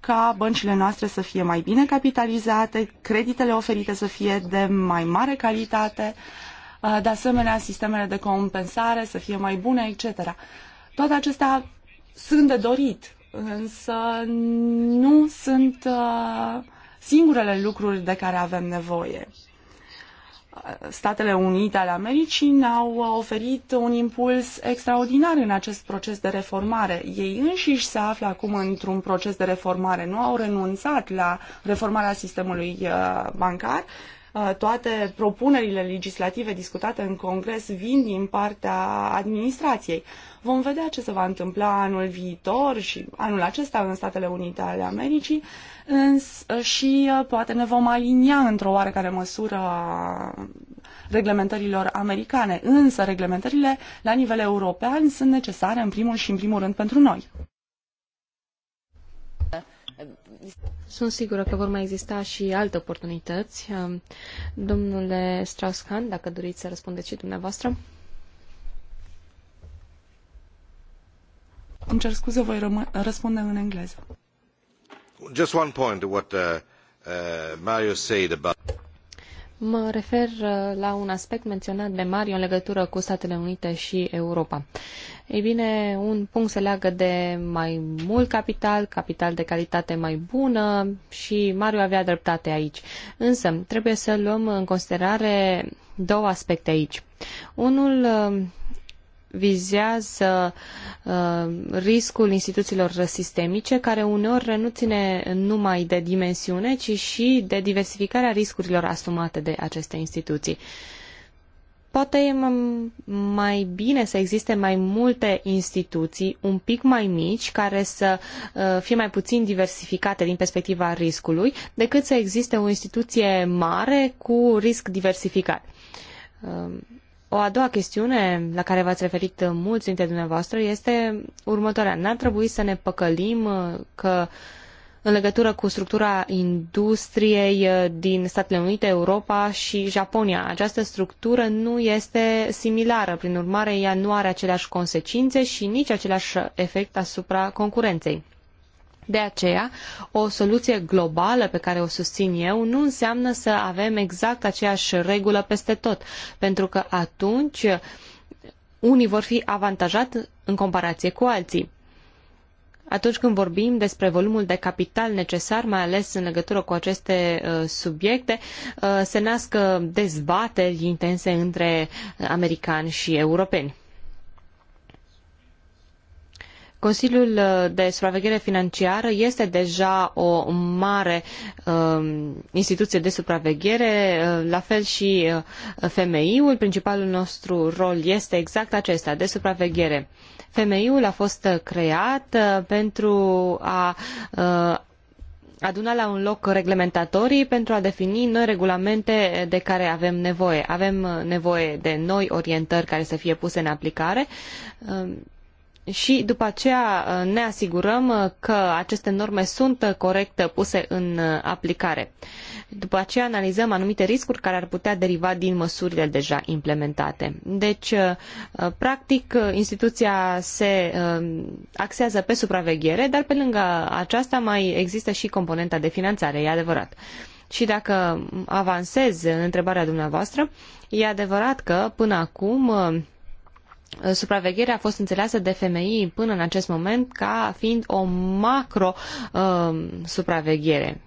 ca băncile noastre să fie mai bine capitalizate, creditele oferite să fie de mai mare calitate, uh, de asemenea sistemele de compensare să fie mai bune, etc. Toate acestea sunt de dorit, însă nu sunt uh, singurele lucruri de care avem nevoie. Statele Unite ale Americii ne-au oferit un impuls extraordinar în acest proces de reformare. Ei înșiși se află acum într-un proces de reformare. Nu au renunțat la reformarea sistemului uh, bancar. Uh, toate propunerile legislative discutate în Congres vin din partea administrației. Vom vedea ce se va întâmpla anul viitor și anul acesta în Statele Unite ale Americii îns, și uh, poate ne vom alinia într-o oarecare măsură reglementărilor americane. Însă reglementările la nivel european sunt necesare în primul și în primul rând pentru noi. Sunt sigură că vor mai exista și alte oportunități. Domnule Strauss-Kahn, dacă doriți să răspundeți și dumneavoastră. Îmi cer scuze, voi răspunde în engleză. Just one point to what uh, uh, Mario said about... Mă refer uh, la un aspect menționat de Mario în legătură cu Statele Unite și Europa. Ei bine, un punct se leagă de mai mult capital, capital de calitate mai bună și Mario avea dreptate aici. Însă, trebuie să luăm în considerare două aspecte aici. Unul uh, vizează uh, riscul instituțiilor sistemice, care uneori nu ține numai de dimensiune, ci și de diversificarea riscurilor asumate de aceste instituții. Poate e mai bine să existe mai multe instituții un pic mai mici care să uh, fie mai puțin diversificate din perspectiva riscului decât să existe o instituție mare cu risc diversificat. Uh, o a doua chestiune la care v-ați referit mulți dintre dumneavoastră este următoarea. N-ar trebui să ne păcălim că în legătură cu structura industriei din Statele Unite, Europa și Japonia. Această structură nu este similară, prin urmare ea nu are aceleași consecințe și nici același efect asupra concurenței. De aceea, o soluție globală pe care o susțin eu nu înseamnă să avem exact aceeași regulă peste tot, pentru că atunci unii vor fi avantajat în comparație cu alții. Atunci când vorbim despre volumul de capital necesar, mai ales în legătură cu aceste uh, subiecte, uh, se nasc uh, dezbateri intense între americani și europeni. Consiliul uh, de supraveghere financiară este deja o mare um, instituție de supraveghere, uh, la fel și uh, FMI-ul. Principalul nostru rol este exact acesta, de supraveghere. FMI-ul a fost creat pentru a uh, aduna la un loc reglementatorii pentru a defini noi regulamente de care avem nevoie. Avem nevoie de noi orientări care să fie puse în aplicare. Uh, și după aceea uh, ne asigurăm uh, că aceste norme sunt uh, corect puse în aplicare. După aceea analizăm anumite riscuri care ar putea deriva din măsurile deja implementate. Deci, practic, instituția se axează pe supraveghere, dar pe lângă aceasta mai există și componenta de finanțare, e adevărat. Și dacă avansez în întrebarea dumneavoastră, e adevărat că până acum Uh, supravegherea a fost înțeleasă de FMI până în acest moment ca fiind o macro-supraveghere. Uh,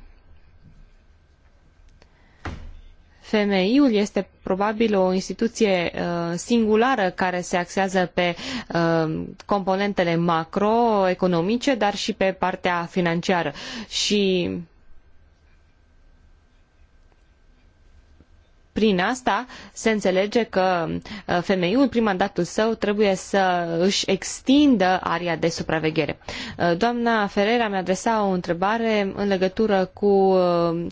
FMI-ul este probabil o instituție uh, singulară care se axează pe componentele macroeconomice, dar și pe partea financiară. Și prin asta se înțelege că uh, femeiul prin mandatul său trebuie să își extindă aria de supraveghere. Uh, doamna Ferreira mi-a adresat o întrebare în legătură cu uh,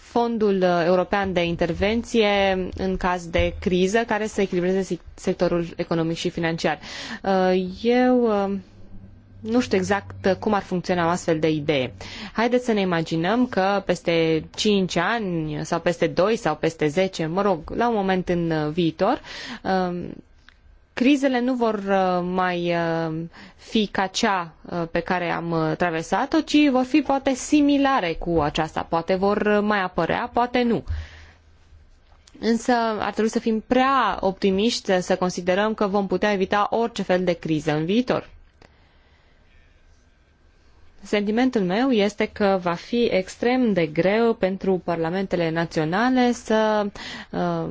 Fondul European de Intervenție în caz de criză care să echilibreze sectorul economic și financiar. Eu nu știu exact cum ar funcționa o astfel de idee. Haideți să ne imaginăm că peste 5 ani sau peste 2 sau peste 10, mă rog, la un moment în viitor, um, crizele nu vor uh, mai uh, fi ca cea uh, pe care am traversat-o, ci vor fi poate similare cu aceasta. Poate vor mai apărea, poate nu. Însă ar trebui să fim prea optimiști să considerăm că vom putea evita orice fel de criză în viitor. Sentimentul meu este că va fi extrem de greu pentru parlamentele naționale să uh,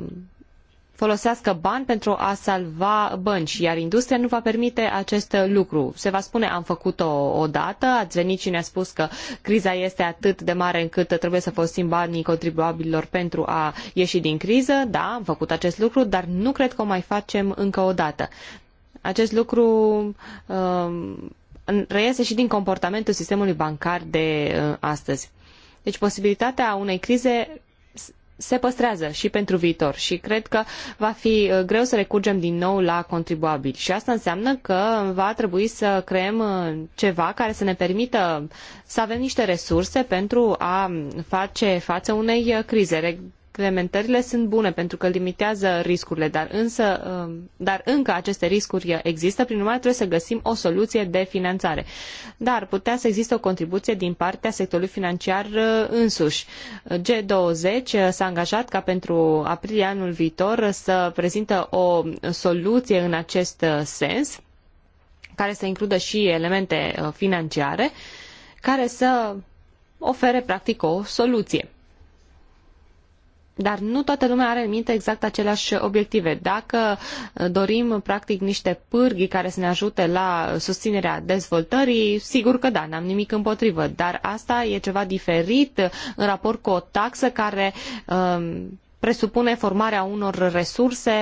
folosească bani pentru a salva bănci, iar industria nu va permite acest lucru. Se va spune am făcut-o odată, ați venit și ne-a spus că criza este atât de mare încât trebuie să folosim banii contribuabililor pentru a ieși din criză. Da, am făcut acest lucru, dar nu cred că o mai facem încă o dată. Acest lucru uh, reiese și din comportamentul sistemului bancar de uh, astăzi. Deci posibilitatea unei crize se păstrează și pentru viitor și cred că va fi uh, greu să recurgem din nou la contribuabili. Și asta înseamnă că va trebui să creăm uh, ceva care să ne permită să avem niște resurse pentru a face față unei crize reglementările sunt bune pentru că limitează riscurile, dar, însă, um, dar încă aceste riscuri există, prin urmare trebuie să găsim o soluție de finanțare. Dar putea să existe o contribuție din partea sectorului financiar uh, însuși. G20 s-a angajat ca pentru aprilie anul viitor să prezintă o soluție în acest uh, sens, care să includă și elemente uh, financiare, care să ofere practic o soluție. Dar nu toată lumea are în minte exact aceleași obiective. Dacă uh, dorim, practic, niște pârghii care să ne ajute la susținerea dezvoltării, sigur că da, n-am nimic împotrivă. Dar asta e ceva diferit în raport cu o taxă care um, presupune formarea unor resurse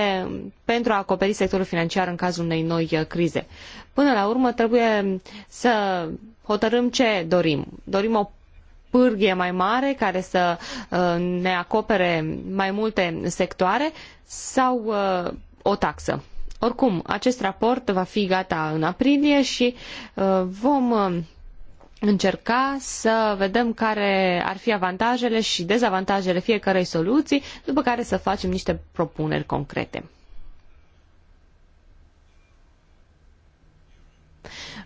pentru a acoperi sectorul financiar în cazul unei noi uh, crize. Până la urmă, trebuie să hotărâm ce dorim. Dorim o pârghie mai mare care să uh, ne acopere mai multe sectoare sau uh, o taxă. Oricum, acest raport va fi gata în aprilie și uh, vom încerca să vedem care ar fi avantajele și dezavantajele fiecărei soluții, după care să facem niște propuneri concrete.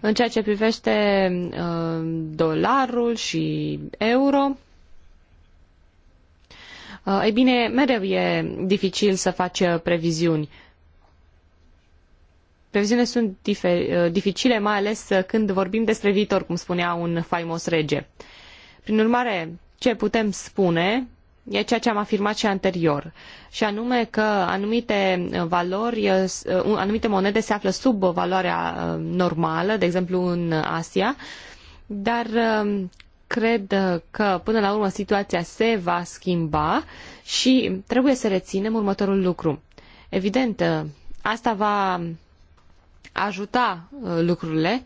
În ceea ce privește uh, dolarul și euro, uh, ei bine, mereu e dificil să faci uh, previziuni. Previziunile sunt uh, dificile, mai ales uh, când vorbim despre viitor, cum spunea un faimos rege. Prin urmare, ce putem spune e ceea ce am afirmat și anterior, și anume că anumite uh, valori, uh, uh, anumite monede se află sub valoarea normală, de exemplu în Asia, dar cred că până la urmă situația se va schimba și trebuie să reținem următorul lucru. Evident, asta va ajuta lucrurile,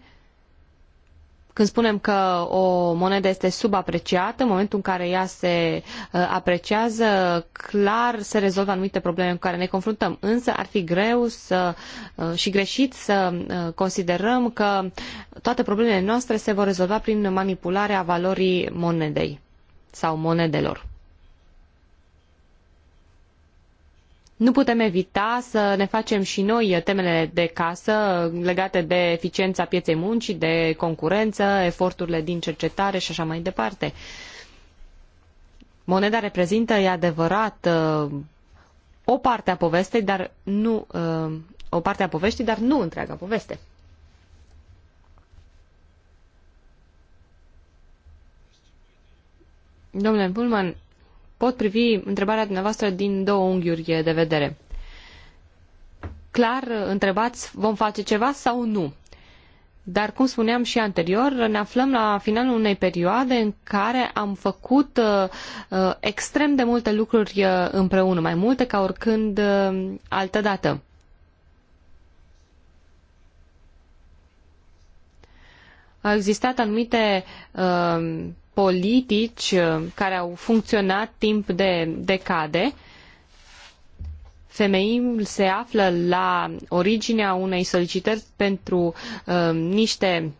când spunem că o monedă este subapreciată, în momentul în care ea se uh, apreciază, clar se rezolvă anumite probleme cu care ne confruntăm. Însă ar fi greu să, uh, și greșit să uh, considerăm că toate problemele noastre se vor rezolva prin manipularea valorii monedei sau monedelor. Nu putem evita să ne facem și noi temele de casă legate de eficiența pieței muncii, de concurență, eforturile din cercetare și așa mai departe. Moneda reprezintă, e adevărat, o parte a povestei, dar nu o parte a poveștii, dar nu întreaga poveste. Domnule Pullman, pot privi întrebarea dumneavoastră din două unghiuri de vedere. Clar, întrebați, vom face ceva sau nu? Dar, cum spuneam și anterior, ne aflăm la finalul unei perioade în care am făcut uh, uh extrem de multe lucruri uh, împreună, mai multe ca oricând uh, altă dată. Au existat anumite uh, politici uh, care au funcționat timp de decade, femeiul se află la originea unei solicitări pentru uh, niște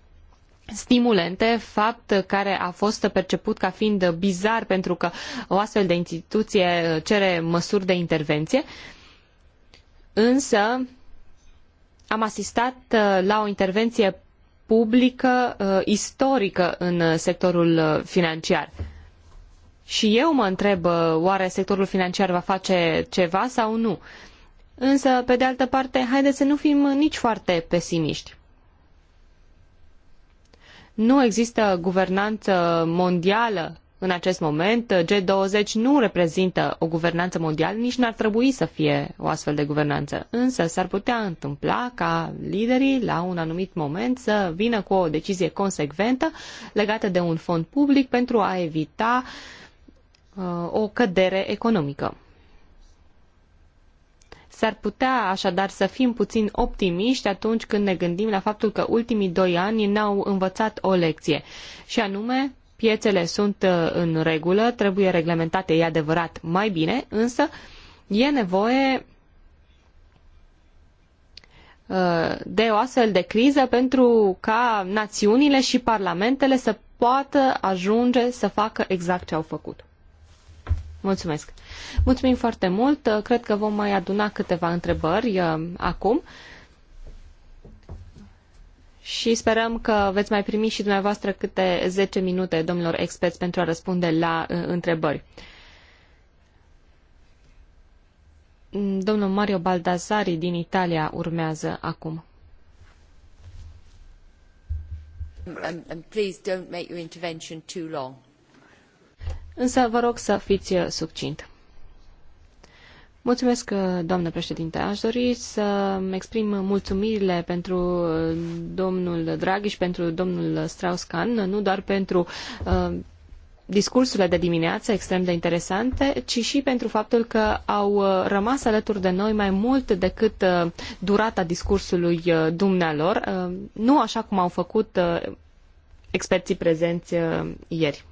stimulente, fapt care a fost perceput ca fiind bizar pentru că o astfel de instituție cere măsuri de intervenție. Însă am asistat uh, la o intervenție publică uh, istorică în uh, sectorul uh, financiar. Și eu mă întreb, oare sectorul financiar va face ceva sau nu? Însă, pe de altă parte, haideți să nu fim nici foarte pesimiști. Nu există guvernanță mondială în acest moment, G20 nu reprezintă o guvernanță mondială, nici n-ar trebui să fie o astfel de guvernanță. Însă s-ar putea întâmpla ca liderii, la un anumit moment, să vină cu o decizie consecventă legată de un fond public pentru a evita uh, o cădere economică. S-ar putea așadar să fim puțin optimiști atunci când ne gândim la faptul că ultimii doi ani ne-au învățat o lecție, și anume piețele sunt uh, în regulă, trebuie reglementate, e adevărat, mai bine, însă e nevoie uh, de o astfel de criză pentru ca națiunile și parlamentele să poată ajunge să facă exact ce au făcut. Mulțumesc! Mulțumim foarte mult! Cred că vom mai aduna câteva întrebări uh, acum și sperăm că veți mai primi și dumneavoastră câte 10 minute, domnilor experți, pentru a răspunde la uh, întrebări. Mm, domnul Mario Baldassari din Italia urmează acum. Um, um, um, Însă vă rog să fiți uh, succint. Mulțumesc, uh, doamnă președinte. Aș dori să exprim mulțumirile pentru uh, domnul Draghi și pentru domnul Strauss-Kahn, nu doar pentru uh, discursurile de dimineață extrem de interesante, ci și pentru faptul că au uh, rămas alături de noi mai mult decât durata discursului dumnealor, nu așa cum au făcut experții prezenți ieri.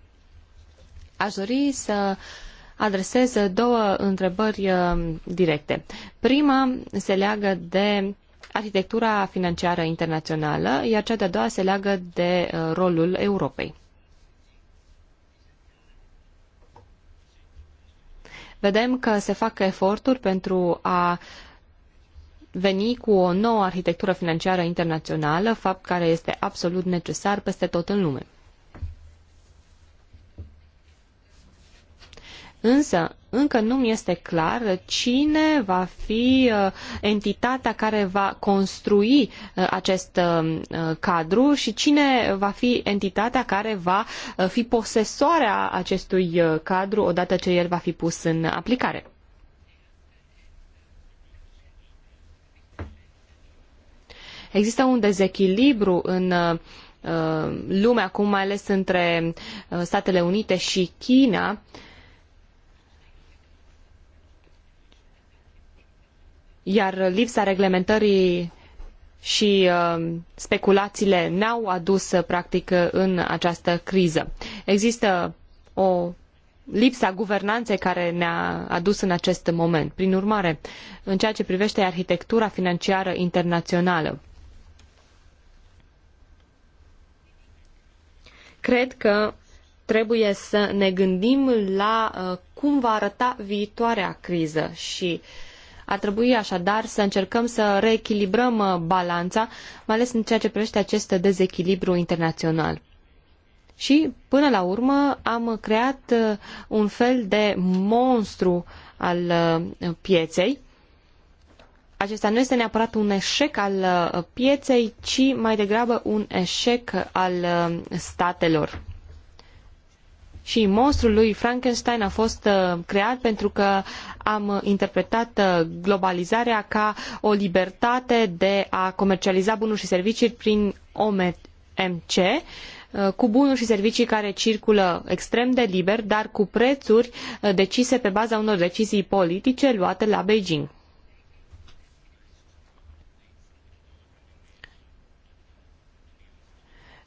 Aș dori să uh, adresez două întrebări uh, directe. Prima se leagă de arhitectura financiară internațională, iar cea de-a doua se leagă de uh, rolul Europei. Vedem că se fac eforturi pentru a veni cu o nouă arhitectură financiară internațională, fapt care este absolut necesar peste tot în lume. Însă, încă nu mi este clar cine va fi uh, entitatea care va construi uh, acest uh, cadru și cine va fi entitatea care va fi posesoarea acestui cadru odată ce el va fi pus în aplicare. Există un dezechilibru în lume acum, mai ales între Statele Unite și China, iar lipsa reglementării și uh, speculațiile ne-au adus uh, practic uh, în această criză. Există o lipsa guvernanței care ne-a adus în acest moment. Prin urmare, în ceea ce privește arhitectura financiară internațională, cred că trebuie să ne gândim la uh, cum va arăta viitoarea criză și uh, ar trebui așadar să încercăm să reechilibrăm uh, balanța, mai ales în ceea ce privește acest dezechilibru internațional. Și, până la urmă, am creat uh, un fel de monstru al uh, pieței. Acesta nu este neapărat un eșec al pieței, ci mai degrabă un eșec al statelor și monstrul lui Frankenstein a fost uh, creat pentru că am interpretat uh, globalizarea ca o libertate de a comercializa bunuri și servicii prin OMC, uh, cu bunuri și servicii care circulă extrem de liber, dar cu prețuri decise pe baza unor decizii politice luate la Beijing.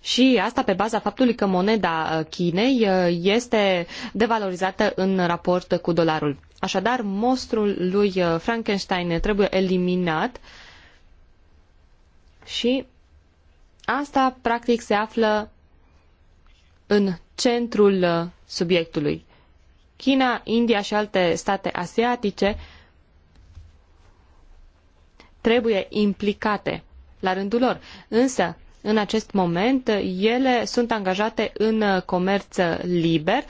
Și asta pe baza faptului că moneda uh, Chinei uh, este devalorizată în raport cu dolarul. Așadar, monstrul lui uh, Frankenstein trebuie eliminat și asta practic se află în centrul subiectului. China, India și alte state asiatice trebuie implicate la rândul lor. Însă, în acest moment, ele sunt angajate în comerț liber,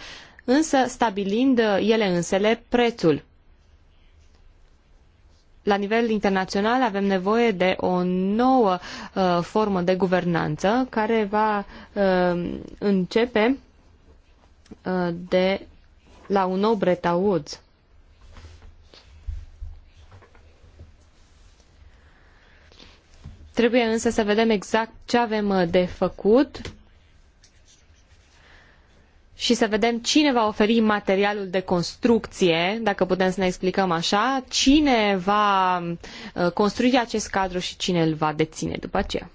însă stabilind ele însele prețul. La nivel internațional avem nevoie de o nouă uh, formă de guvernanță care va uh, începe uh, de la un nou Woods. Trebuie însă să vedem exact ce avem uh, de făcut și să vedem cine va oferi materialul de construcție, dacă putem să ne explicăm așa, cine va uh, construi acest cadru și cine îl va deține după aceea.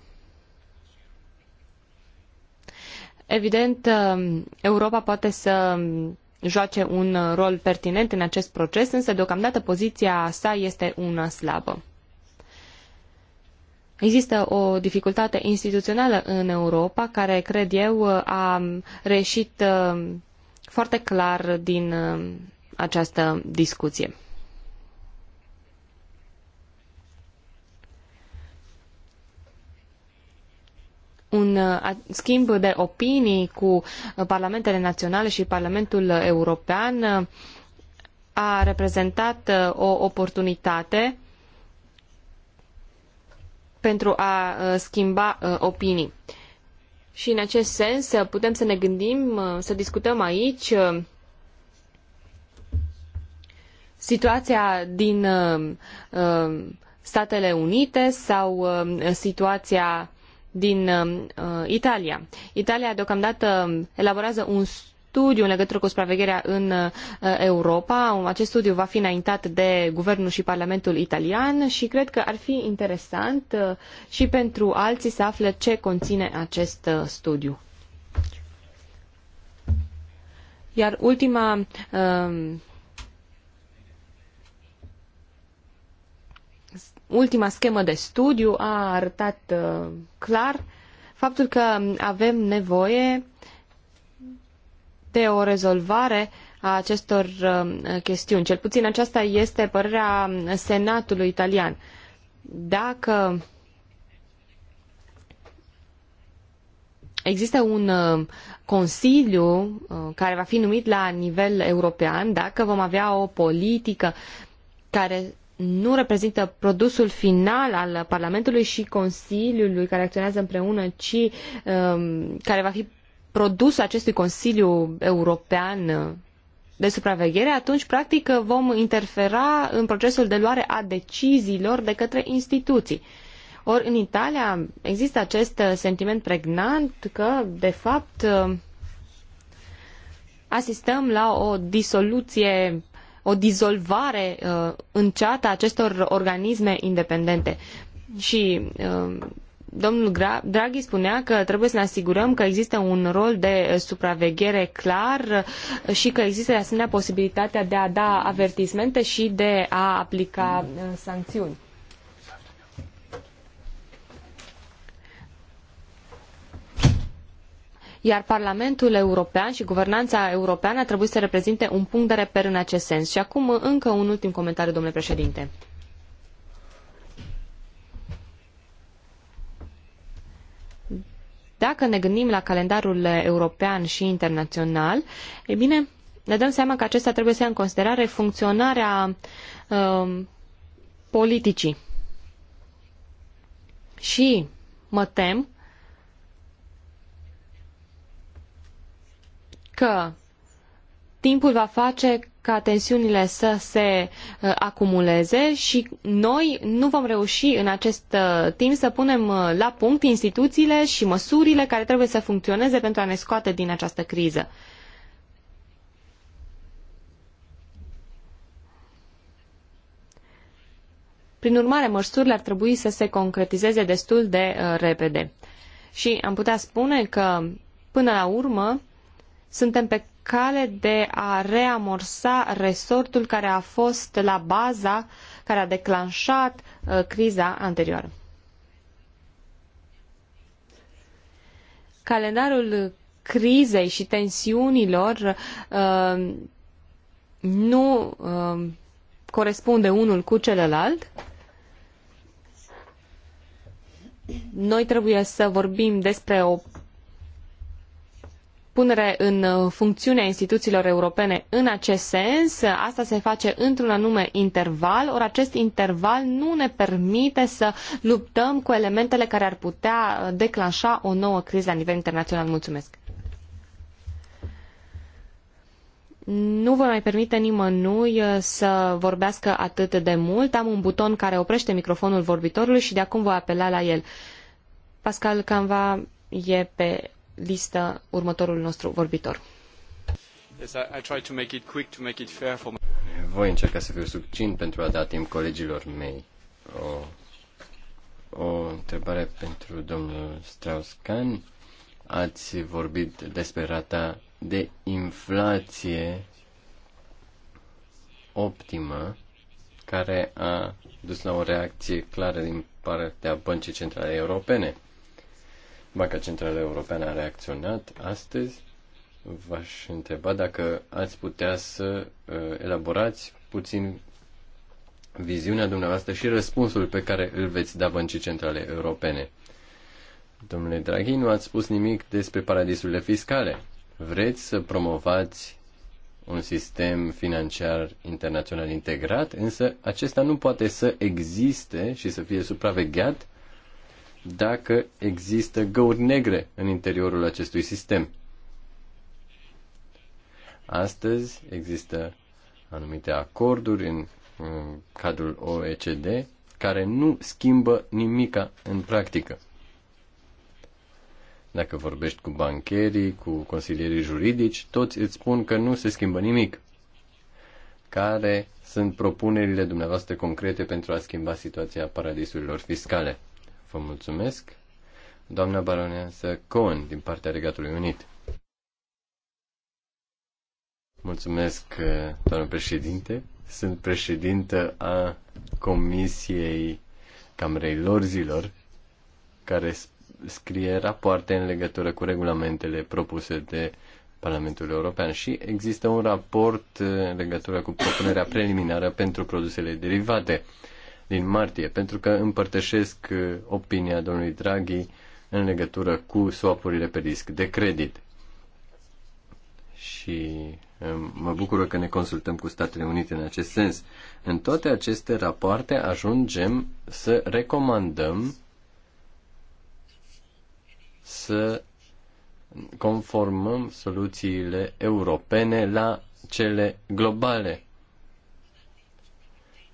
Evident, uh, Europa poate să joace un rol pertinent în acest proces, însă deocamdată poziția sa este una slabă. Există o dificultate instituțională în Europa care, cred eu, a reșit uh, foarte clar din uh, această discuție. un uh, schimb de opinii cu parlamentele naționale și Parlamentul European a reprezentat o oportunitate pentru a uh, schimba uh, opinii. Și în acest sens uh, putem să ne gândim, să discutăm aici situația din Statele Unite sau situația din Italia. Italia deocamdată elaborează un studiu în legătură cu supravegherea în uh, Europa. Um, acest studiu va fi înaintat de guvernul și Parlamentul italian și cred că ar fi interesant uh, și pentru alții să afle ce conține acest uh, studiu. Iar ultima um, ultima schemă de studiu a arătat clar faptul că avem nevoie de o rezolvare a acestor um, chestiuni. Cel puțin aceasta este părerea Senatului italian. Dacă există un um, consiliu uh, care va fi numit la nivel european, dacă vom avea o politică care nu reprezintă produsul final al Parlamentului și Consiliului care acționează împreună, ci um, care va fi produsul acestui Consiliu European de supraveghere, atunci, practic, vom interfera în procesul de luare a deciziilor de către instituții. Ori, în Italia există acest sentiment pregnant că, de fapt, asistăm la o disoluție o dizolvare uh, înceată a acestor organisme independente. Și uh, domnul Draghi spunea că trebuie să ne asigurăm că există un rol de supraveghere clar uh, și că există de asemenea posibilitatea de a da avertismente și de a aplica uh, sancțiuni. iar Parlamentul European și guvernanța europeană trebuie să reprezinte un punct de reper în acest sens. Și acum încă un ultim comentariu, domnule președinte. Dacă ne gândim la calendarul european și internațional, e bine, ne dăm seama că acesta trebuie să ia în considerare funcționarea uh, politicii. Și mă tem că timpul va face ca tensiunile să se uh, acumuleze și noi nu vom reuși în acest uh, timp să punem uh, la punct instituțiile și măsurile care trebuie să funcționeze pentru a ne scoate din această criză. Prin urmare, măsurile ar trebui să se concretizeze destul de repede. Și am putea spune că, până la urmă, suntem pe cale de a reamorsa resortul care a fost la baza, care a declanșat uh, criza anterioară. Calendarul crizei și tensiunilor uh, nu uh, corespunde unul cu celălalt. Noi trebuie să vorbim despre o punere în uh, funcțiune a instituțiilor europene în acest sens. Asta se face într-un anume interval, ori acest interval nu ne permite să luptăm cu elementele care ar putea uh, declanșa o nouă criză la nivel internațional. Mulțumesc! nu vă mai permite nimănui uh, să vorbească atât de mult. Am un buton care oprește microfonul vorbitorului și de acum voi apela la el. Pascal Canva e pe listă următorul nostru vorbitor. Voi încerca să fiu succint pentru a da timp colegilor mei. O, o întrebare pentru domnul Strauss-Kahn. Ați vorbit despre rata de inflație optimă care a dus la o reacție clară din partea Băncii Centrale Europene. Banca Centrală Europeană a reacționat astăzi. V-aș întreba dacă ați putea să uh, elaborați puțin viziunea dumneavoastră și răspunsul pe care îl veți da băncii centrale europene. Domnule Draghi, nu ați spus nimic despre paradisurile fiscale. Vreți să promovați un sistem financiar internațional integrat, însă acesta nu poate să existe și să fie supravegheat dacă există găuri negre în interiorul acestui sistem. Astăzi există anumite acorduri în, în cadrul OECD care nu schimbă nimica în practică. Dacă vorbești cu bancherii, cu consilierii juridici, toți îți spun că nu se schimbă nimic. Care sunt propunerile dumneavoastră concrete pentru a schimba situația paradisurilor fiscale? Vă mulțumesc. Doamna baroneasă Cohen, din partea Regatului Unit. Mulțumesc, uh, doamnă președinte. Sunt președintă a Comisiei Camerei Lorzilor, care scrie rapoarte în legătură cu regulamentele propuse de Parlamentul European și există un raport uh, în legătură cu propunerea preliminară pentru produsele derivate din martie, pentru că împărtășesc uh, opinia domnului Draghi în legătură cu swapurile pe disc de credit. Și um, mă bucur că ne consultăm cu Statele Unite în acest sens. În toate aceste rapoarte ajungem să recomandăm să conformăm soluțiile europene la cele globale.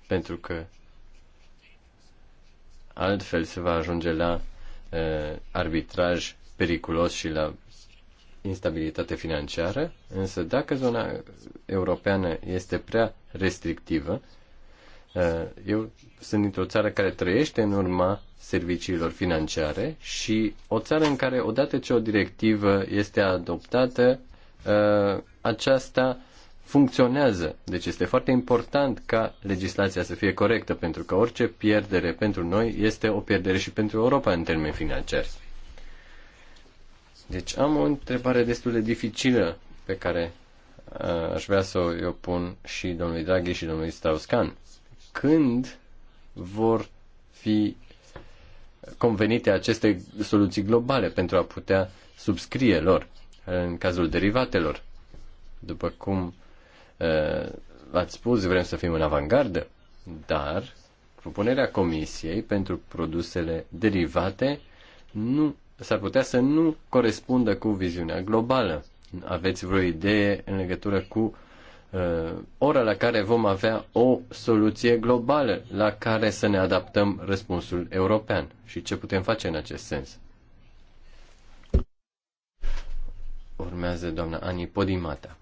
Pentru că Altfel se va ajunge la uh, arbitraj periculos și la instabilitate financiară, însă dacă zona europeană este prea restrictivă, eu sunt dintr-o țară care trăiește în urma serviciilor financiare și o țară în care odată ce o directivă este adoptată, aceasta funcționează. Deci este foarte important ca legislația să fie corectă, pentru că orice pierdere pentru noi este o pierdere și pentru Europa în termeni financiari. Deci am o întrebare destul de dificilă pe care uh, aș vrea să o pun și domnului Draghi și domnului Strauss-Kahn. Când vor fi convenite aceste soluții globale pentru a putea subscrie lor în cazul derivatelor? După cum Uh, ați spus, vrem să fim în avangardă, dar propunerea Comisiei pentru produsele derivate nu s-ar putea să nu corespundă cu viziunea globală. Aveți vreo idee în legătură cu uh, ora la care vom avea o soluție globală la care să ne adaptăm răspunsul european și ce putem face în acest sens? Urmează doamna Ani Podimata.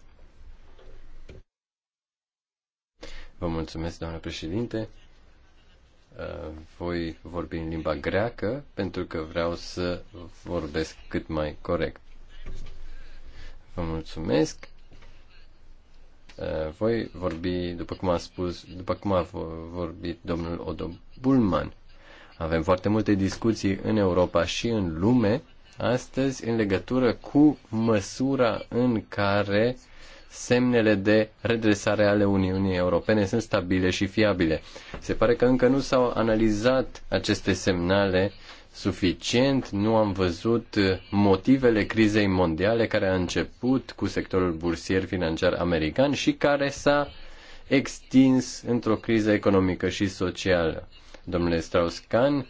Vă mulțumesc, doamnă președinte. Uh, voi vorbi în limba greacă pentru că vreau să vorbesc cât mai corect. Vă mulțumesc. Uh, voi vorbi, după cum a spus, după cum a vorbit domnul Odo Bulman. Avem foarte multe discuții în Europa și în lume astăzi în legătură cu măsura în care uh, semnele de redresare ale Uniunii Europene sunt stabile și fiabile. Se pare că încă nu s-au analizat aceste semnale suficient, nu am văzut motivele crizei mondiale care a început cu sectorul bursier financiar american și care s-a extins într-o criză economică și socială. Domnule Strauss-Kahn,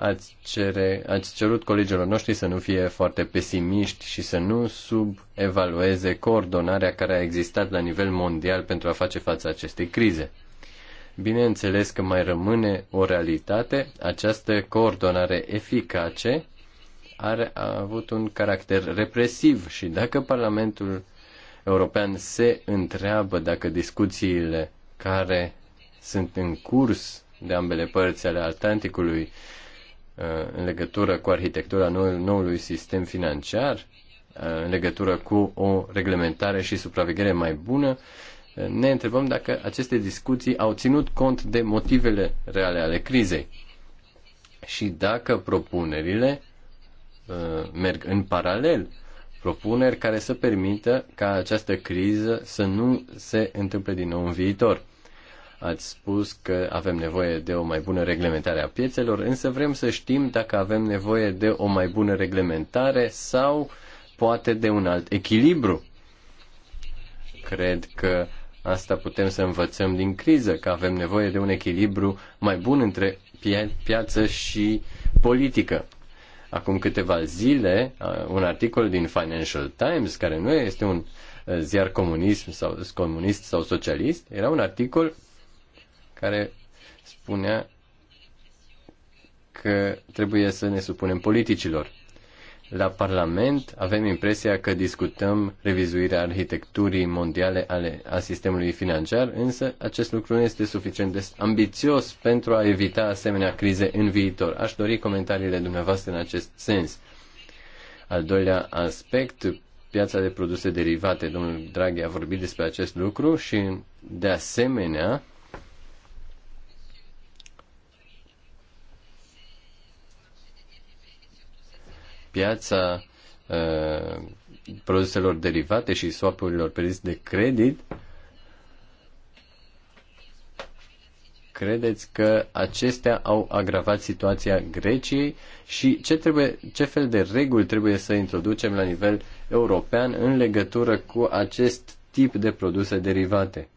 ați, cere, ați cerut colegilor noștri să nu fie foarte pesimiști și să nu subevalueze coordonarea care a existat la nivel mondial pentru a face față acestei crize. Bineînțeles că mai rămâne o realitate, această coordonare eficace are, a avut un caracter represiv și dacă Parlamentul European se întreabă dacă discuțiile care sunt în curs de ambele părți ale Atlanticului Uh, în legătură cu arhitectura noului sistem financiar, uh, în legătură cu o reglementare și supraveghere mai bună, uh, ne întrebăm dacă aceste discuții au ținut cont de motivele reale ale crizei și dacă propunerile merg în paralel, propuneri care să permită ca această criză să nu se întâmple din nou în viitor. Ați spus că avem nevoie de o mai bună reglementare a piețelor, însă vrem să știm dacă avem nevoie de o mai bună reglementare sau poate de un alt echilibru. Cred că asta putem să învățăm din criză, că avem nevoie de un echilibru mai bun între piață și politică. Acum câteva zile, un articol din Financial Times, care nu este un ziar comunism sau, comunist sau socialist, era un articol care spunea că trebuie să ne supunem politicilor. La Parlament avem impresia că discutăm revizuirea arhitecturii mondiale ale, a sistemului financiar, însă acest lucru nu este suficient de ambițios pentru a evita asemenea crize în viitor. Aș dori comentariile dumneavoastră în acest sens. Al doilea aspect, piața de produse derivate. Domnul Draghi a vorbit despre acest lucru și, de asemenea, piața uh, produselor derivate și swapurilor pe risc de credit, credeți că acestea au agravat situația Greciei și ce, trebuie, ce fel de reguli trebuie să introducem la nivel european în legătură cu acest tip de produse derivate?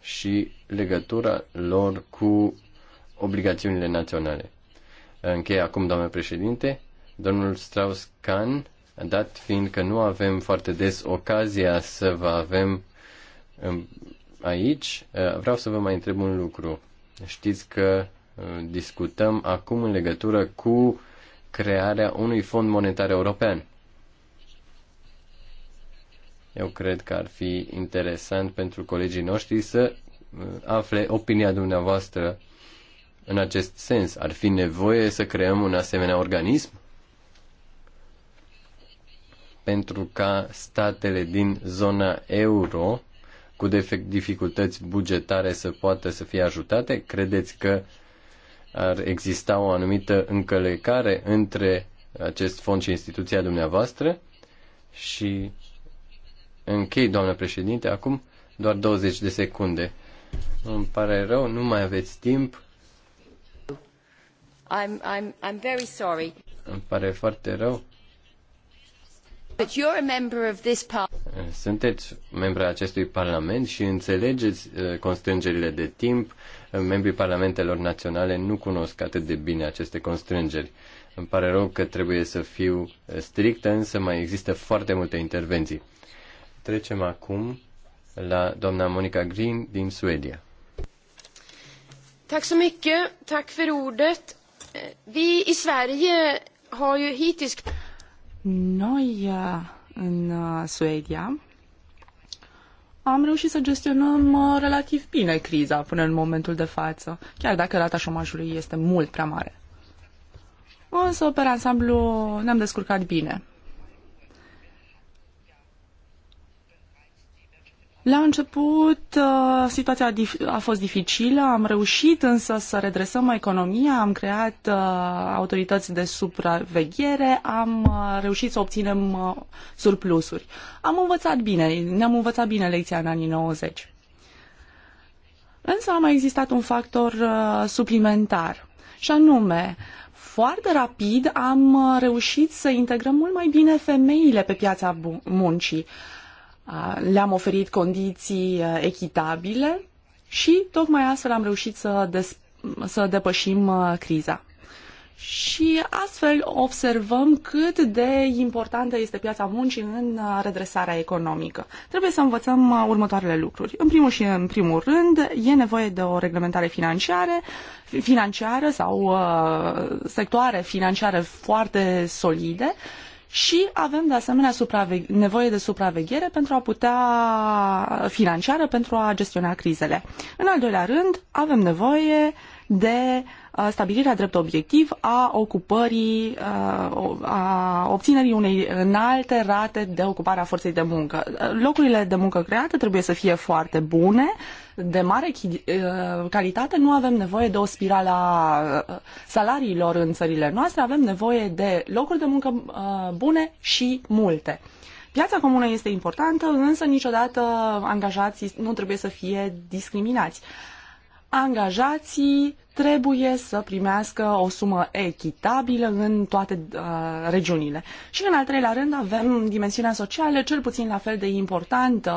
și legătura lor cu obligațiunile naționale. Închei acum, doamnă președinte. Domnul Strauss-Kahn, dat fiind că nu avem foarte des ocazia să vă avem um, aici, uh, vreau să vă mai întreb un lucru. Știți că uh, discutăm acum în legătură cu crearea unui fond monetar european. Eu cred că ar fi interesant pentru colegii noștri să uh, afle opinia dumneavoastră în acest sens? Ar fi nevoie să creăm un asemenea organism? Pentru ca statele din zona euro cu dificultăți bugetare să poată să fie ajutate? Credeți că ar exista o anumită încălecare între acest fond și instituția dumneavoastră? Și închei, doamnă președinte, acum doar 20 de secunde. Îmi pare rău, nu mai aveți timp. I'm, I'm, I'm very sorry. Îmi pare foarte rău. But you're a member of this par- Sunteți membru acestui parlament și înțelegeți uh, constrângerile de timp. Membrii parlamentelor naționale nu cunosc atât de bine aceste constrângeri. Îmi pare rău că trebuie să fiu uh, strictă, însă mai există foarte multe intervenții. Trecem acum la doamna Monica Green din Suedia. Tack så mycket. Tack för ordet. Vi i Sverige har ju hittills... Noi eh, în eh, Suedia am reușit să gestionăm eh, relativ bine criza până în momentul de față, chiar dacă rata șomajului este mult prea mare. Însă, pe ansamblu, ne-am descurcat bine. La început uh, situația a fost dificilă, am reușit însă să redresăm economia, am creat uh, autorități de supraveghere, am uh, reușit să obținem surplusuri. Am învățat bine, ne-am învățat bine lecția în anii 90. Însă a mai existat un factor suplimentar, și anume, foarte rapid am reușit să integrăm mult mai bine femeile pe piața muncii le-am oferit condiții echitabile și tocmai astfel am reușit să, des- să depășim criza. Și astfel observăm cât de importantă este piața muncii în redresarea economică. Trebuie să învățăm următoarele lucruri. În primul și în primul rând, e nevoie de o reglementare financiară, financiară sau uh, sectoare financiare foarte solide și avem de asemenea nevoie de supraveghere pentru a putea financiară pentru a gestiona crizele. În al doilea rând, avem nevoie de uh, stabilirea drept obiectiv a ocupării, uh, a obținerii unei înalte rate de ocupare a forței de muncă. Uh, locurile de muncă create trebuie să fie foarte bune, de mare calitate, nu avem nevoie de o spirală a salariilor în țările noastre, avem nevoie de locuri de muncă bune și multe. Piața comună este importantă, însă niciodată angajații nu trebuie să fie discriminați angajații trebuie să primească o sumă echitabilă în toate uh, regiunile. Și în al treilea rând avem dimensiunea socială, cel puțin la fel de importantă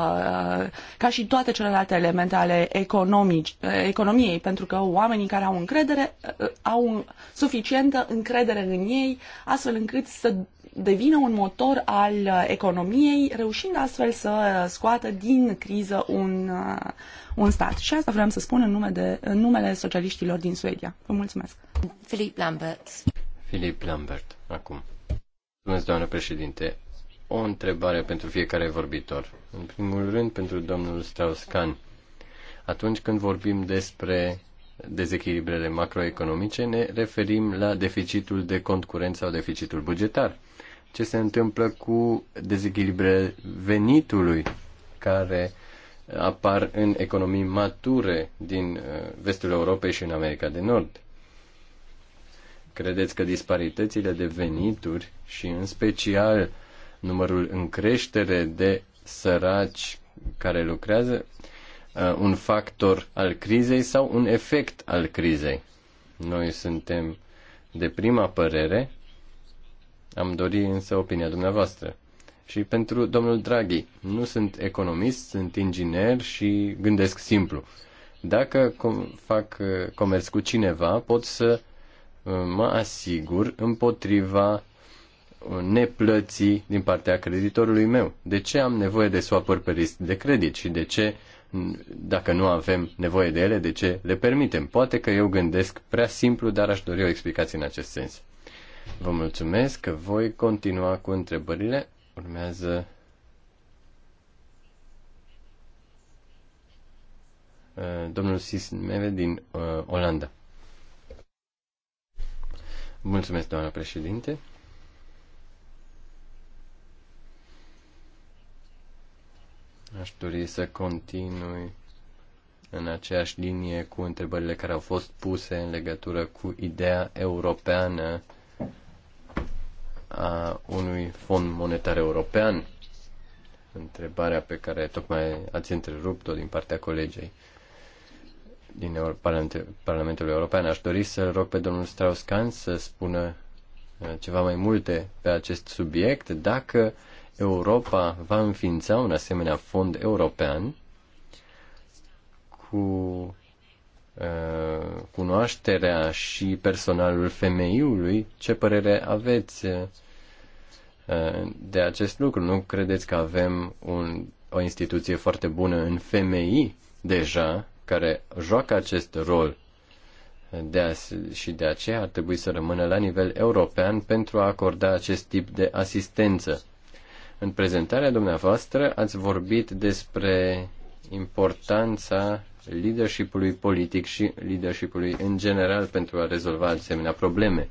uh, ca și toate celelalte elemente ale economici, uh, economiei, pentru că oamenii care au încredere uh, au suficientă încredere în ei, astfel încât să devină un motor al uh, economiei, reușind astfel să uh, scoată din criză un, uh, un stat. Și asta vreau să spun în, nume de, în numele socialiștilor din Suedia. Vă mulțumesc. Filip Lambert. Filip Lambert, acum. Mulțumesc, doamnă președinte. O întrebare pentru fiecare vorbitor. În primul rând, pentru domnul Strauss-Kahn. Atunci când vorbim despre dezechilibrele macroeconomice, ne referim la deficitul de cont curent sau deficitul bugetar ce se întâmplă cu dezechilibre venitului care apar în economii mature din uh, vestul Europei și în America de Nord. Credeți că disparitățile de venituri și în special numărul în creștere de săraci care lucrează uh, un factor al crizei sau un efect al crizei? Noi suntem de prima părere am dori însă opinia dumneavoastră. Și pentru domnul Draghi, nu sunt economist, sunt inginer și gândesc simplu. Dacă com- fac uh, comerț cu cineva, pot să uh, mă asigur împotriva uh, neplății din partea creditorului meu. De ce am nevoie de swap-uri pe risc de credit și de ce, dacă nu avem nevoie de ele, de ce le permitem? Poate că eu gândesc prea simplu, dar aș dori o explicație în acest sens. Vă mulțumesc că voi continua cu întrebările. Urmează uh, domnul Sismeve din uh, Olanda. Mulțumesc, doamna președinte. Aș dori să continui în aceeași linie cu întrebările care au fost puse în legătură cu ideea europeană a unui fond monetar european? Întrebarea pe care tocmai ați întrerupt-o din partea colegei din Parlamentul European. Aș dori să rog pe domnul Strauss-Kahn să spună uh, ceva mai multe pe acest subiect. Dacă Europa va înființa un asemenea fond european cu uh, cunoașterea și personalul femeiului, ce părere aveți uh, de acest lucru. Nu credeți că avem un, o instituție foarte bună în femei deja care joacă acest rol de a, și de aceea ar trebui să rămână la nivel european pentru a acorda acest tip de asistență. În prezentarea dumneavoastră ați vorbit despre importanța leadership politic și leadership în general pentru a rezolva asemenea probleme. Uh,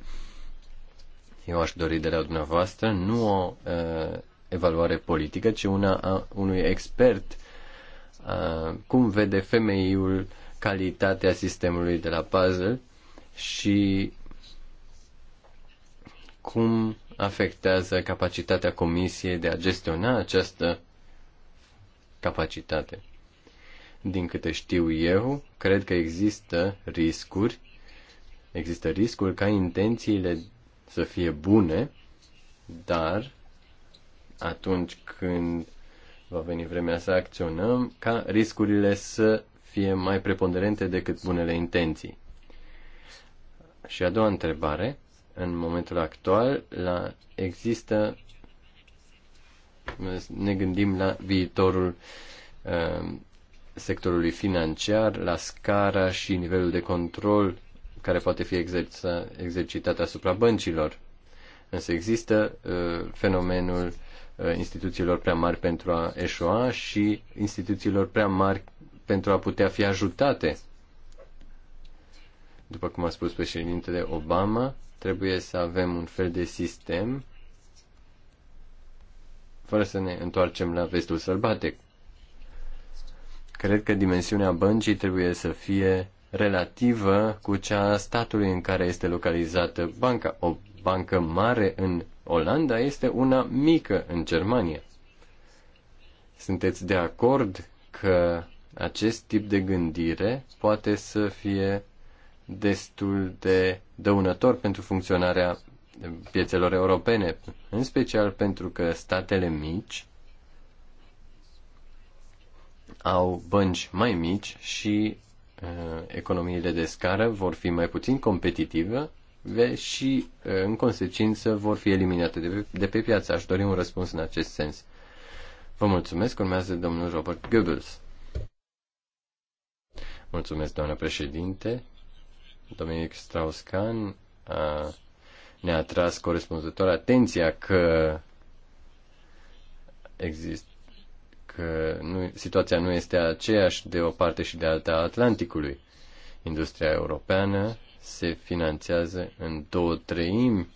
eu aș dori de la dumneavoastră nu o uh, evaluare politică, ci una a unui expert. Uh, cum vede femeiul calitatea sistemului de la puzzle și cum afectează capacitatea comisiei de a gestiona această capacitate. Din câte știu eu, cred că există riscuri, există riscul ca intențiile să fie bune, dar atunci când va veni vremea să acționăm, ca riscurile să fie mai preponderente decât bunele intenții. Și a doua întrebare, în momentul actual, la, există, ne gândim la viitorul uh, sectorului financiar, la scara și nivelul de control care poate fi exerța, exercitată asupra băncilor. Însă există uh, fenomenul uh, instituțiilor prea mari pentru a eșua și instituțiilor prea mari pentru a putea fi ajutate. După cum a spus președintele Obama, trebuie să avem un fel de sistem fără să ne întoarcem la vestul sălbatic. Cred că dimensiunea băncii trebuie să fie relativă cu cea a statului în care este localizată banca. O bancă mare în Olanda este una mică în Germania. Sunteți de acord că acest tip de gândire poate să fie destul de dăunător pentru funcționarea piețelor europene, în special pentru că statele mici au bănci mai mici și Uh, economiile de scară vor fi mai puțin competitive și, uh, în consecință, vor fi eliminate de pe, de pe piață. Aș dori un răspuns în acest sens. Vă mulțumesc. Urmează domnul Robert Goebbels. Mulțumesc, doamnă președinte. Dominic Strauss-Kahn ne-a tras corespunzător atenția că există că nu, situația nu este aceeași de o parte și de alta a Atlanticului. Industria europeană se finanțează în două treimi,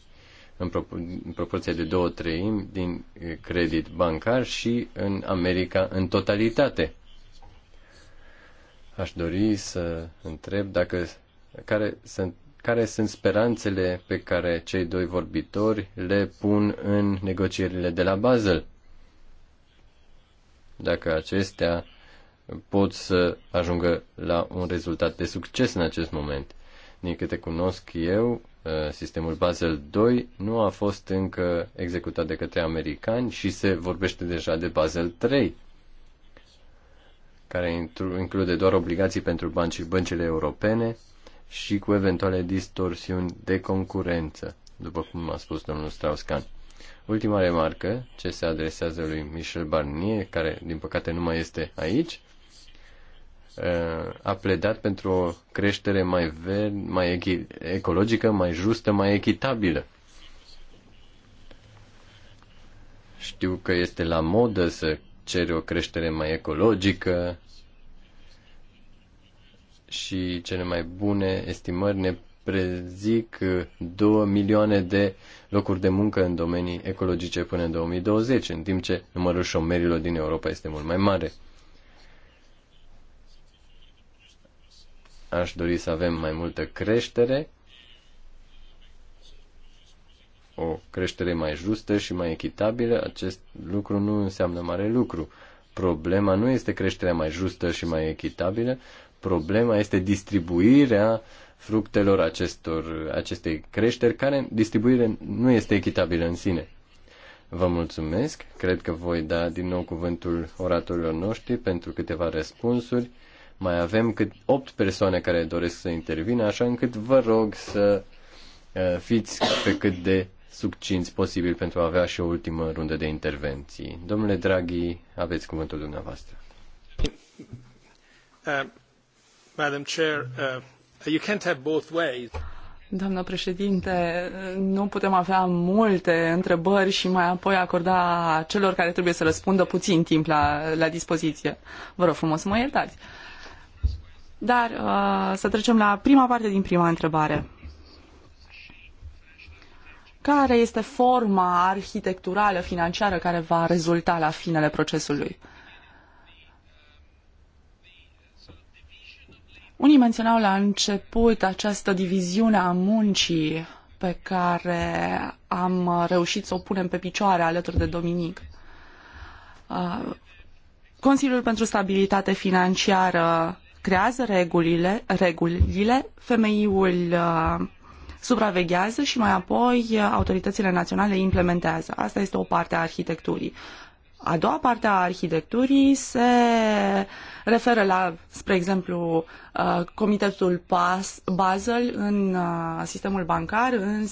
în, pro, în proporție de două treimi din credit bancar și în America în totalitate. Aș dori să întreb dacă care sunt care sunt speranțele pe care cei doi vorbitori le pun în negocierile de la Basel dacă acestea pot să ajungă la un rezultat de succes în acest moment. Din câte cunosc eu, uh, sistemul Basel II nu a fost încă executat de către americani și se vorbește deja de Basel III, care include doar obligații pentru bănci, băncile europene și cu eventuale distorsiuni de concurență, după cum a spus domnul Strauss-Kahn. Ultima remarcă, ce se adresează lui Michel Barnier, care din păcate nu mai este aici, uh, a pledat pentru o creștere mai verde, mai ecologică, mai justă, mai echitabilă. Știu că este la modă să ceri o creștere mai ecologică și cele mai bune estimări ne prezic 2 milioane de uh, locuri de muncă în domenii ecologice până în 2020, în timp ce numărul șomerilor din Europa este mult mai mare. Aș dori să avem mai multă creștere, o creștere mai justă și mai echitabilă. Acest lucru nu înseamnă mare lucru. Problema nu este creșterea mai justă și mai echitabilă, problema este distribuirea uh, fructelor acestor, acestei creșteri, care distribuire nu este echitabilă în sine. Vă mulțumesc. Cred că voi da din nou cuvântul oratorilor noștri pentru câteva răspunsuri. Mai avem cât 8 persoane care doresc să intervină, așa încât vă rog să uh, fiți pe cât de succinți posibil pentru a avea și o ultimă rundă de intervenții. Domnule Draghi, aveți cuvântul dumneavoastră. Uh, Madam Chair, uh... You can't have both ways. Doamnă președinte, nu putem avea multe întrebări și mai apoi acorda celor care trebuie să răspundă puțin timp la, la dispoziție. Vă rog frumos să mă iertați. Dar uh, să trecem la prima parte din prima întrebare. Care este forma arhitecturală financiară care va rezulta la finele procesului? Uh, Unii menționau la început această diviziune a muncii pe care am reușit să o punem pe picioare alături de Dominic. Uh, Consiliul pentru Stabilitate Financiară creează regulile, regulile femeiul uh, supraveghează și mai apoi autoritățile naționale implementează. Asta este o parte a arhitecturii. A doua parte a arhitecturii se referă la, spre exemplu, uh, Comitetul PAS, Basel în uh, sistemul bancar, în,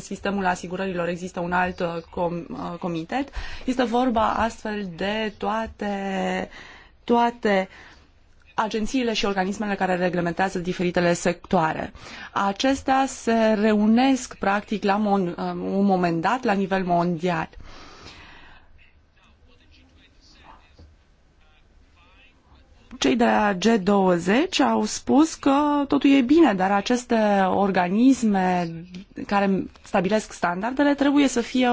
sistemul asigurărilor există un alt uh, comitet. Este vorba astfel de toate, toate agențiile și organismele care reglementează diferitele sectoare. Acestea se reunesc practic la mon- un moment dat la nivel mondial. Cei de la G20 au spus că totul e bine, dar aceste organisme care stabilesc standardele trebuie să fie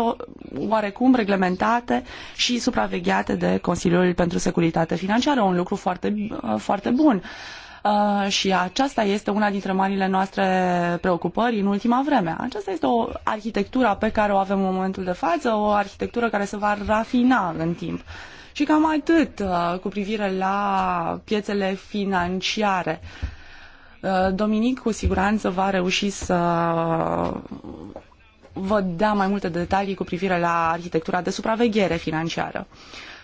oarecum reglementate și supravegheate de Consiliul pentru Securitate Financiară, un lucru foarte, uh, foarte bun. Uh, și aceasta este una dintre marile noastre preocupări în ultima vreme. Aceasta este o arhitectură pe care o avem în momentul de față, o arhitectură care se va rafina în timp. Uh, și cam atât uh, cu privire la piețele financiare. Uh, Dominic cu siguranță va reuși să vă dea mai multe detalii cu privire la arhitectura de supraveghere financiară.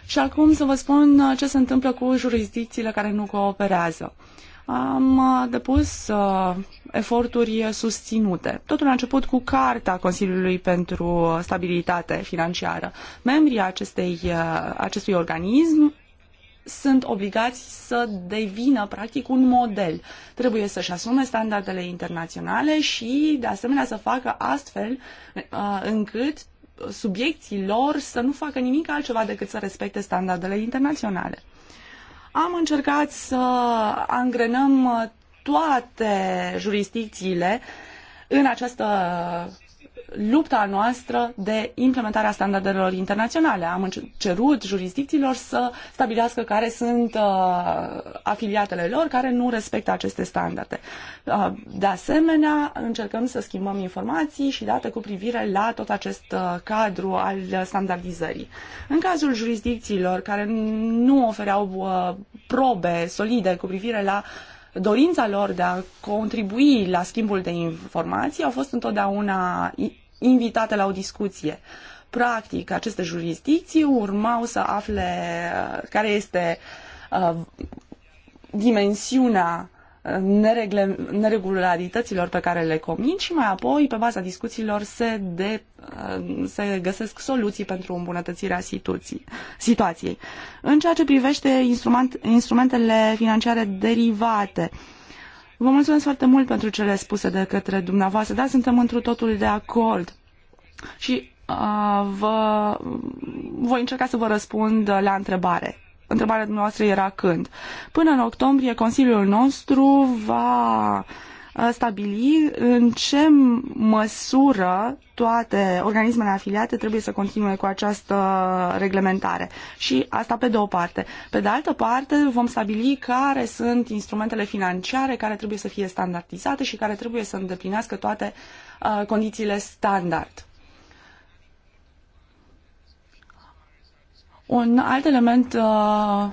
Și acum să vă spun uh, ce se întâmplă cu jurisdicțiile care nu cooperează. Uh, am uh, depus uh, eforturi susținute. Totul a început cu Carta Consiliului pentru Stabilitate Financiară. Membrii acestei, uh, acestui organism sunt obligați să devină practic un model. Trebuie să-și asume standardele internaționale și de asemenea să facă astfel uh, încât subiecții lor să nu facă nimic altceva decât să respecte standardele internaționale. Am încercat să angrenăm toate jurisdicțiile în această lupta noastră de implementarea standardelor internaționale. Am cerut jurisdicțiilor să stabilească care sunt uh, afiliatele lor care nu respectă aceste standarde. Uh, de asemenea, încercăm să schimbăm informații și date cu privire la tot acest uh, cadru al standardizării. În cazul jurisdicțiilor care nu ofereau uh, probe solide cu privire la dorința lor de a contribui la schimbul de informații au fost întotdeauna invitate la o discuție. Practic, aceste jurisdicții urmau să afle uh, care este uh, dimensiunea uh, neregle, neregularităților pe care le comit și mai apoi, pe baza discuțiilor, se, de, se găsesc soluții pentru îmbunătățirea situației. situației. În ceea ce privește instrument, instrumentele financiare derivate, uh, Vă mulțumesc foarte mult pentru cele spuse de către dumneavoastră, dar suntem întru totul de acord. Și uh, vă, voi încerca să vă răspund la întrebare. Întrebarea dumneavoastră era când. Până în octombrie, Consiliul nostru va uh, stabili în ce măsură toate organismele afiliate trebuie să continue cu această reglementare. Și asta pe de o parte. Pe de altă parte, vom stabili care sunt instrumentele financiare care trebuie să fie standardizate și care trebuie să îndeplinească toate uh, condițiile standard. Un alt element uh,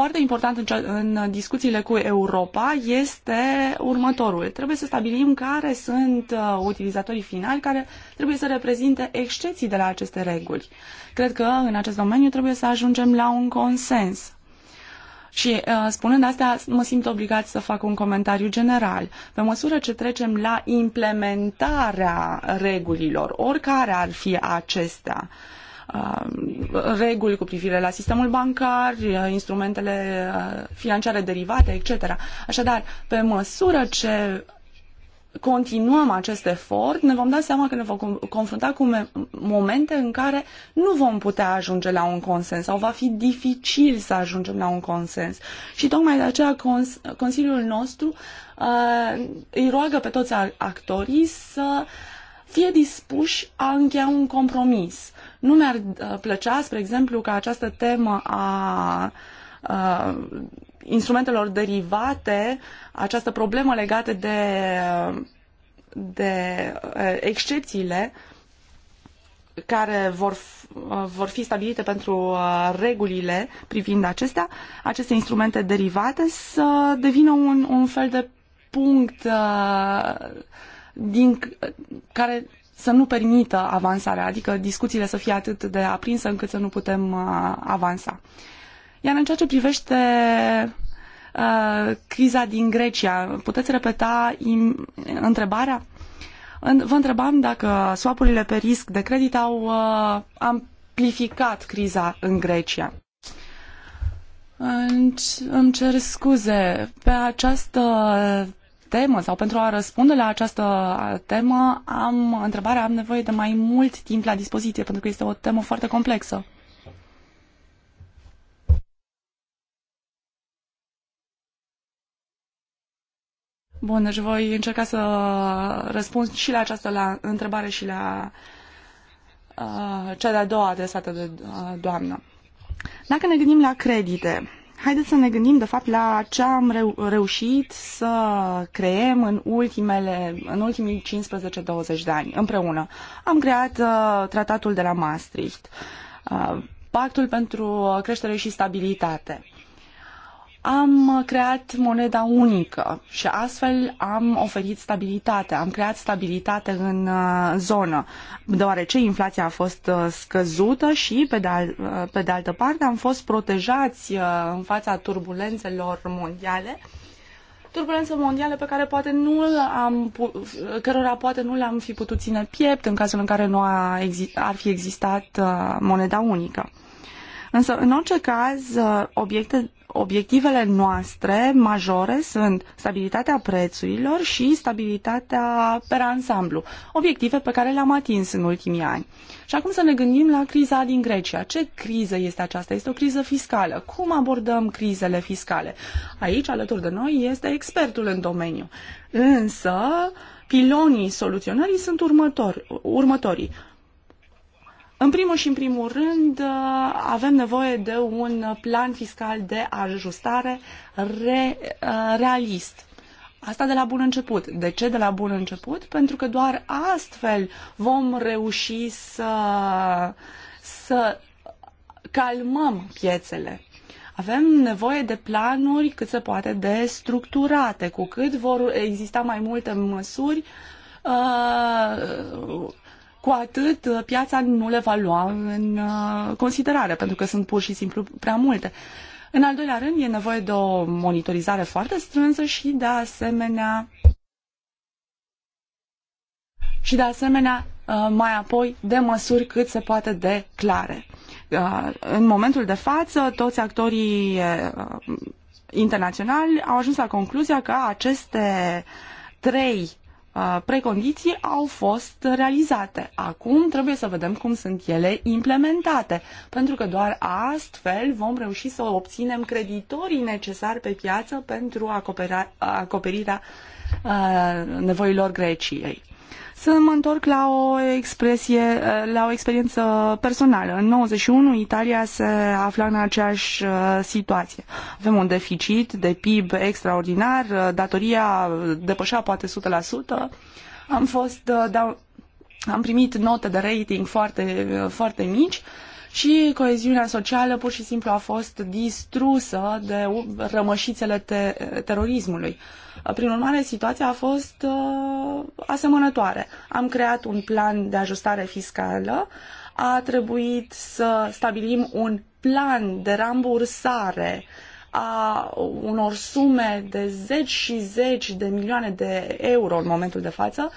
foarte important în, în discuțiile cu Europa este următorul. Trebuie să stabilim care sunt uh, utilizatorii finali care trebuie să reprezinte excepții de la aceste reguli. Cred că în acest domeniu trebuie să ajungem la un consens. Și uh, spunând asta, mă simt obligat să fac un comentariu general. Pe măsură ce trecem la implementarea regulilor, oricare ar fi acestea, Uh, reguli cu privire la sistemul bancar, uh, instrumentele uh, financiare derivate, etc. Așadar, pe măsură ce continuăm acest efort, ne vom da seama că ne vom confrunta cu momente în care nu vom putea ajunge la un consens sau va fi dificil să ajungem la un consens. Și tocmai de aceea cons- Consiliul nostru uh, îi roagă pe toți actorii să fie dispuși a încheia un compromis. Nu mi-ar uh, plăcea, spre exemplu, ca această temă a uh, instrumentelor derivate, această problemă legată de, de uh, excepțiile care vor, vor fi stabilite pentru regulile privind acestea, aceste instrumente derivate, să devină un, un fel de punct din care să nu permită avansarea, adică discuțiile să fie atât de aprinse încât să nu putem uh, avansa. Iar în ceea ce privește uh, criza din Grecia, puteți repeta întrebarea? Vă întrebam dacă swapurile pe risc de credit au uh, amplificat criza în Grecia. Îmi cer scuze, pe această temă sau pentru a răspunde la această temă, am întrebarea, am nevoie de mai mult timp la dispoziție, pentru că este o temă foarte complexă. Bun, deci voi încerca să răspund și la această la întrebare și la uh, cea de-a doua adresată de uh, doamnă. Dacă ne gândim la credite, Haideți să ne gândim, de fapt, la ce am reu- reușit să creem în, ultimele, în ultimii 15-20 de ani împreună. Am creat uh, tratatul de la Maastricht, uh, pactul pentru creștere și stabilitate. Uh, am creat moneda unică și astfel am oferit stabilitate, am creat stabilitate în uh, zonă, deoarece inflația a fost uh, scăzută și, pe de, al, uh, pe de altă parte, am fost protejați în fața turbulențelor mondiale, turbulențe mondiale pe care poate nu am, cărora poate nu le-am fi putut ține piept în cazul în care nu a, ar fi existat moneda unică. Însă, în orice caz, obiecte, obiectivele noastre majore sunt stabilitatea prețurilor și stabilitatea per ansamblu, obiective pe care le-am atins în ultimii ani. Și acum să ne gândim la criza din Grecia. Ce criză este aceasta? Este o criză fiscală. Cum abordăm crizele fiscale? Aici, alături de noi, este expertul în domeniu. Însă, pilonii soluționării sunt următor, următorii. În primul și în primul rând, uh, avem nevoie de un plan fiscal de ajustare re, uh, realist. Asta de la bun început. De ce de la bun început? Pentru că doar astfel vom reuși să, să calmăm piețele. Avem nevoie de planuri cât se poate de structurate. Cu cât vor exista mai multe măsuri, uh, cu atât uh, piața nu le va lua în uh, considerare, pentru că sunt pur și simplu prea multe. În al doilea rând, e nevoie de o monitorizare foarte strânsă și, de asemenea, și de asemenea, uh, mai apoi, de măsuri cât se poate de clare. În momentul de față, toți actorii internaționali au ajuns la concluzia că aceste trei precondiții au fost realizate. Acum trebuie să vedem cum sunt ele implementate, pentru că doar astfel vom reuși să obținem creditorii necesari pe piață pentru acoperirea nevoilor Greciei. Să mă întorc la o expresie, eh, la o experiență personală. În 91 Italia se afla în aceeași eh, situație. Avem un deficit de PIB extraordinar, eh, datoria depășea poate 100%. Am fost da, am primit note de rating foarte, foarte mici și coeziunea socială pur și simplu a fost distrusă de rămășițele te- terorismului. Prin urmare, situația a fost uh, asemănătoare. Am creat un plan de ajustare fiscală, a trebuit să stabilim un plan de rambursare a unor sume de zeci și zeci de milioane de euro în momentul de față,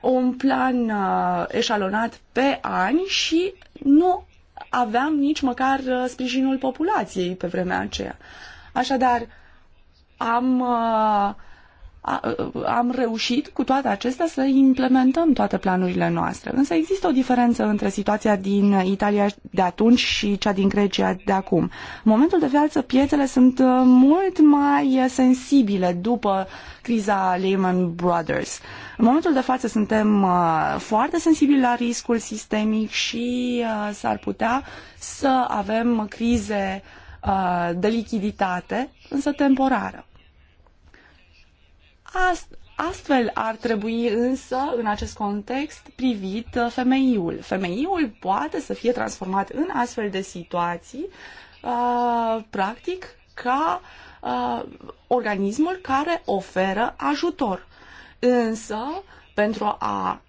un plan uh, eșalonat pe ani și nu aveam nici măcar uh, sprijinul populației pe vremea aceea. Așadar, am uh, am reușit cu toate acestea să implementăm toate planurile noastre. Însă există o diferență între situația din Italia de atunci și cea din Grecia de acum. În momentul de față piețele sunt uh, mult mai sensibile după criza Lehman Brothers. În momentul de față suntem uh, foarte sensibili la riscul sistemic și uh, s-ar putea să avem crize de lichiditate, însă temporară. Astfel ar trebui însă, în acest context, privit uh, femeiul. Femeiul poate să fie transformat în astfel de situații, uh, practic, ca uh, organismul care oferă ajutor. Însă, pentru a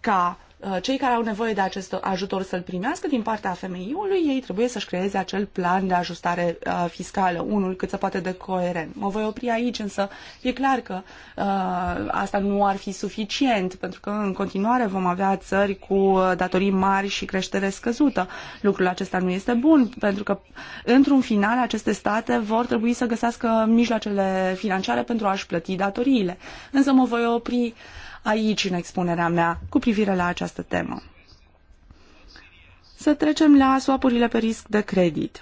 ca Uh, cei care au nevoie de acest ajutor să-l primească din partea femeiului, ei trebuie să-și creeze acel plan de ajustare uh, fiscală, unul cât se poate de coerent. Mă voi opri aici, însă e clar că uh, asta nu ar fi suficient, pentru că în continuare vom avea țări cu datorii mari și creștere scăzută. Lucrul acesta nu este bun, pentru că într-un final aceste state vor trebui să găsească mijloacele financiare pentru a-și plăti datoriile. Însă mă voi opri aici în expunerea mea cu privire la această temă. Să trecem la swapurile pe risc de credit.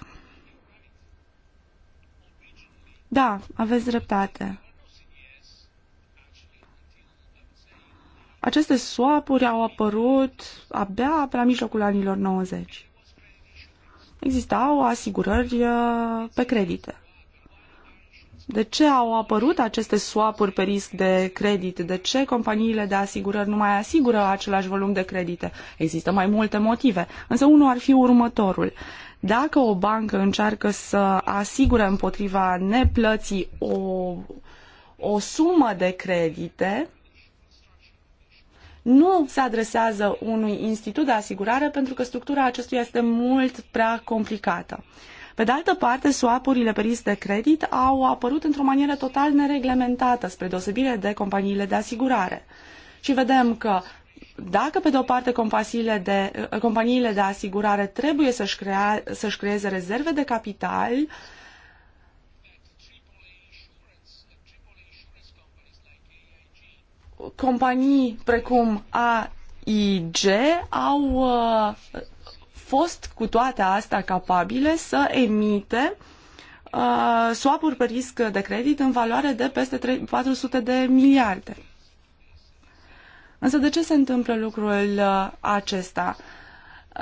Da, aveți dreptate. Aceste swapuri au apărut abia pe la mijlocul anilor 90. Existau asigurări uh, pe credite. De ce au apărut aceste swap-uri pe risc de credit? De ce companiile de asigurări nu mai asigură același volum de credite? Există mai multe motive, însă unul ar fi următorul. Dacă o bancă încearcă să asigure împotriva neplății o, o sumă de credite, nu se adresează unui institut de asigurare pentru că structura acestuia este mult prea complicată. Uh, pe de altă parte, swapurile pe risc de credit au apărut într-o manieră total nereglementată, spre deosebire de companiile de asigurare. Și vedem că dacă, pe de o parte, companiile de, eh, companiile de asigurare trebuie să-și, crea, să creeze rezerve de capital, companii precum AIG au uh, fost cu toate astea capabile să emite uh, swap-uri pe risc de credit în valoare de peste 3, 400 de miliarde. Însă de ce se întâmplă lucrul uh, acesta?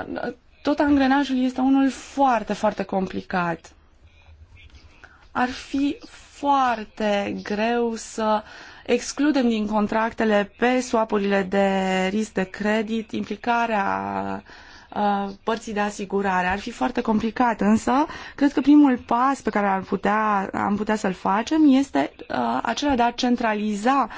Uh, tot angrenajul este unul foarte, foarte complicat. Ar fi foarte greu să excludem din contractele pe swapurile de risc de credit implicarea uh, Uh, părții de asigurare. Ar fi foarte complicat, însă cred că primul pas pe care putea, am putea să-l facem este uh, acela de a centraliza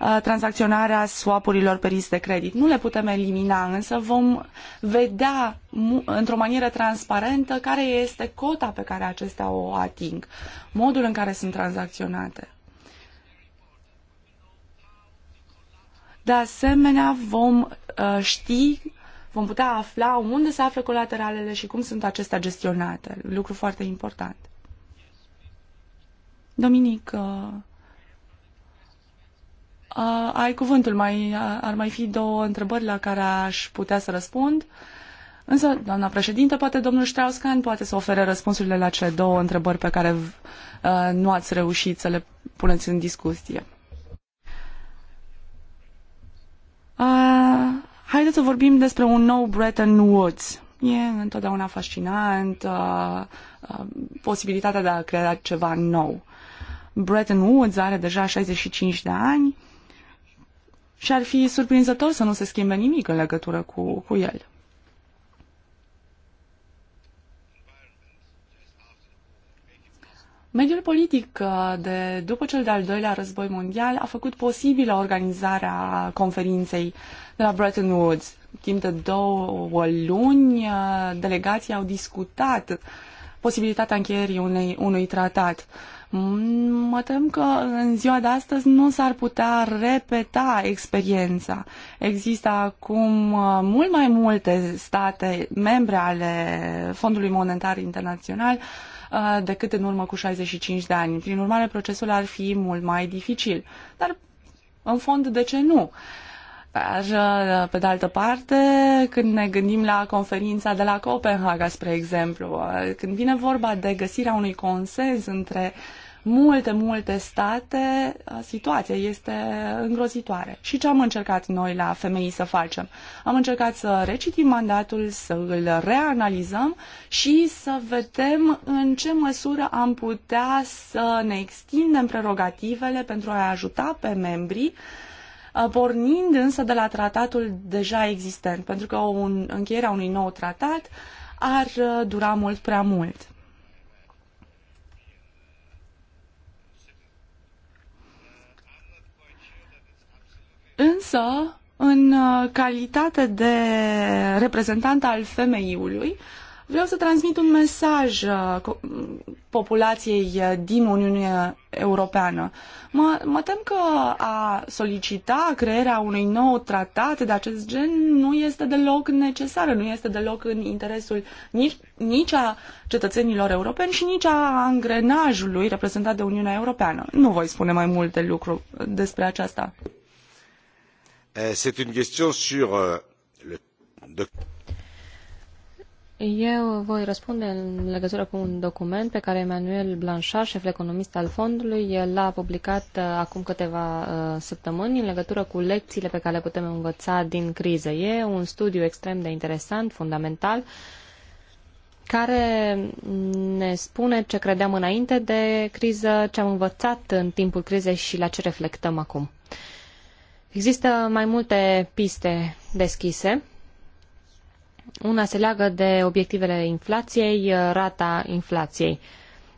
uh, tranzacționarea swapurilor pe risc de credit. Nu le putem elimina, însă vom vedea într-o manieră transparentă care este cota pe care acestea o ating, modul în care sunt tranzacționate. De asemenea, vom uh, ști vom putea afla unde se află colateralele și cum sunt acestea gestionate. Lucru foarte important. Dominic, uh, uh, ai cuvântul. Mai, uh, ar mai fi două întrebări la care aș putea să răspund. Însă, doamna președintă, poate domnul Strauscan poate să ofere răspunsurile la cele două întrebări pe care uh, nu ați reușit să le puneți în discuție. Uh, Haideți să vorbim despre un nou Bretton Woods. E întotdeauna fascinant uh, uh, posibilitatea de a crea ceva nou. Bretton Woods are deja 65 de ani și ar fi surprinzător să nu se schimbe nimic în legătură cu, cu el. Mediul politic uh, de după cel de-al doilea război mondial a făcut posibilă organizarea conferinței de la Bretton Woods. Timp de două luni, uh, delegații au discutat posibilitatea încheierii unei, unui tratat. Mă tem că în ziua de astăzi nu s-ar putea repeta experiența. Există acum uh, mult mai multe state membre ale Fondului Monetar Internațional Uh, decât în urmă cu 65 de ani. Prin urmare, procesul ar fi mult mai dificil. Dar, în fond, de ce nu? Dar, uh, pe de altă parte, când ne gândim la conferința de la Copenhaga, spre exemplu, uh, când vine vorba de găsirea unui consens între uh, multe, multe state, uh, situația este îngrozitoare. Și ce am încercat noi la femei să facem? Am încercat să recitim mandatul, să îl reanalizăm și să vedem în ce măsură am putea să ne extindem prerogativele pentru a ajuta pe membrii uh, pornind însă de la tratatul deja existent, pentru că un, încheierea unui nou tratat ar uh, dura mult prea mult. Însă, în uh, calitate de reprezentant al femeiului, vreau să transmit un mesaj uh, populației uh, din Uniunea Europeană. Mă, mă tem că a solicita crearea unui nou tratat de acest gen nu este deloc necesară, nu este deloc în interesul nici, nici a cetățenilor europeni și nici a angrenajului reprezentat de Uniunea Europeană. Nu voi spune mai multe lucruri despre aceasta. Euh, c'est une question sur euh, le eu voi răspunde în legătură cu un document pe care Emmanuel Blanchard, șef economist al fondului, l-a publicat uh, acum câteva uh, săptămâni în legătură cu lecțiile pe care le putem învăța din criză. E un studiu extrem de interesant, fundamental, care ne spune ce credeam înainte de criză, ce am învățat în timpul crizei și la ce reflectăm acum. Uh, Există mai multe piste deschise. Una se leagă de obiectivele inflației, uh, rata inflației.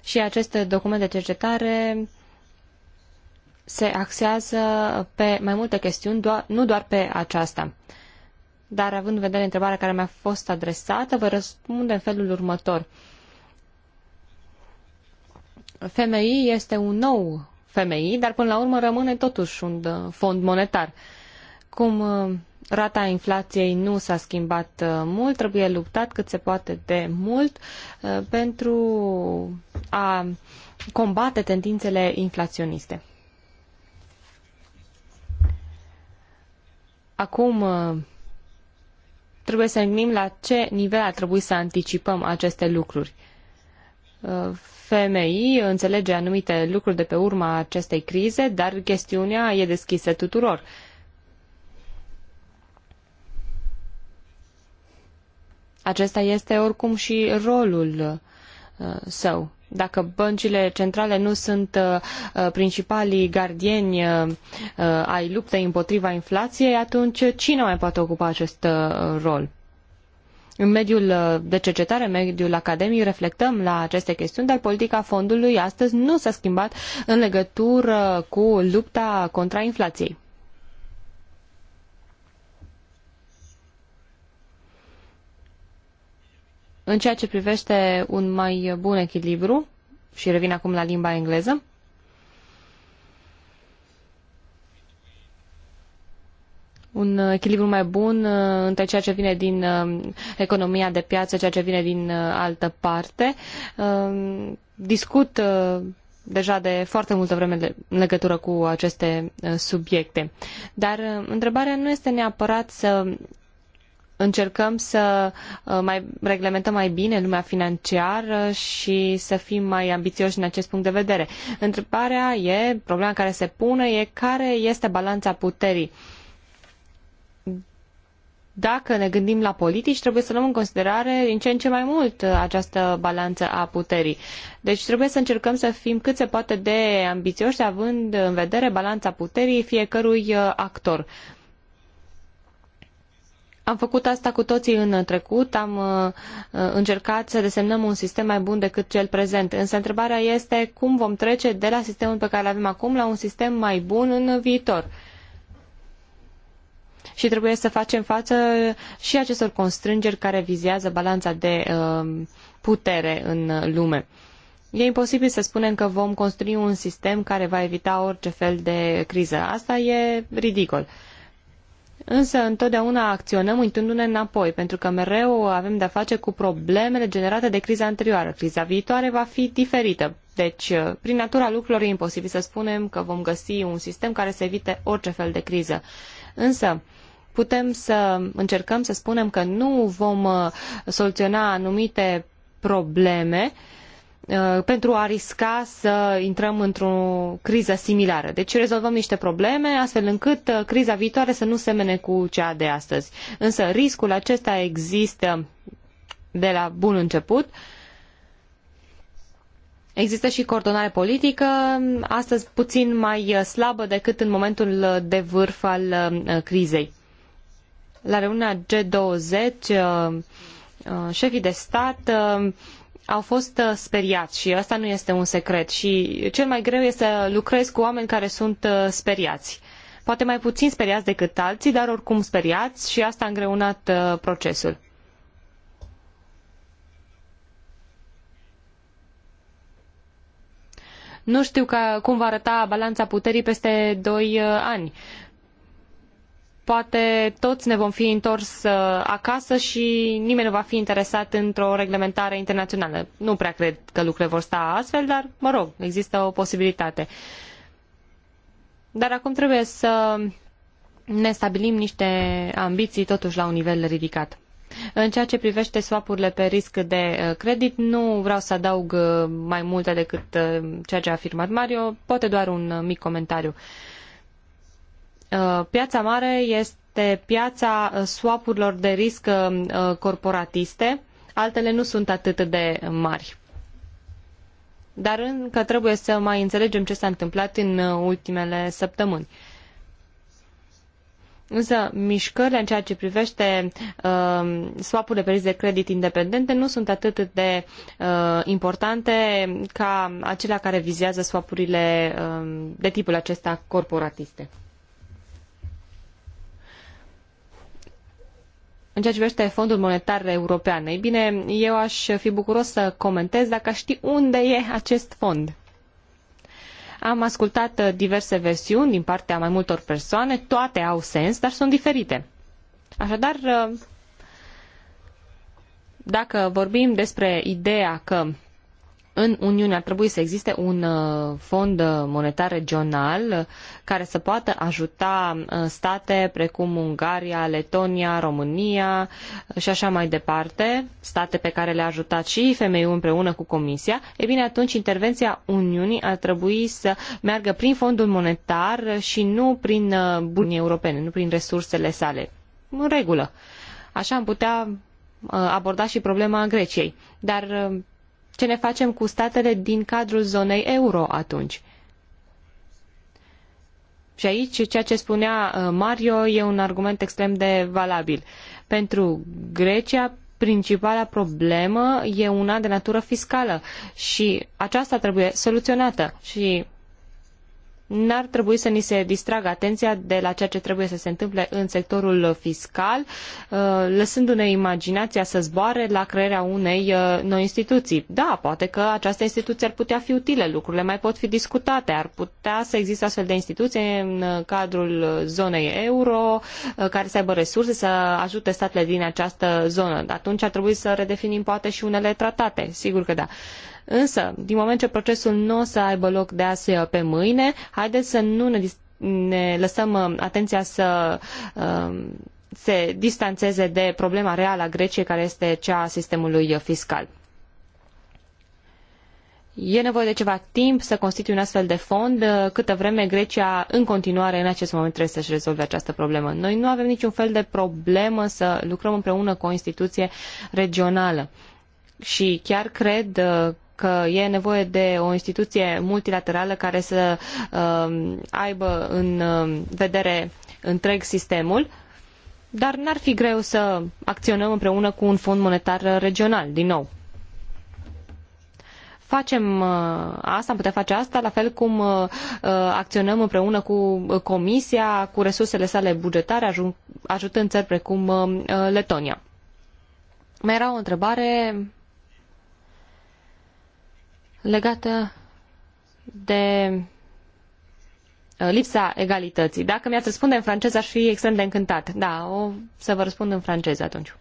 Și acest document de cercetare se axează pe mai multe chestiuni, nu doar pe aceasta. Dar având în vedere întrebarea care mi-a fost adresată, vă răspund în felul următor. FMI este un nou femeii, dar până la urmă rămâne totuși un uh, fond monetar. Cum uh, rata inflației nu s-a schimbat uh, mult, trebuie luptat cât se poate de mult pentru a combate tendințele inflaționiste. Acum trebuie să ne gândim la ce nivel ar trebui să anticipăm aceste lucruri FMI înțelege anumite lucruri de pe urma acestei crize, dar chestiunea e deschisă tuturor. Acesta este oricum și rolul uh, său. Dacă băncile centrale nu sunt uh, uh, principalii gardieni ai luptei împotriva inflației, atunci cine mai poate ocupa acest rol? în mediul uh, de cercetare, în mediul academic, reflectăm la aceste chestiuni, dar politica fondului astăzi nu s-a schimbat în legătură cu lupta contra inflației. În ceea ce privește un mai bun echilibru, și revin acum la limba engleză, un echilibru mai bun uh, între ceea ce vine din uh, economia de piață, ceea ce vine din uh, altă parte. Discut deja de foarte multă vreme în legătură cu aceste subiecte. Dar întrebarea nu este neapărat să încercăm să mai reglementăm mai bine lumea financiară și să fim mai ambițioși în acest punct de vedere. Întrebarea e, problema care se pune e care este balanța puterii dacă ne gândim la politici, trebuie să luăm în considerare din ce în ce mai mult uh, această balanță a puterii. Deci trebuie să încercăm să fim cât se poate de ambițioși, având în vedere balanța puterii fiecărui uh, actor. Am făcut asta cu toții în trecut, am uh, încercat să desemnăm un sistem mai bun decât cel prezent, însă întrebarea este cum vom trece de la sistemul pe care îl avem acum la un sistem mai bun în viitor și trebuie să facem față și acestor constrângeri care vizează balanța de um, putere în lume. E imposibil să spunem că vom construi un sistem care va evita orice fel de criză. Asta e ridicol. Însă întotdeauna acționăm uitându-ne înapoi, pentru că mereu avem de-a face cu problemele generate de criza anterioară. Criza viitoare va fi diferită. Deci, prin natura lucrurilor, e imposibil să spunem că vom găsi un sistem care să evite orice fel de criză. Însă, putem să încercăm să spunem că nu vom uh, soluționa anumite probleme uh, pentru a risca să intrăm într-o criză similară. Deci rezolvăm niște probleme astfel încât uh, criza viitoare să nu semene cu cea de astăzi. Însă riscul acesta există de la bun început uh, Există și coordonare politică, astăzi puțin mai uh, slabă decât în momentul uh, de vârf al uh, crizei. La reuniunea G20, șefii de stat au fost speriați și asta nu este un secret și cel mai greu este să lucrezi cu oameni care sunt speriați. Poate mai puțin speriați decât alții, dar oricum speriați și asta a îngreunat procesul. Nu știu ca, cum va arăta balanța puterii peste doi uh, ani. Poate toți ne vom fi întors uh, acasă și nimeni nu va fi interesat într-o reglementare internațională. Nu prea cred că lucrurile vor sta astfel, dar, mă rog, există o posibilitate. Dar acum trebuie să ne stabilim niște ambiții totuși la un nivel ridicat. În ceea ce privește swapurile pe risc de uh, credit, nu vreau să adaug uh, mai multe decât uh, ceea ce a afirmat Mario, poate doar un mic comentariu. Piața mare este piața swapurilor de risc corporatiste, altele nu sunt atât de mari. Dar încă trebuie să mai înțelegem ce s-a întâmplat în ultimele săptămâni. Însă mișcările în ceea ce privește uh, swap-urile pe risc de credit independente nu sunt atât de uh, importante ca acelea care vizează swap-urile uh, de tipul acesta corporatiste. În ceea ce privește Fondul Monetar European, ei bine, eu aș fi bucuros să comentez dacă ști unde e acest fond. Am ascultat uh, diverse versiuni din partea mai multor persoane, toate au sens, dar sunt diferite. Așadar, uh, dacă vorbim despre ideea că în Uniune ar trebui să existe un uh, fond uh, monetar regional uh, care să poată ajuta state precum Ungaria, Letonia, România și așa mai departe, state pe care le-a ajutat și femeiul împreună cu Comisia, e bine atunci intervenția Uniunii ar trebui să meargă prin fondul monetar și nu prin bunii europene, nu prin resursele sale. În regulă. Așa am putea aborda și problema Greciei. Dar ce ne facem cu statele din cadrul zonei euro atunci? Și aici ceea ce spunea uh, Mario e un argument extrem de valabil. Pentru Grecia, principala problemă e una de natură fiscală și aceasta trebuie soluționată. Și n-ar trebui să ni se distragă atenția de la ceea ce trebuie să se întâmple în sectorul fiscal, uh, lăsându-ne imaginația să zboare la crearea unei uh, noi instituții. Da, poate că această instituție ar putea fi utile, lucrurile mai pot fi discutate, ar putea să existe astfel de instituții în uh, cadrul zonei euro, care să aibă resurse să ajute statele din această zonă. Atunci ar trebui să redefinim poate și unele tratate, sigur că da. Însă, din moment ce procesul nu o să aibă loc de azi pe mâine, haideți să nu ne, ne lăsăm uh, atenția să uh, se distanțeze de problema reală a Greciei, care este cea a sistemului fiscal. E nevoie de ceva timp să constituie un astfel de fond, uh, câtă vreme Grecia în continuare în acest moment trebuie să-și rezolve această problemă. Noi nu avem niciun fel de problemă să lucrăm împreună cu o instituție regională. Și chiar cred că e nevoie de o instituție multilaterală care să uh, aibă în um, vedere întreg sistemul, dar n-ar fi greu să acționăm împreună cu un fond monetar regional, din nou. Facem uh, asta, am putea face asta, la fel cum uh, uh, acționăm împreună cu Comisia, cu resursele sale bugetare, ajutând țări precum Letonia. Mai era o întrebare legată de uh, lipsa egalității. Dacă mi-ați răspunde în franceză, aș fi extrem de încântat. Da, o să vă răspund în franceză atunci.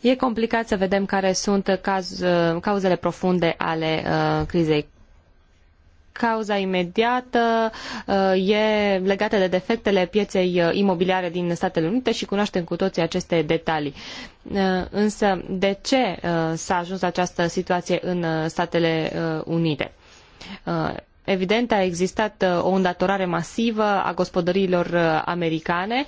E complicat să vedem care sunt caz, uh, cauzele profunde ale uh, crizei Cauza imediată uh, e legată de defectele pieței uh, imobiliare din Statele Unite și cunoaștem cu toții aceste detalii. Uh, însă, de ce s-a ajuns această situație în Statele Unite? Evident, a existat o îndatorare masivă a gospodăriilor americane,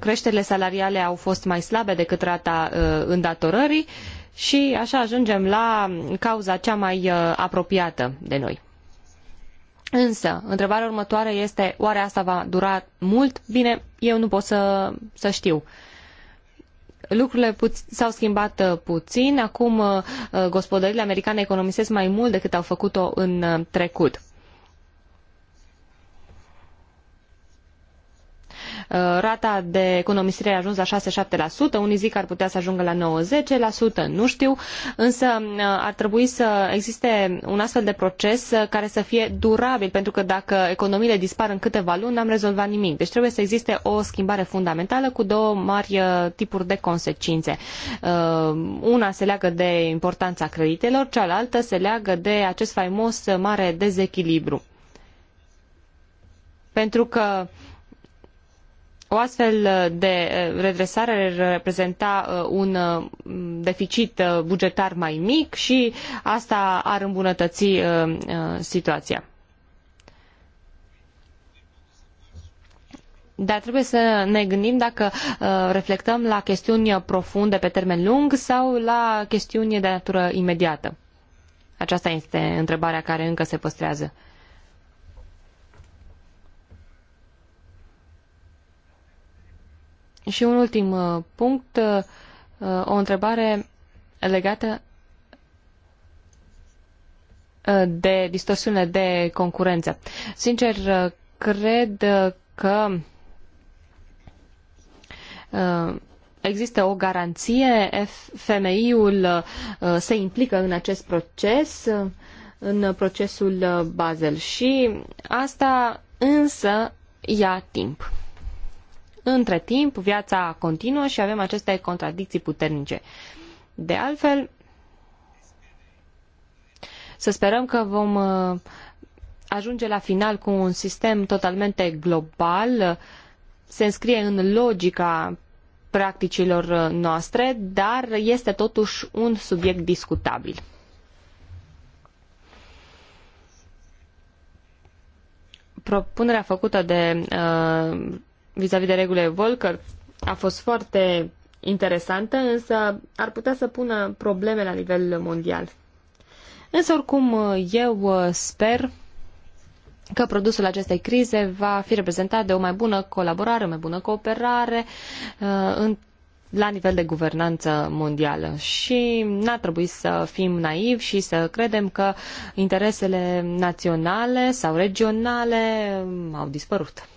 creșterile salariale au fost mai slabe decât rata îndatorării și așa ajungem la cauza cea mai uh, apropiată de noi. Însă, întrebarea următoare este, oare asta va dura mult? Bine, eu nu pot să, să știu. Lucrurile s-au schimbat uh, puțin, acum uh, gospodările americane economisesc mai mult decât au făcut-o în trecut. Uh, rata de economisire a ajuns la 6-7%, unii zic că ar putea să ajungă la 90%, nu știu, însă uh, ar trebui să existe un astfel de proces uh, care să fie durabil, pentru că dacă economiile dispar în câteva luni, n-am rezolvat nimic. Deci trebuie să existe o schimbare fundamentală cu două mari tipuri de consecințe. Una se leagă de importanța creditelor, cealaltă se leagă de acest faimos mare dezechilibru. Pentru că o astfel de eh, redresare ar reprezenta eh, un eh, deficit bugetar mai mic și asta ar îmbunătăți situația. Dar trebuie să ne gândim dacă reflectăm la chestiuni profunde pe termen lung sau la chestiuni de natură imediată. Aceasta este întrebarea care încă se păstrează. Și un ultim uh, punct, uh, uh, o întrebare legată de distorsiune de concurență. Sincer, cred că există o garanție, FMI-ul se implică în acest proces, în procesul Basel și asta însă ia timp. Între timp, viața continuă și avem aceste contradicții puternice. De altfel, să sperăm că vom uh, ajunge la final cu un sistem totalmente global, se înscrie în logica practicilor uh, noastre, dar este totuși un subiect discutabil. Propunerea făcută de uh, vis-a-vis de regulile Volcker a fost foarte interesantă, însă ar putea să pună probleme la nivel mondial. Însă, oricum, eu uh, sper că produsul acestei crize va fi reprezentat de o mai bună colaborare, o mai bună cooperare uh, în, la nivel de guvernanță mondială. Și n-ar trebui să fim naivi și să credem că interesele naționale sau regionale um, au dispărut.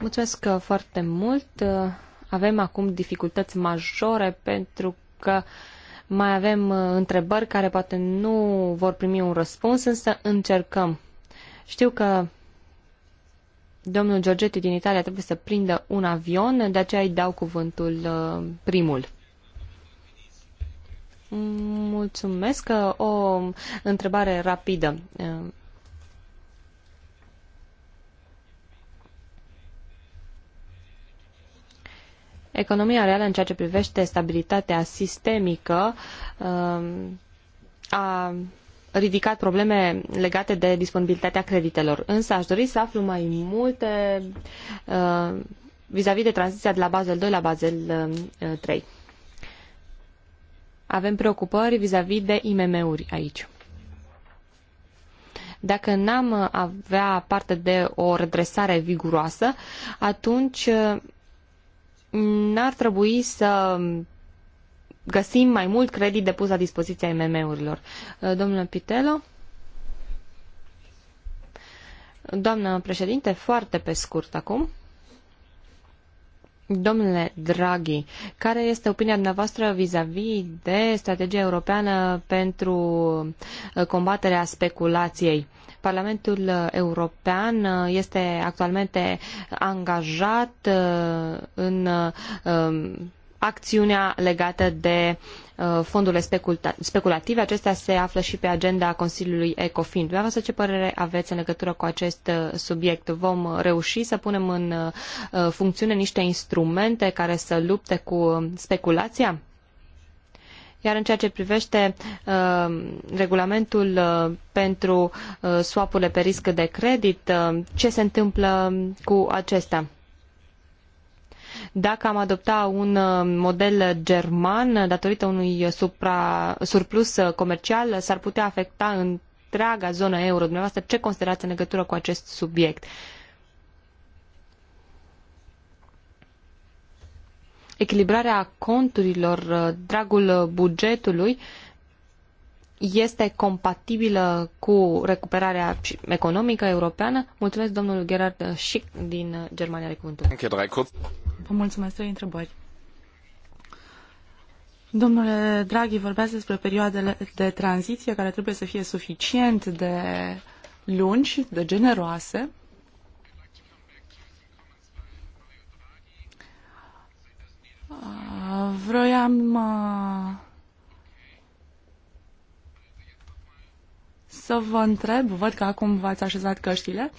Mulțumesc uh, foarte mult. Uh, avem acum dificultăți majore pentru că mai avem uh, întrebări care poate nu vor primi un răspuns, însă încercăm. Știu că domnul Giorgetti din Italia trebuie să prindă un avion, de aceea îi dau cuvântul primul. Mulțumesc. O întrebare rapidă. economia reală în ceea ce privește stabilitatea sistemică um, a ridicat probleme legate de disponibilitatea creditelor. Însă aș dori să aflu mai multe uh, vis-a-vis -vis de tranziția de la Basel 2 la Basel 3. Uh, Avem preocupări vis-a-vis -vis de IMM-uri aici dacă n-am avea parte de o redresare viguroasă, atunci uh, n-ar trebui să găsim mai mult credit depus la dispoziția IMM-urilor. Uh, domnule Pitelo? Doamnă președinte, foarte pe scurt acum. Domnule Draghi, care este opinia dumneavoastră vis-a-vis -vis de strategia europeană pentru combaterea speculației? Parlamentul European uh, este actualmente angajat uh, în um, acțiunea legată de uh, fondurile speculative. Acestea se află și pe agenda Consiliului ECOFIN. Dumneavoastră, ce părere aveți în legătură cu acest subiect? Vom reuși să punem în funcțiune niște instrumente care să lupte cu speculația? Iar în ceea ce privește uh, regulamentul uh, pentru uh, swapurile pe risc de credit, uh, ce se întâmplă cu acesta? Dacă am adopta un uh, model german datorită unui supra, surplus uh, comercial, s-ar putea afecta întreaga zonă euro. Dumneavoastră, ce considerați în legătură cu acest subiect? Uh, echilibrarea conturilor, uh, dragul uh, bugetului, este compatibilă cu recuperarea economică europeană? Mulțumesc, domnul Gerard uh, Schick din Germania de Vă mulțumesc, trei întrebări. Domnule Draghi, vorbeați despre perioadele de tranziție care trebuie să fie suficient de lungi, de generoase, Vroiam să vă întreb, văd că acum v-ați așezat căștile,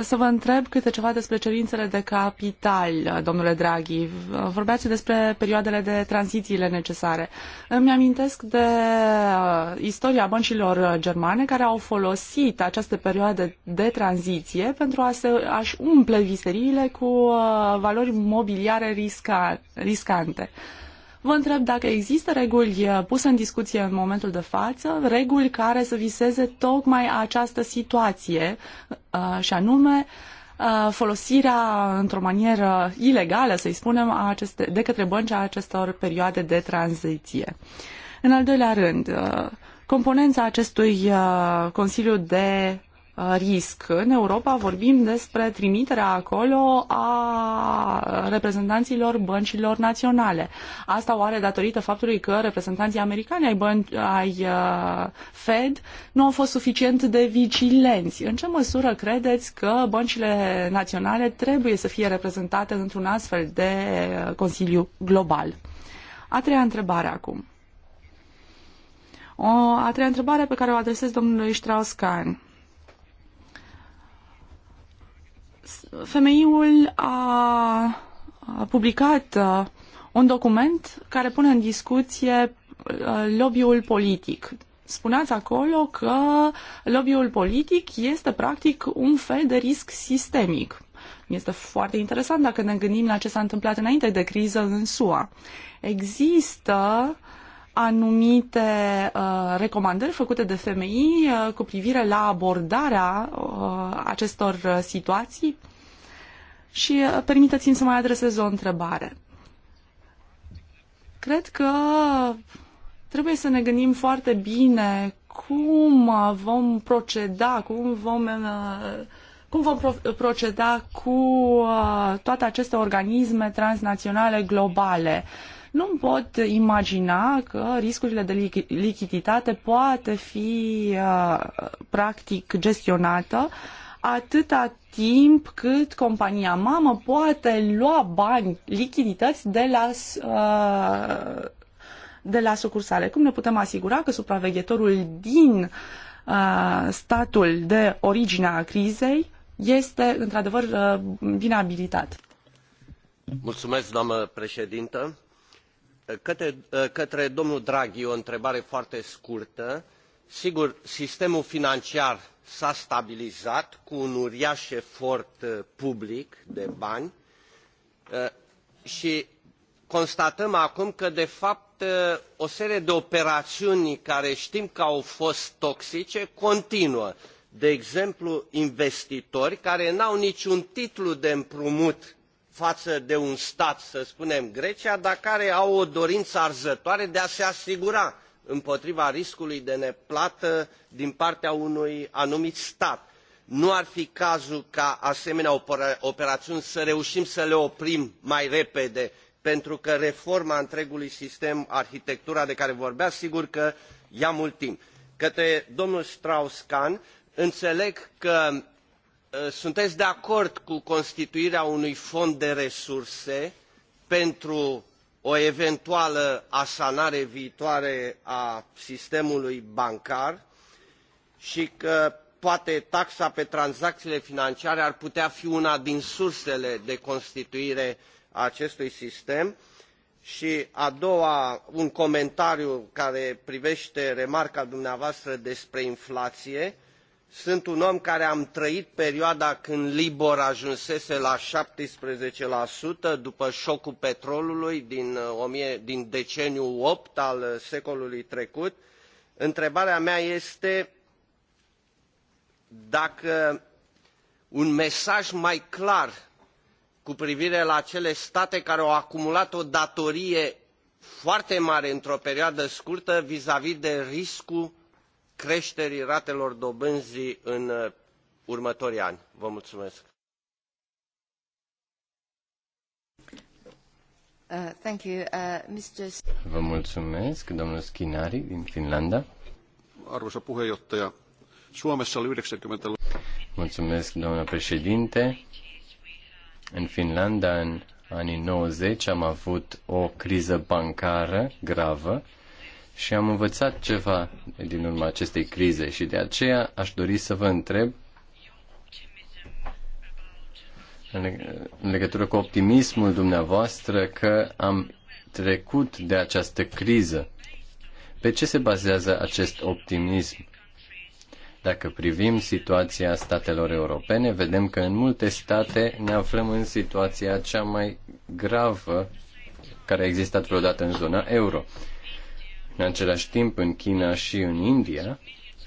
să vă întreb câte ceva despre cerințele de capital, domnule Draghi. Vorbeați despre perioadele de tranzițiile necesare. Îmi amintesc de uh, istoria băncilor germane care au folosit această perioadă de tranziție pentru a se, a-și umple viseriile cu uh, valori mobiliare risca, riscante. Vă întreb dacă există reguli uh, puse în discuție în momentul de față, reguli care să viseze tocmai această situație uh, și anume uh, folosirea într-o manieră ilegală, să-i spunem, a aceste, de către bănci a acestor perioade de tranziție. În al doilea rând, componența acestui Consiliu de Uh, risc. În Europa vorbim despre trimiterea acolo a reprezentanților băncilor naționale. Asta oare datorită faptului că reprezentanții americani ai, bân- ai uh, Fed nu au fost suficient de vigilenți. În ce măsură credeți că băncile naționale trebuie să fie reprezentate într-un astfel de uh, Consiliu Global? A treia întrebare acum. O a treia întrebare pe care o adresez domnului Strauss-Kahn. Femeiul a publicat uh, un document care pune în discuție uh, lobby-ul politic. Spuneați acolo că lobby-ul politic este practic un fel de risc sistemic. Este foarte interesant dacă ne gândim la ce s-a întâmplat înainte de criză în SUA. Există uh, anumite uh, recomandări făcute de FMI uh, cu privire la abordarea uh, acestor uh, situații și uh, permiteți-mi să mai adresez o întrebare. Cred că trebuie să ne gândim foarte bine cum uh, vom proceda, cum vom uh, cum vom proceda cu uh, toate aceste organisme transnaționale globale. Uh, nu pot imagina că riscurile de lichiditate poate fi uh, practic gestionată atâta timp cât compania mamă poate lua bani, lichidități de la, uh, de la sucursale. Cum ne putem asigura că supraveghetorul din uh, statul de origine a crizei este într-adevăr bine abilitat? Mulțumesc, doamnă președintă Uh, către, domnul draghi o întrebare foarte scurtă sigur sistemul financiar s a stabilizat cu un uria efort uh, public de bani uh, i constatăm acum că de fapt o serie de operaiuni care tim că au fost toxice continuă de exemplu investitori care nu au niciun titlu de împrumut față de un stat, să spunem Grecia, dar care au o dorință arzătoare de a se asigura împotriva riscului de neplată din partea unui anumit stat. Nu ar fi cazul ca asemenea operațiuni să reușim să le oprim mai repede, pentru că reforma întregului sistem, arhitectura de care vorbea, sigur că ia mult timp. Către domnul Strauss-Kahn, înțeleg că Uh, sunteți de acord cu constituirea unui fond de resurse pentru o eventuală asanare viitoare a sistemului bancar și că poate taxa pe tranzacțiile financiare ar putea fi una din sursele de constituire a acestui sistem și a doua un comentariu care privește remarca dumneavoastră despre inflație sunt un om care am trăit perioada când libor ajunsese la șaptesprezece după șocul petrolului din, uh, din deceniul opt al uh, secolului trecut întrebarea mea este dacă un mesaj mai clar cu privire la acele state care au acumulat o datorie foarte mare într o perioadă scurtă vizavi de riscul creșterii ratelor dobânzii în uh, următorii ani. Vă mulțumesc. Uh, thank you. Uh, Mr. Vă mulțumesc, domnul Schinari din Finlanda. Arvoisa puheenjohtaja, Suomessa oli 90 Mulțumesc, doamnă președinte. În Finlanda, în anii 90, am avut o criză bancară gravă și am învățat ceva din urma acestei crize și de aceea aș dori să vă întreb în legătură cu optimismul dumneavoastră că am trecut de această criză. Pe ce se bazează acest optimism? Dacă privim situația statelor europene, vedem că în multe state ne aflăm în situația cea mai gravă care a existat vreodată în zona euro. În același timp, în China și în India,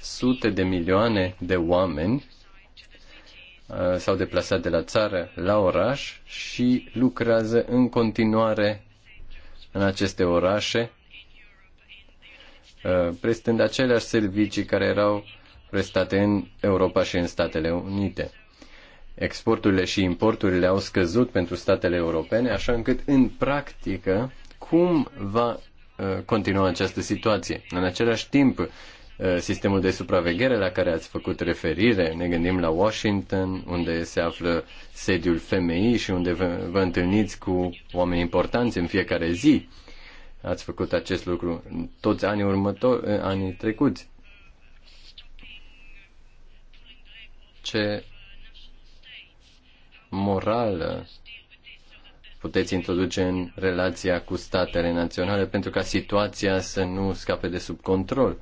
sute de milioane de oameni uh, s-au deplasat de la țară la oraș și lucrează în continuare în aceste orașe, uh, prestând aceleași servicii care erau prestate în Europa și în Statele Unite. Exporturile și importurile au scăzut pentru statele europene, așa încât, în practică, cum va Uh, continuă această situație. În același timp, uh, sistemul de supraveghere la care ați făcut referire, ne gândim la Washington, unde se află sediul FMI și unde vă, vă întâlniți cu oameni importanți în fiecare zi. Ați făcut acest lucru toți anii următor, anii trecuți. Ce morală puteți introduce în relația cu statele naționale pentru ca situația să nu scape de sub control?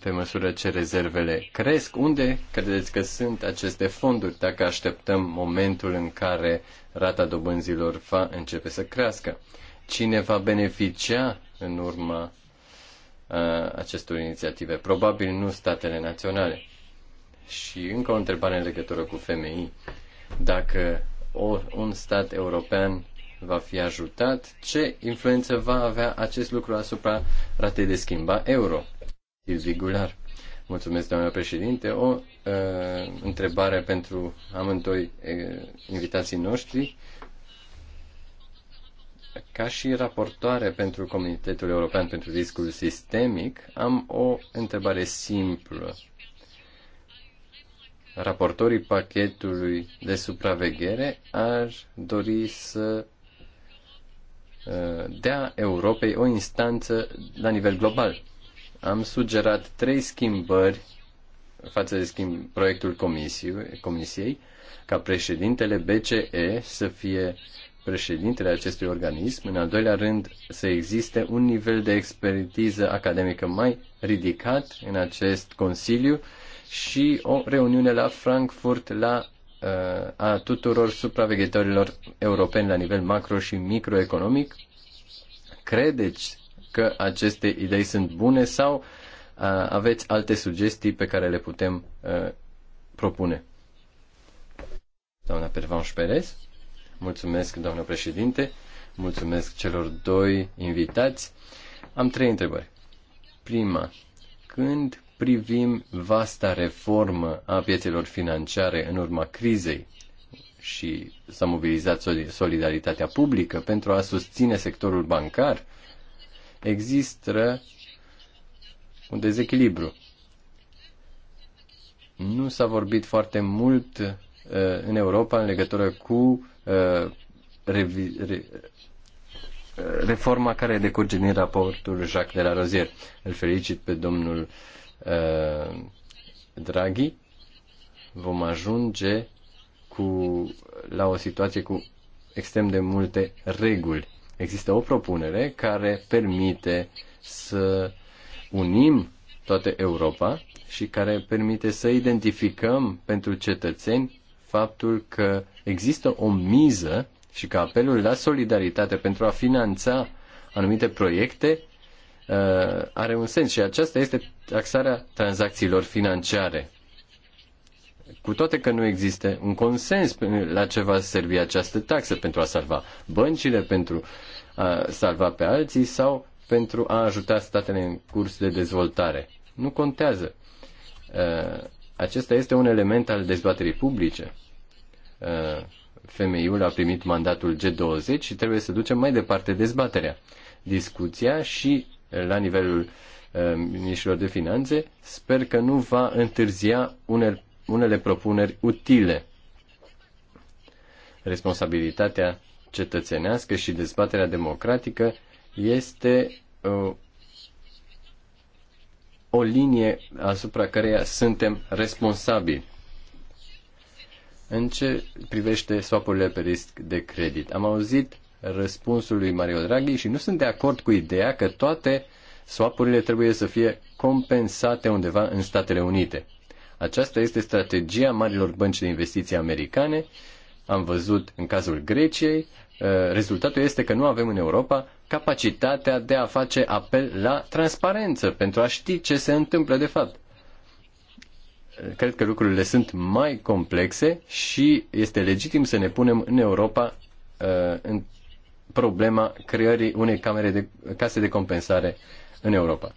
Pe măsură ce rezervele cresc, unde credeți că sunt aceste fonduri dacă așteptăm momentul în care rata dobânzilor va începe să crească? Cine va beneficia în urma uh, acestor inițiative? Probabil nu statele naționale. Și încă o întrebare în legătură cu FMI. Dacă or, un stat european va fi ajutat, ce influență va avea acest lucru asupra ratei de schimba euro? Irregular. Mulțumesc, doamnă președinte. O uh, întrebare pentru amândoi uh, invitații noștri. Ca și raportoare pentru Comitetul European pentru Riscul Sistemic, am o întrebare simplă raportorii pachetului de supraveghere ar dori să uh, dea Europei o instanță la nivel global. Am sugerat trei schimbări față de schimb, proiectul comisiei, comisiei, ca președintele BCE să fie președintele acestui organism, în al doilea rând să existe un nivel de expertiză academică mai ridicat în acest Consiliu și o reuniune la Frankfurt la uh, a tuturor supraveghetorilor europeni la nivel macro și microeconomic. Credeți că aceste idei sunt bune sau uh, aveți alte sugestii pe care le putem uh, propune? Doamna Pervanș Perez, mulțumesc, doamnă președinte, mulțumesc celor doi invitați. Am trei întrebări. Prima, când privim vasta reformă a piețelor financiare în urma crizei și s-a mobilizat solidaritatea publică pentru a susține sectorul bancar, există un dezechilibru. Nu s-a vorbit foarte mult uh, în Europa în legătură cu uh, revi- re- reforma care decurge din raportul Jacques de la Rozier. Îl felicit pe domnul Uh, Draghi, vom ajunge cu, la o situație cu extrem de multe reguli. Există o propunere care permite să unim toată Europa și care permite să identificăm pentru cetățeni faptul că există o miză și că apelul la solidaritate pentru a finanța anumite proiecte Uh, are un sens și aceasta este taxarea tranzacțiilor financiare. Cu toate că nu există un consens la ce va servi această taxă pentru a salva băncile, pentru a salva pe alții sau pentru a ajuta statele în curs de dezvoltare. Nu contează. Uh, acesta este un element al dezbaterii publice. Uh, Femeiul a primit mandatul G20 și trebuie să ducem mai departe dezbaterea discuția și la nivelul eh, ministrilor de finanțe, sper că nu va întârzia unele, unele propuneri utile. Responsabilitatea cetățenească și dezbaterea democratică este uh, o linie asupra căreia suntem responsabili. În ce privește swap pe risc de credit, am auzit răspunsul lui Mario Draghi și nu sunt de acord cu ideea că toate swapurile trebuie să fie compensate undeva în Statele Unite. Aceasta este strategia marilor bănci de investiții americane. Am văzut în cazul Greciei, uh, rezultatul este că nu avem în Europa capacitatea de a face apel la transparență pentru a ști ce se întâmplă de fapt. Uh, cred că lucrurile sunt mai complexe și este legitim să ne punem în Europa uh, problema creării unei camere de, case de compensare în Europa.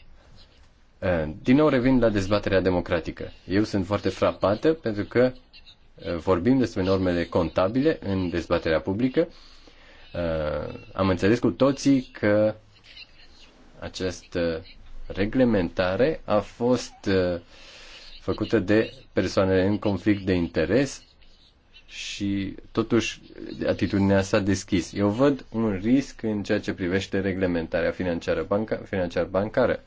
Eh, din nou revin la dezbaterea democratică. Eu sunt foarte frapată pentru că eh, vorbim despre normele contabile în dezbaterea publică. Eh, am înțeles cu toții că această reglementare a fost făcută de persoanele în conflict de interes și totuși atitudinea s-a deschis. Eu văd un risc în ceea ce privește reglementarea financiară banca, financiară bancară.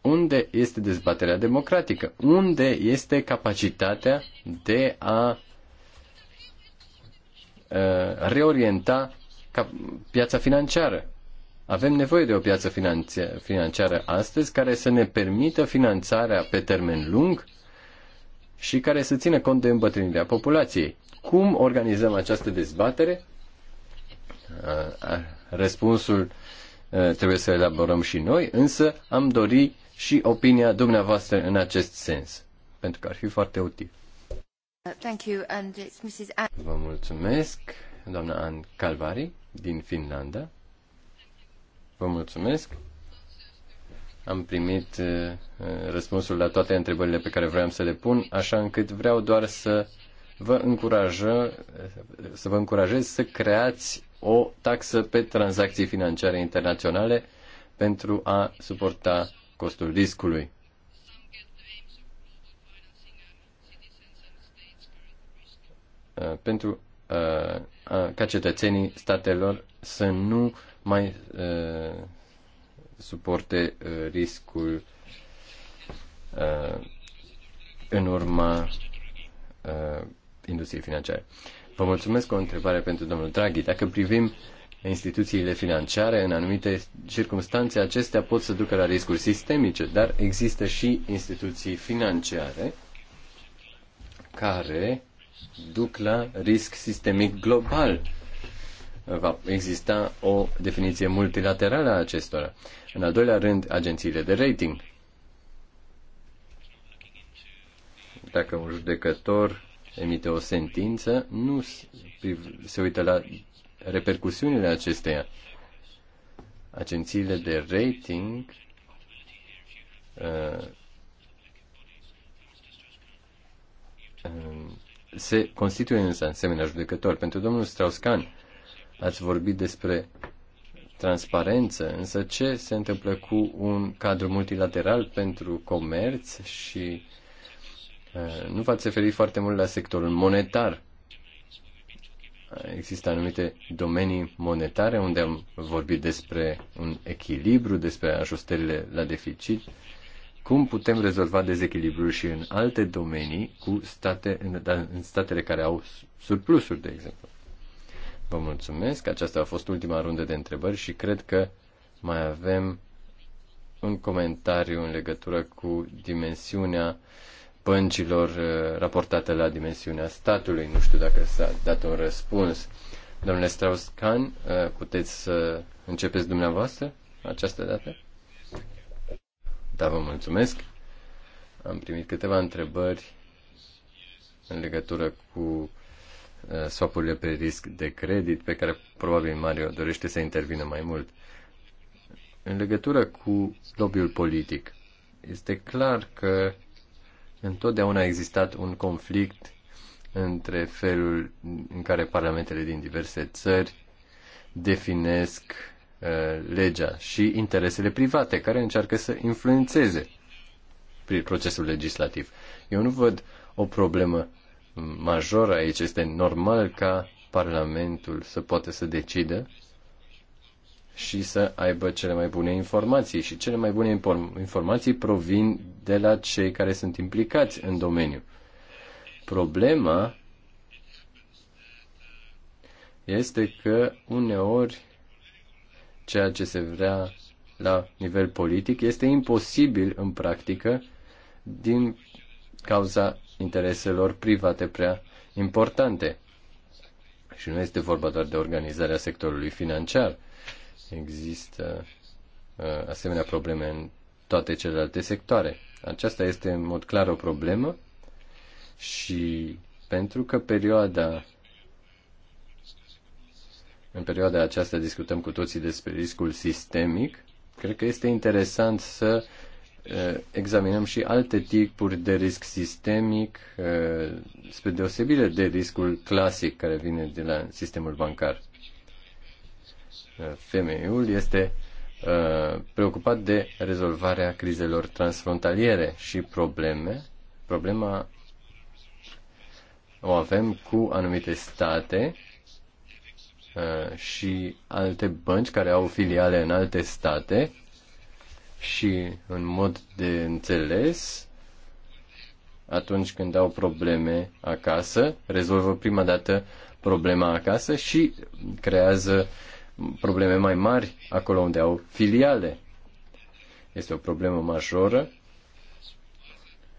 Unde este dezbaterea democratică? Unde este capacitatea de a uh, reorienta ca piața financiară? Avem nevoie de o piață financiară astăzi care să ne permită finanțarea pe termen lung uh, și care să țină cont de îmbătrânirea populației. Cum organizăm această dezbatere? Uh, răspunsul uh, trebuie să elaborăm și noi, însă am dori și opinia dumneavoastră în acest sens, pentru că ar fi foarte util. Uh, thank you, and it's Mrs. Vă mulțumesc, doamna Ann Calvari, din Finlanda. Vă mulțumesc. Am primit uh, uh, răspunsul la toate întrebările pe care vreau să le pun, așa încât vreau doar să vă, încurajă, să vă încurajez să creați o taxă pe tranzacții financiare internaționale pentru a suporta costul riscului. Uh, pentru ca cetățenii statelor să nu mai suporte uh, riscul uh, în urma uh, industriei financiare. Vă mulțumesc o întrebare pentru domnul Draghi. Dacă privim instituțiile financiare, în anumite circunstanțe, acestea pot să ducă la riscuri sistemice, dar există și instituții financiare care duc la risc sistemic global va exista o definiție multilaterală a acestora. În al doilea rând, agențiile de rating. Dacă un judecător emite o sentință, nu se uită la repercusiunile acesteia. Agențiile de rating uh, uh se constituie în asemenea judecător. Pentru domnul Strauss-Kahn, Ați vorbit despre transparență, însă ce se întâmplă cu un cadru multilateral pentru comerț și uh, nu v-ați referit foarte mult la sectorul monetar. Există anumite domenii monetare unde am vorbit despre un echilibru, despre ajustările la deficit. Cum putem rezolva dezechilibrul și în alte domenii cu state, în da, statele care au surplusuri, de exemplu? Vă mulțumesc. Aceasta a fost ultima rundă de întrebări și cred că mai avem un comentariu în legătură cu dimensiunea băncilor uh, raportate la dimensiunea statului. Nu știu dacă s-a dat un răspuns. Domnule Strauss-Kahn, uh, puteți să începeți dumneavoastră această dată? Da, vă mulțumesc. Am primit câteva întrebări în legătură cu Uh, swapurile pe risc de credit, pe care probabil Mario dorește să intervină mai mult. În legătură cu lobby-ul politic, este clar că întotdeauna a existat un conflict între felul în care parlamentele din diverse țări definesc uh, legea și interesele private care încearcă să influențeze prin procesul legislativ. Eu nu văd o problemă major aici. Este normal ca Parlamentul să poată să decidă și să aibă cele mai bune informații. Și cele mai bune informații provin de la cei care sunt implicați în domeniu. Problema este că uneori ceea ce se vrea la nivel politic este imposibil în practică din cauza intereselor private prea importante. Și nu este vorba doar de organizarea sectorului financiar. Există uh, asemenea probleme în toate celelalte sectoare. Aceasta este în mod clar o problemă și pentru că perioada în perioada aceasta discutăm cu toții despre riscul sistemic, cred că este interesant să Eh, examinăm și alte tipuri de risc sistemic, eh, spre deosebire de riscul clasic care vine de la sistemul bancar. Eh, Femeiul este preocupat de rezolvarea crizelor transfrontaliere și probleme. Problema o avem cu anumite state și alte bănci care au filiale în alte state și în mod de înțeles atunci când au probleme acasă, rezolvă prima dată problema acasă și creează probleme mai mari acolo unde au filiale. Este o problemă majoră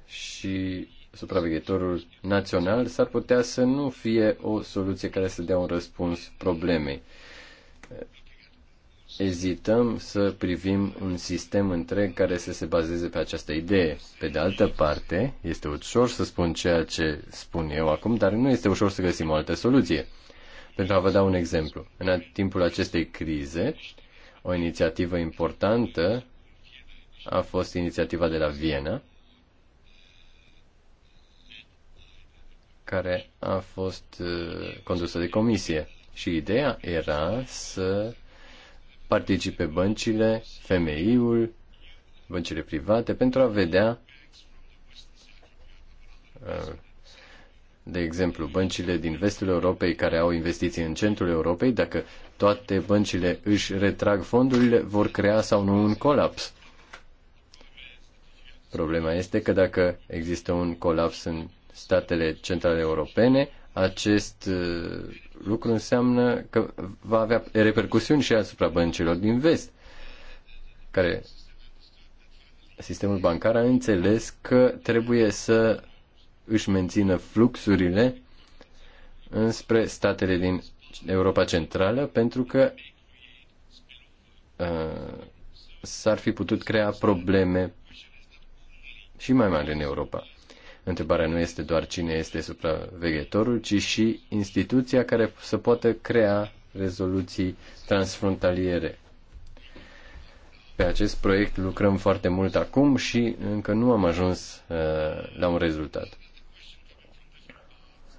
și supraveghetorul național s-ar putea să nu fie o soluție care să dea un răspuns problemei ezităm să privim un sistem întreg care să se bazeze pe această idee. Pe de altă parte, este ușor să spun ceea ce spun eu acum, dar nu este ușor să găsim o altă soluție. Pentru a vă da un exemplu, în timpul acestei crize, o inițiativă importantă a fost inițiativa de la Viena, care a fost uh, condusă de comisie. Și ideea era să participe băncile, femeiul, băncile private, pentru a vedea, uh, de exemplu, băncile din vestul Europei care au investiții în centrul Europei, dacă toate băncile își retrag fondurile, vor crea sau nu un colaps. Problema este că dacă există un colaps în statele centrale europene, acest uh, lucru înseamnă că va avea repercusiuni și asupra băncilor din vest, care sistemul bancar a înțeles că trebuie să își mențină fluxurile înspre statele din Europa Centrală pentru că uh, s-ar fi putut crea probleme și mai mari în Europa. Întrebarea nu este doar cine este supraveghetorul, ci și instituția care să poată crea rezoluții transfrontaliere. Pe acest proiect lucrăm foarte mult acum și încă nu am ajuns uh, la un rezultat.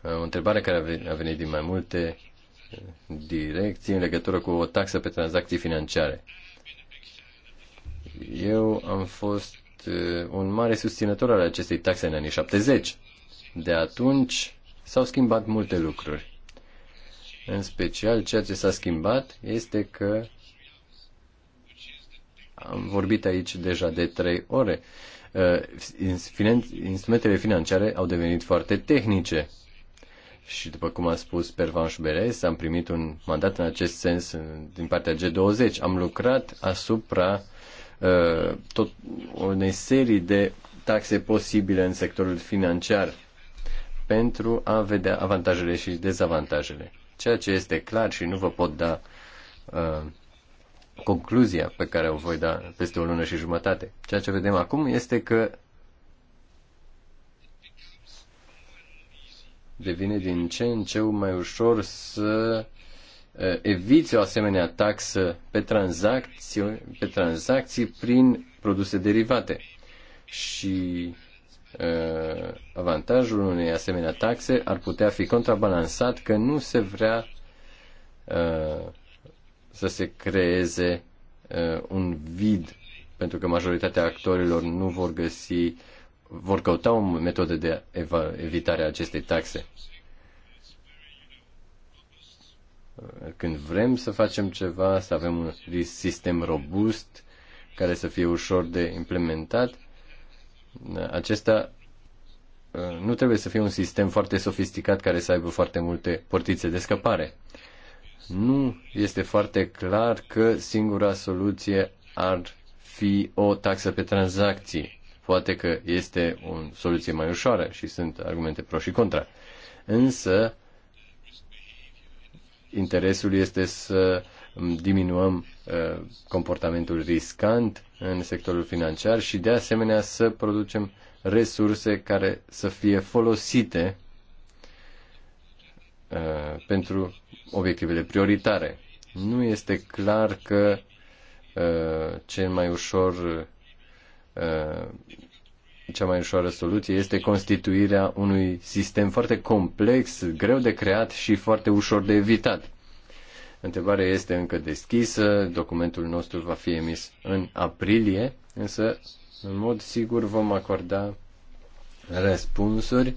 Uh, o întrebare care a venit din mai multe uh, direcții în legătură cu o taxă pe tranzacții financiare. Eu am fost Uh, un mare susținător al acestei taxe în anii 70. De atunci s-au schimbat multe lucruri. În special, ceea ce s-a schimbat este că am vorbit aici deja de trei ore. Uh, instrumentele financiare au devenit foarte tehnice. Și după cum a spus Pervan Beres, am primit un mandat în acest sens uh, din partea G20. Am lucrat asupra uh, Uh, tot o serie de taxe posibile în sectorul financiar pentru a vedea avantajele și dezavantajele. Ceea ce este clar și nu vă pot da uh, concluzia pe care o voi da peste o lună și jumătate. Ceea ce vedem acum este că devine din ce în ce mai ușor să Eh, eviți o asemenea taxă pe tranzacții, pe tranzacții prin produse derivate. Și uh, avantajul unei asemenea taxe ar putea fi contrabalansat că nu se vrea uh, să se creeze uh, un vid, pentru că majoritatea actorilor nu vor găsi, vor căuta o metodă de evitare a acestei taxe. când vrem să facem ceva, să avem un sistem robust care să fie ușor de implementat, acesta uh, nu trebuie să fie un sistem foarte sofisticat care să aibă foarte multe portițe de scăpare. Nu este foarte clar că singura soluție ar fi o taxă pe tranzacții. Poate că este o soluție mai ușoară și sunt argumente pro și contra. Însă, Interesul este să diminuăm uh, comportamentul riscant în sectorul financiar și de asemenea să producem resurse care să fie folosite uh, pentru obiectivele prioritare. Nu este clar că uh, cel mai ușor cea mai ușoară soluție este constituirea unui sistem foarte complex, greu de creat și foarte ușor de evitat. Întrebarea este încă deschisă, documentul nostru va fi emis în aprilie, însă în mod sigur vom acorda răspunsuri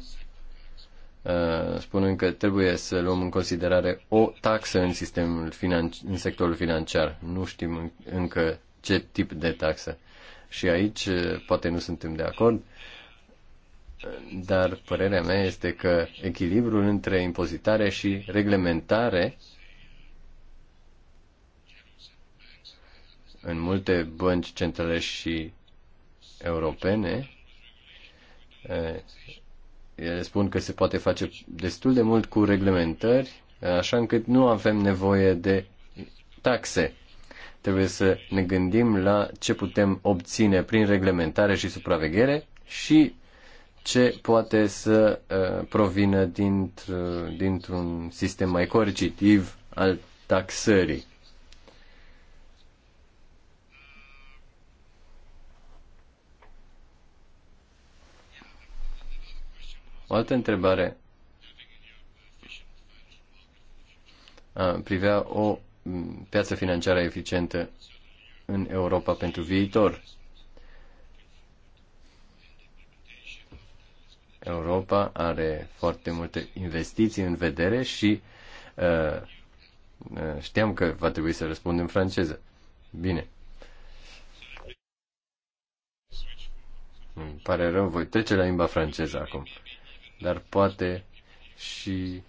uh, spunând că trebuie să luăm în considerare o taxă în sistemul finan- în sectorul financiar. Nu știm încă ce tip de taxă și aici eh, poate nu suntem de acord, dar părerea mea este că echilibrul între impozitare și reglementare în multe bănci centrale și europene, eh, ele spun că se poate face destul de mult cu reglementări, așa încât nu avem nevoie de taxe. Trebuie să ne gândim la ce putem obține prin reglementare și supraveghere și ce poate să uh, provină dintr, uh, dintr-un sistem mai coercitiv al taxării. O altă întrebare privea o piață financiară eficientă în Europa pentru viitor. Europa are foarte multe investiții în vedere și uh, uh, știam că va trebui să răspund în franceză. Bine. Îmi pare rău, voi trece la limba franceză acum. Dar poate și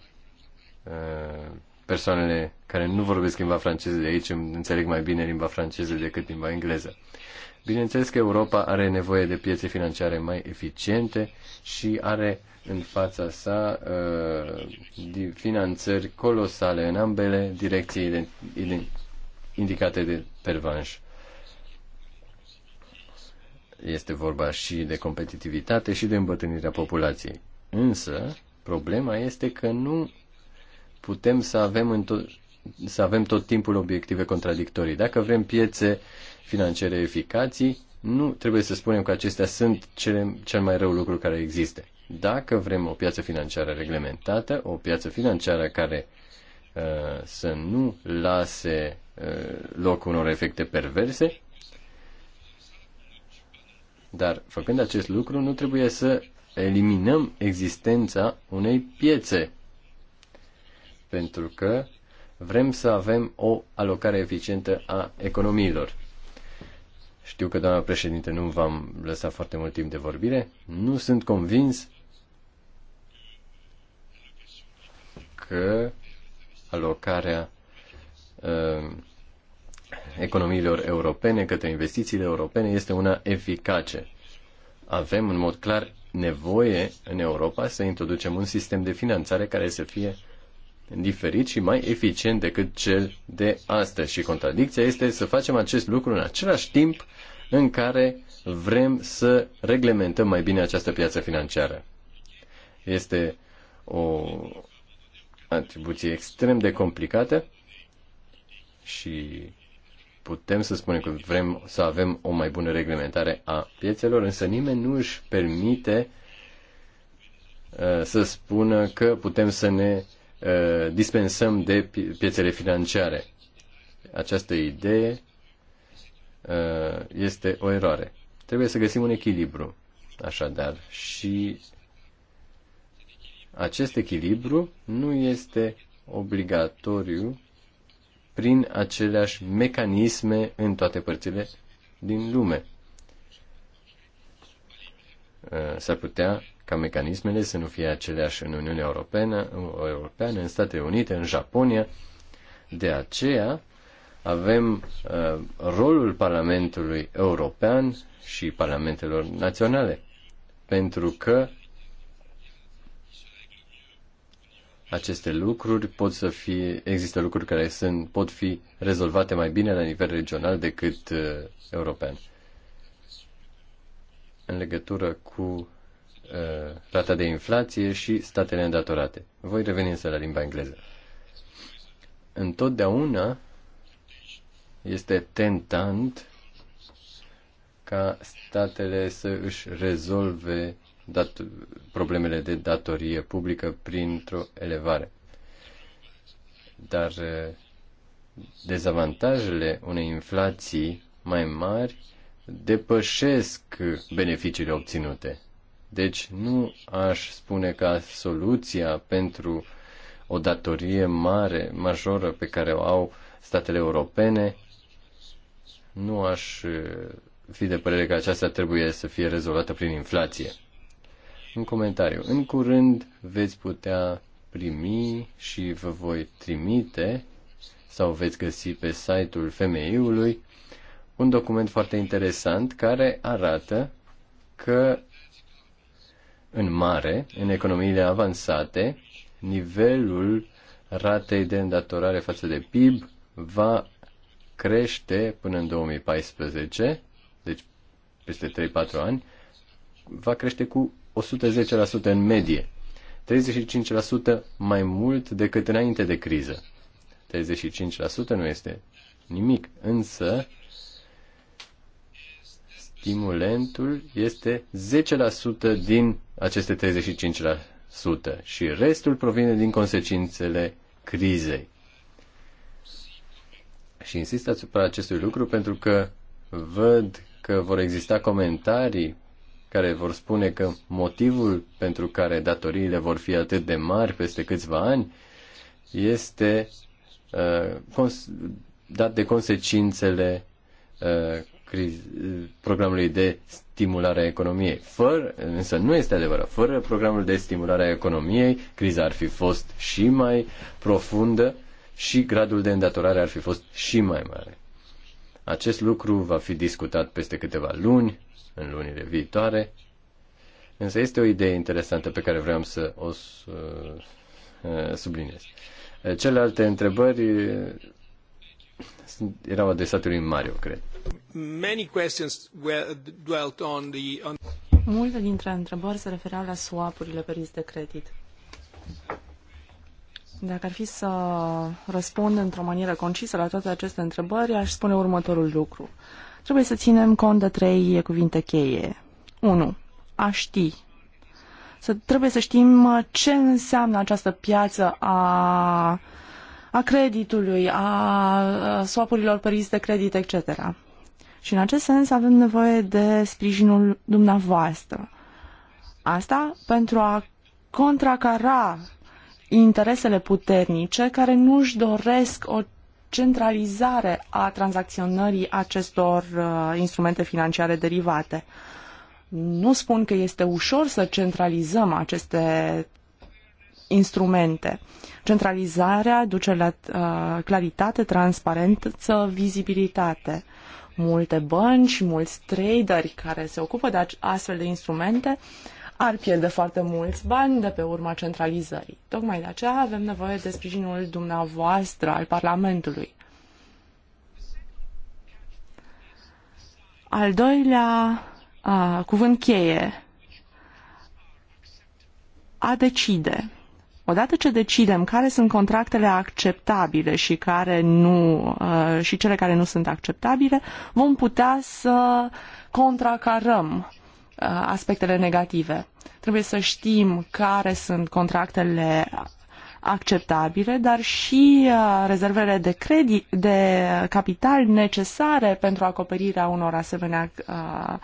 uh, persoanele care nu vorbesc limba franceză de aici înțeleg mai bine limba franceză decât limba engleză. Bineînțeles că Europa are nevoie de piețe financiare mai eficiente și are în fața sa uh, finanțări colosale în ambele direcții indicate de pervanș. Este vorba și de competitivitate și de îmbătrânirea populației. Însă, problema este că nu putem să avem, to- să avem tot timpul obiective contradictorii. Dacă vrem piețe financiare eficații, nu trebuie să spunem că acestea sunt cele, cel mai rău lucru care există. Dacă vrem o piață financiară reglementată, o piață financiară care uh, să nu lase uh, loc unor efecte perverse, dar făcând acest lucru nu trebuie să eliminăm existența unei piețe pentru că vrem să avem o alocare eficientă a economiilor. Știu că, doamna președinte, nu v-am lăsat foarte mult timp de vorbire. Nu sunt convins că alocarea uh, economiilor europene către investițiile europene este una eficace. Avem în mod clar nevoie în Europa să introducem un sistem de finanțare care să fie uh, diferit și mai eficient decât cel de astăzi. Și contradicția este să facem acest lucru în același timp în care vrem să reglementăm mai bine această piață financiară. Este o atribuție extrem de complicată și putem să spunem că vrem să avem o mai bună reglementare a piețelor, însă nimeni nu își permite uh, să spună că putem să ne Uh, dispensăm de piețele financiare. Această idee uh, este o eroare. Trebuie să găsim un echilibru, așadar, și acest echilibru nu este obligatoriu prin aceleași mecanisme în toate părțile din lume. Uh, s-ar putea ca mecanismele să nu fie aceleași în Uniunea Europeană, Europeană în Statele Unite, în Japonia. De aceea avem uh, rolul Parlamentului European și Parlamentelor Naționale, pentru că aceste lucruri pot să fie, există lucruri care sunt, pot fi rezolvate mai bine la nivel regional decât uh, european. În legătură cu Uh, rata de inflație și statele îndatorate. Voi reveni însă la limba engleză. Întotdeauna este tentant ca statele să își rezolve dat- problemele de datorie publică printr-o elevare. Dar uh, dezavantajele unei inflații mai mari depășesc beneficiile obținute. Deci nu aș spune că soluția pentru o datorie mare, majoră pe care o au statele europene, nu aș fi de părere că aceasta trebuie să fie rezolvată prin inflație. Un comentariu. În curând veți putea primi și vă voi trimite sau veți găsi pe site-ul femeiului un document foarte interesant care arată că în mare, în economiile avansate, nivelul ratei de îndatorare față de PIB va crește până în 2014, deci peste 3-4 ani, va crește cu 110% în medie, 35% mai mult decât înainte de criză. 35% nu este nimic, însă stimulentul este 10% din aceste 35% și restul provine din consecințele crizei. Și insist asupra acestui lucru pentru că văd că vor exista comentarii care vor spune că motivul pentru care datoriile vor fi atât de mari peste câțiva ani este uh, dat de consecințele uh, programului de stimulare a economiei. Fără, însă nu este adevărat. Fără programul de stimulare a economiei, criza ar fi fost și mai profundă și gradul de îndatorare ar fi fost și mai mare. Acest lucru va fi discutat peste câteva luni, în lunile viitoare, însă este o idee interesantă pe care vreau să o uh, uh, subliniez. Celelalte întrebări uh, erau adresate lui Mario, cred. Many questions were dwelt on the, on... Multe dintre întrebări se refereau la swap-urile pe risc de credit. Dacă ar fi să răspund într-o manieră concisă la toate aceste întrebări, aș spune următorul lucru. Trebuie să ținem cont de trei cuvinte cheie. 1. A ști. Să, trebuie să știm ce înseamnă această piață a, a creditului, a swapurilor pe risc de credit, etc. Și în acest sens avem nevoie de sprijinul dumneavoastră. Asta pentru a contracara interesele puternice care nu-și doresc o centralizare a tranzacționării acestor uh, instrumente financiare derivate. Nu spun că este ușor să centralizăm aceste instrumente. Centralizarea duce la uh, claritate, transparență, vizibilitate. Multe bănci, mulți traderi care se ocupă de astfel de instrumente ar pierde foarte mulți bani de pe urma centralizării. Tocmai de aceea avem nevoie de sprijinul dumneavoastră al Parlamentului. Al doilea a, cuvânt cheie a decide. Odată ce decidem care sunt contractele acceptabile și, care nu, uh, și cele care nu sunt acceptabile, vom putea să contracarăm uh, aspectele negative. Trebuie să știm care sunt contractele acceptabile, dar și uh, rezervele de credit, de capital necesare pentru acoperirea unor asemenea uh,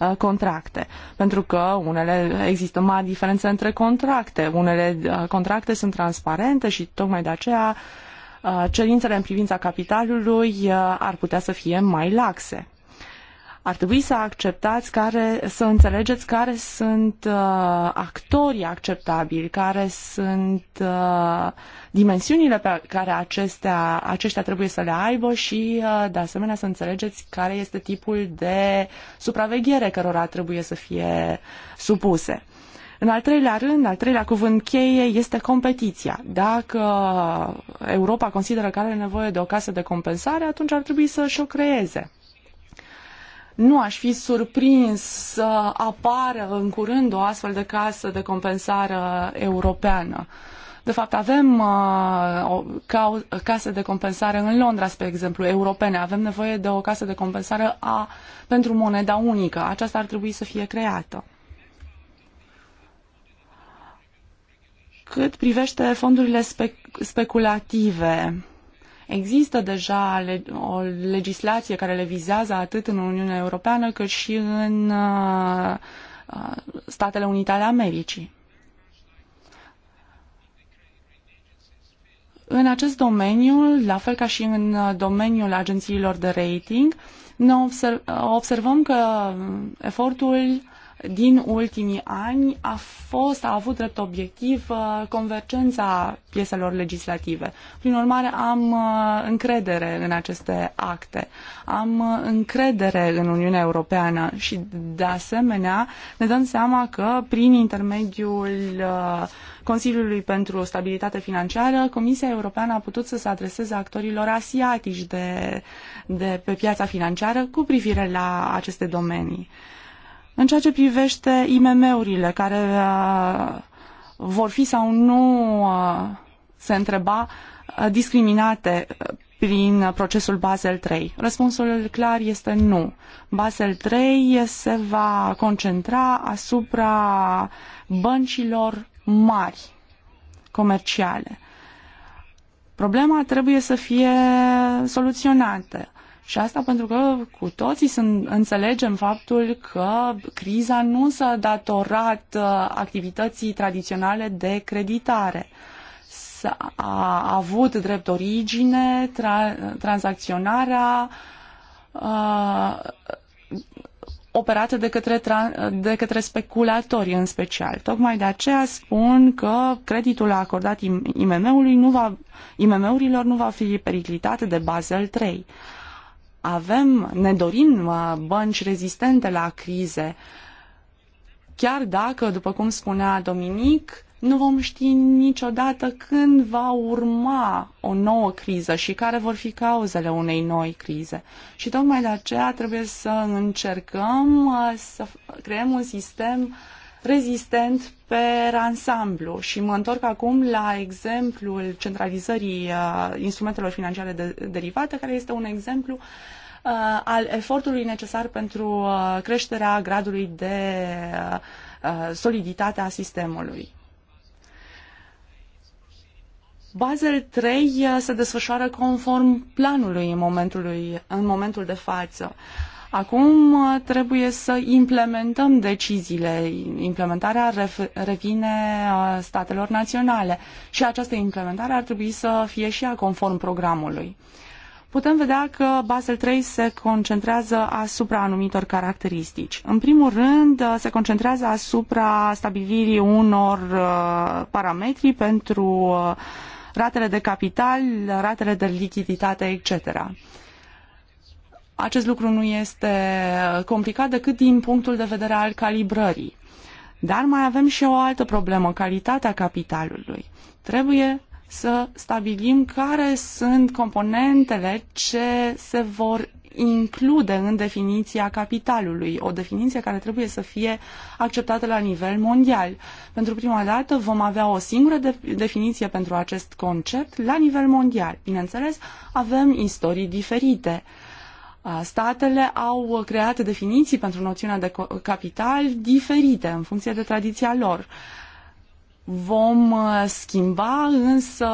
Uh, contracte. Pentru că unele există mari diferențe între contracte. Unele uh, contracte sunt transparente și tocmai de aceea uh, cerințele în privința capitalului ar putea să fie mai laxe ar trebui să acceptați care, să înțelegeți care sunt uh, actorii acceptabili, care sunt uh, dimensiunile pe care acestea, aceștia trebuie să le aibă și, uh, de asemenea, să înțelegeți care este tipul de supraveghere cărora trebuie să fie supuse. În al treilea rând, al treilea cuvânt cheie este competiția. Dacă Europa consideră că are nevoie de o casă de compensare, atunci ar trebui să și o creeze. Nu aș fi surprins să apară în curând o astfel de casă de compensare europeană. De fapt, avem uh, o ca, casă de compensare în Londra, spre exemplu, europene. Avem nevoie de o casă de compensare a, pentru moneda unică. Aceasta ar trebui să fie creată. Cât privește fondurile spe- speculative, Există deja o legislație care le vizează atât în Uniunea Europeană cât și în uh, uh, Statele Unite ale Americii. În acest domeniu, la fel ca și în domeniul agențiilor de rating, ne observ, observăm că efortul din ultimii ani a fost, a avut drept obiectiv uh, convergența pieselor legislative. Prin urmare, am uh, încredere în aceste acte, am uh, încredere în Uniunea Europeană și, de asemenea, ne dăm seama că prin intermediul Consiliului pentru Stabilitate Financiară, Comisia Europeană a putut să se adreseze actorilor asiatici de, de pe piața financiară cu privire la aceste domenii. În ceea ce privește IMM-urile care uh, vor fi sau nu uh, se întreba uh, discriminate prin procesul Basel III? Răspunsul clar este nu. Basel III se va concentra asupra băncilor mari comerciale. Problema trebuie să fie soluționată. Și asta pentru că cu toții sunt, înțelegem faptul că criza nu s-a datorat uh, activității tradiționale de creditare. a avut drept origine tra- tranzacționarea uh, operată de către, de către speculatori în special. Tocmai de aceea spun că creditul acordat IMM-ului nu va, IMM-urilor nu va fi periclitat de Basel III avem, ne dorim uh, bănci rezistente la crize, chiar dacă, după cum spunea Dominic, nu vom ști niciodată când va urma o nouă criză și care vor fi cauzele unei noi crize. Și tocmai de aceea trebuie să încercăm uh, să creăm un sistem uh, rezistent pe ansamblu și mă întorc acum la exemplul centralizării uh, instrumentelor financiare de derivate, care este un exemplu uh, al efortului necesar pentru uh, creșterea gradului de soliditate a sistemului. Basel 3 se desfășoară conform planului în, momentului, în momentul de față. Acum uh, trebuie să implementăm deciziile. Implementarea revine uh, statelor naționale și această implementare ar trebui să fie și ea conform programului. Putem vedea că Basel III se concentrează asupra anumitor caracteristici. În primul rând, uh, se concentrează asupra stabilirii unor parametri pentru ratele de capital, ratele de lichiditate, etc. Acest lucru nu este complicat decât din punctul de vedere al calibrării. Dar mai avem și o altă problemă, calitatea capitalului. Trebuie să stabilim care sunt componentele ce se vor include în definiția capitalului, o definiție care trebuie să fie acceptată la nivel mondial. Pentru prima dată vom avea o singură de- definiție pentru acest concept la nivel mondial. Bineînțeles, avem istorii diferite. Uh, Statele au creat definiții pentru noțiunea de capital diferite în funcție de tradiția lor. Vom uh, schimba, însă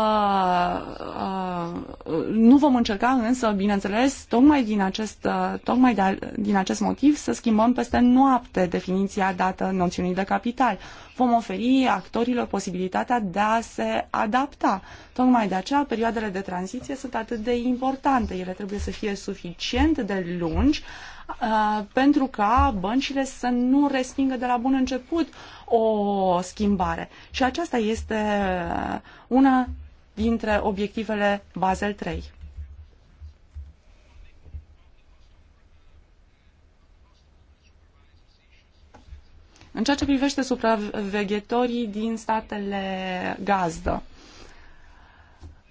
uh, nu vom încerca, însă, bineînțeles, tocmai din acest, uh, tocmai de, din acest motiv să schimbăm peste noapte definiția dată noțiunii de capital. Vom oferi actorilor posibilitatea de a se adapta. Tocmai de aceea, perioadele de tranziție sunt atât de importante. Ele trebuie să fie suficient de lungi pentru ca băncile să nu respingă de la bun început o schimbare. Și aceasta este uh, una dintre obiectivele Basel III. În ceea ce privește supraveghetorii din statele gazdă,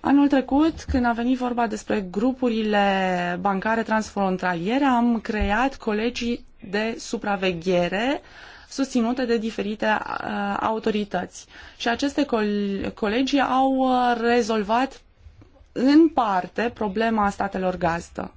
Anul trecut, când a venit vorba despre grupurile bancare transfrontaliere, am creat colegii de supraveghere uh, susținute de diferite uh, autorități. Și aceste col- colegii au uh, rezolvat în parte problema statelor gazdă.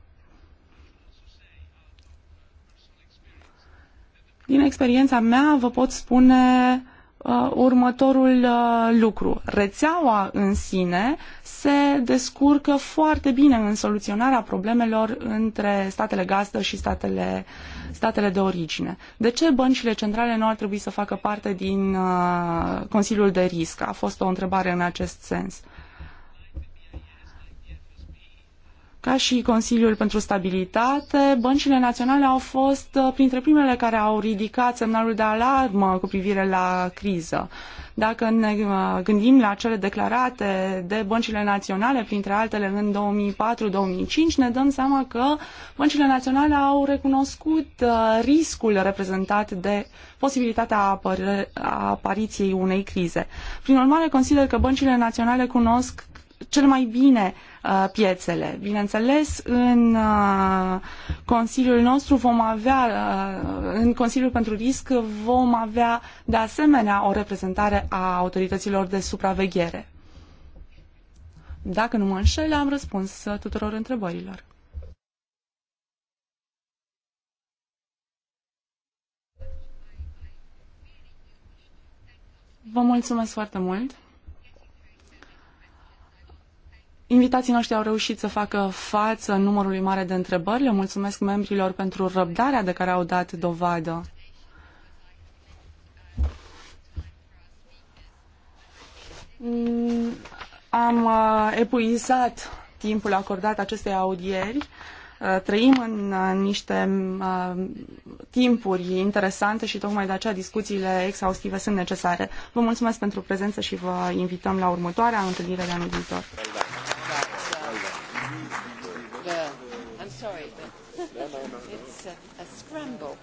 Din experiența mea vă pot spune uh, uh, următorul uh, lucru. Rețeaua în sine se descurcă foarte bine în soluționarea problemelor între statele gazdă și statele, statele de origine. De ce băncile centrale nu ar trebui să facă parte din uh, Consiliul de Risc? A fost o întrebare în acest sens. Uh, Ca și Consiliul pentru Stabilitate, băncile naționale au fost uh, printre primele care au ridicat semnalul de alarmă cu privire la criză. Dacă ne uh, gândim la cele declarate de băncile naționale, printre altele în 2004-2005, ne dăm seama că băncile naționale au recunoscut uh, riscul reprezentat de posibilitatea apariției unei crize. Prin urmare, consider că băncile naționale cunosc cel mai bine uh, piețele. Bineînțeles, în uh, Consiliul nostru vom avea, uh, în Consiliul pentru Risc vom avea de asemenea o reprezentare a autorităților de supraveghere. Dacă nu mă înșel, am răspuns tuturor întrebărilor. Vă mulțumesc foarte mult! Invitații noștri au reușit să facă față numărului mare de întrebări. Le mulțumesc membrilor pentru răbdarea de care au dat dovadă. Mm, am uh, epuizat timpul acordat acestei audieri. Uh, trăim în uh, niște timpuri interesante și tocmai de aceea discuțiile exhaustive sunt necesare. Vă mulțumesc pentru prezență și vă invităm la următoarea întâlnire de anul viitor. sorry, but it's a, a scramble.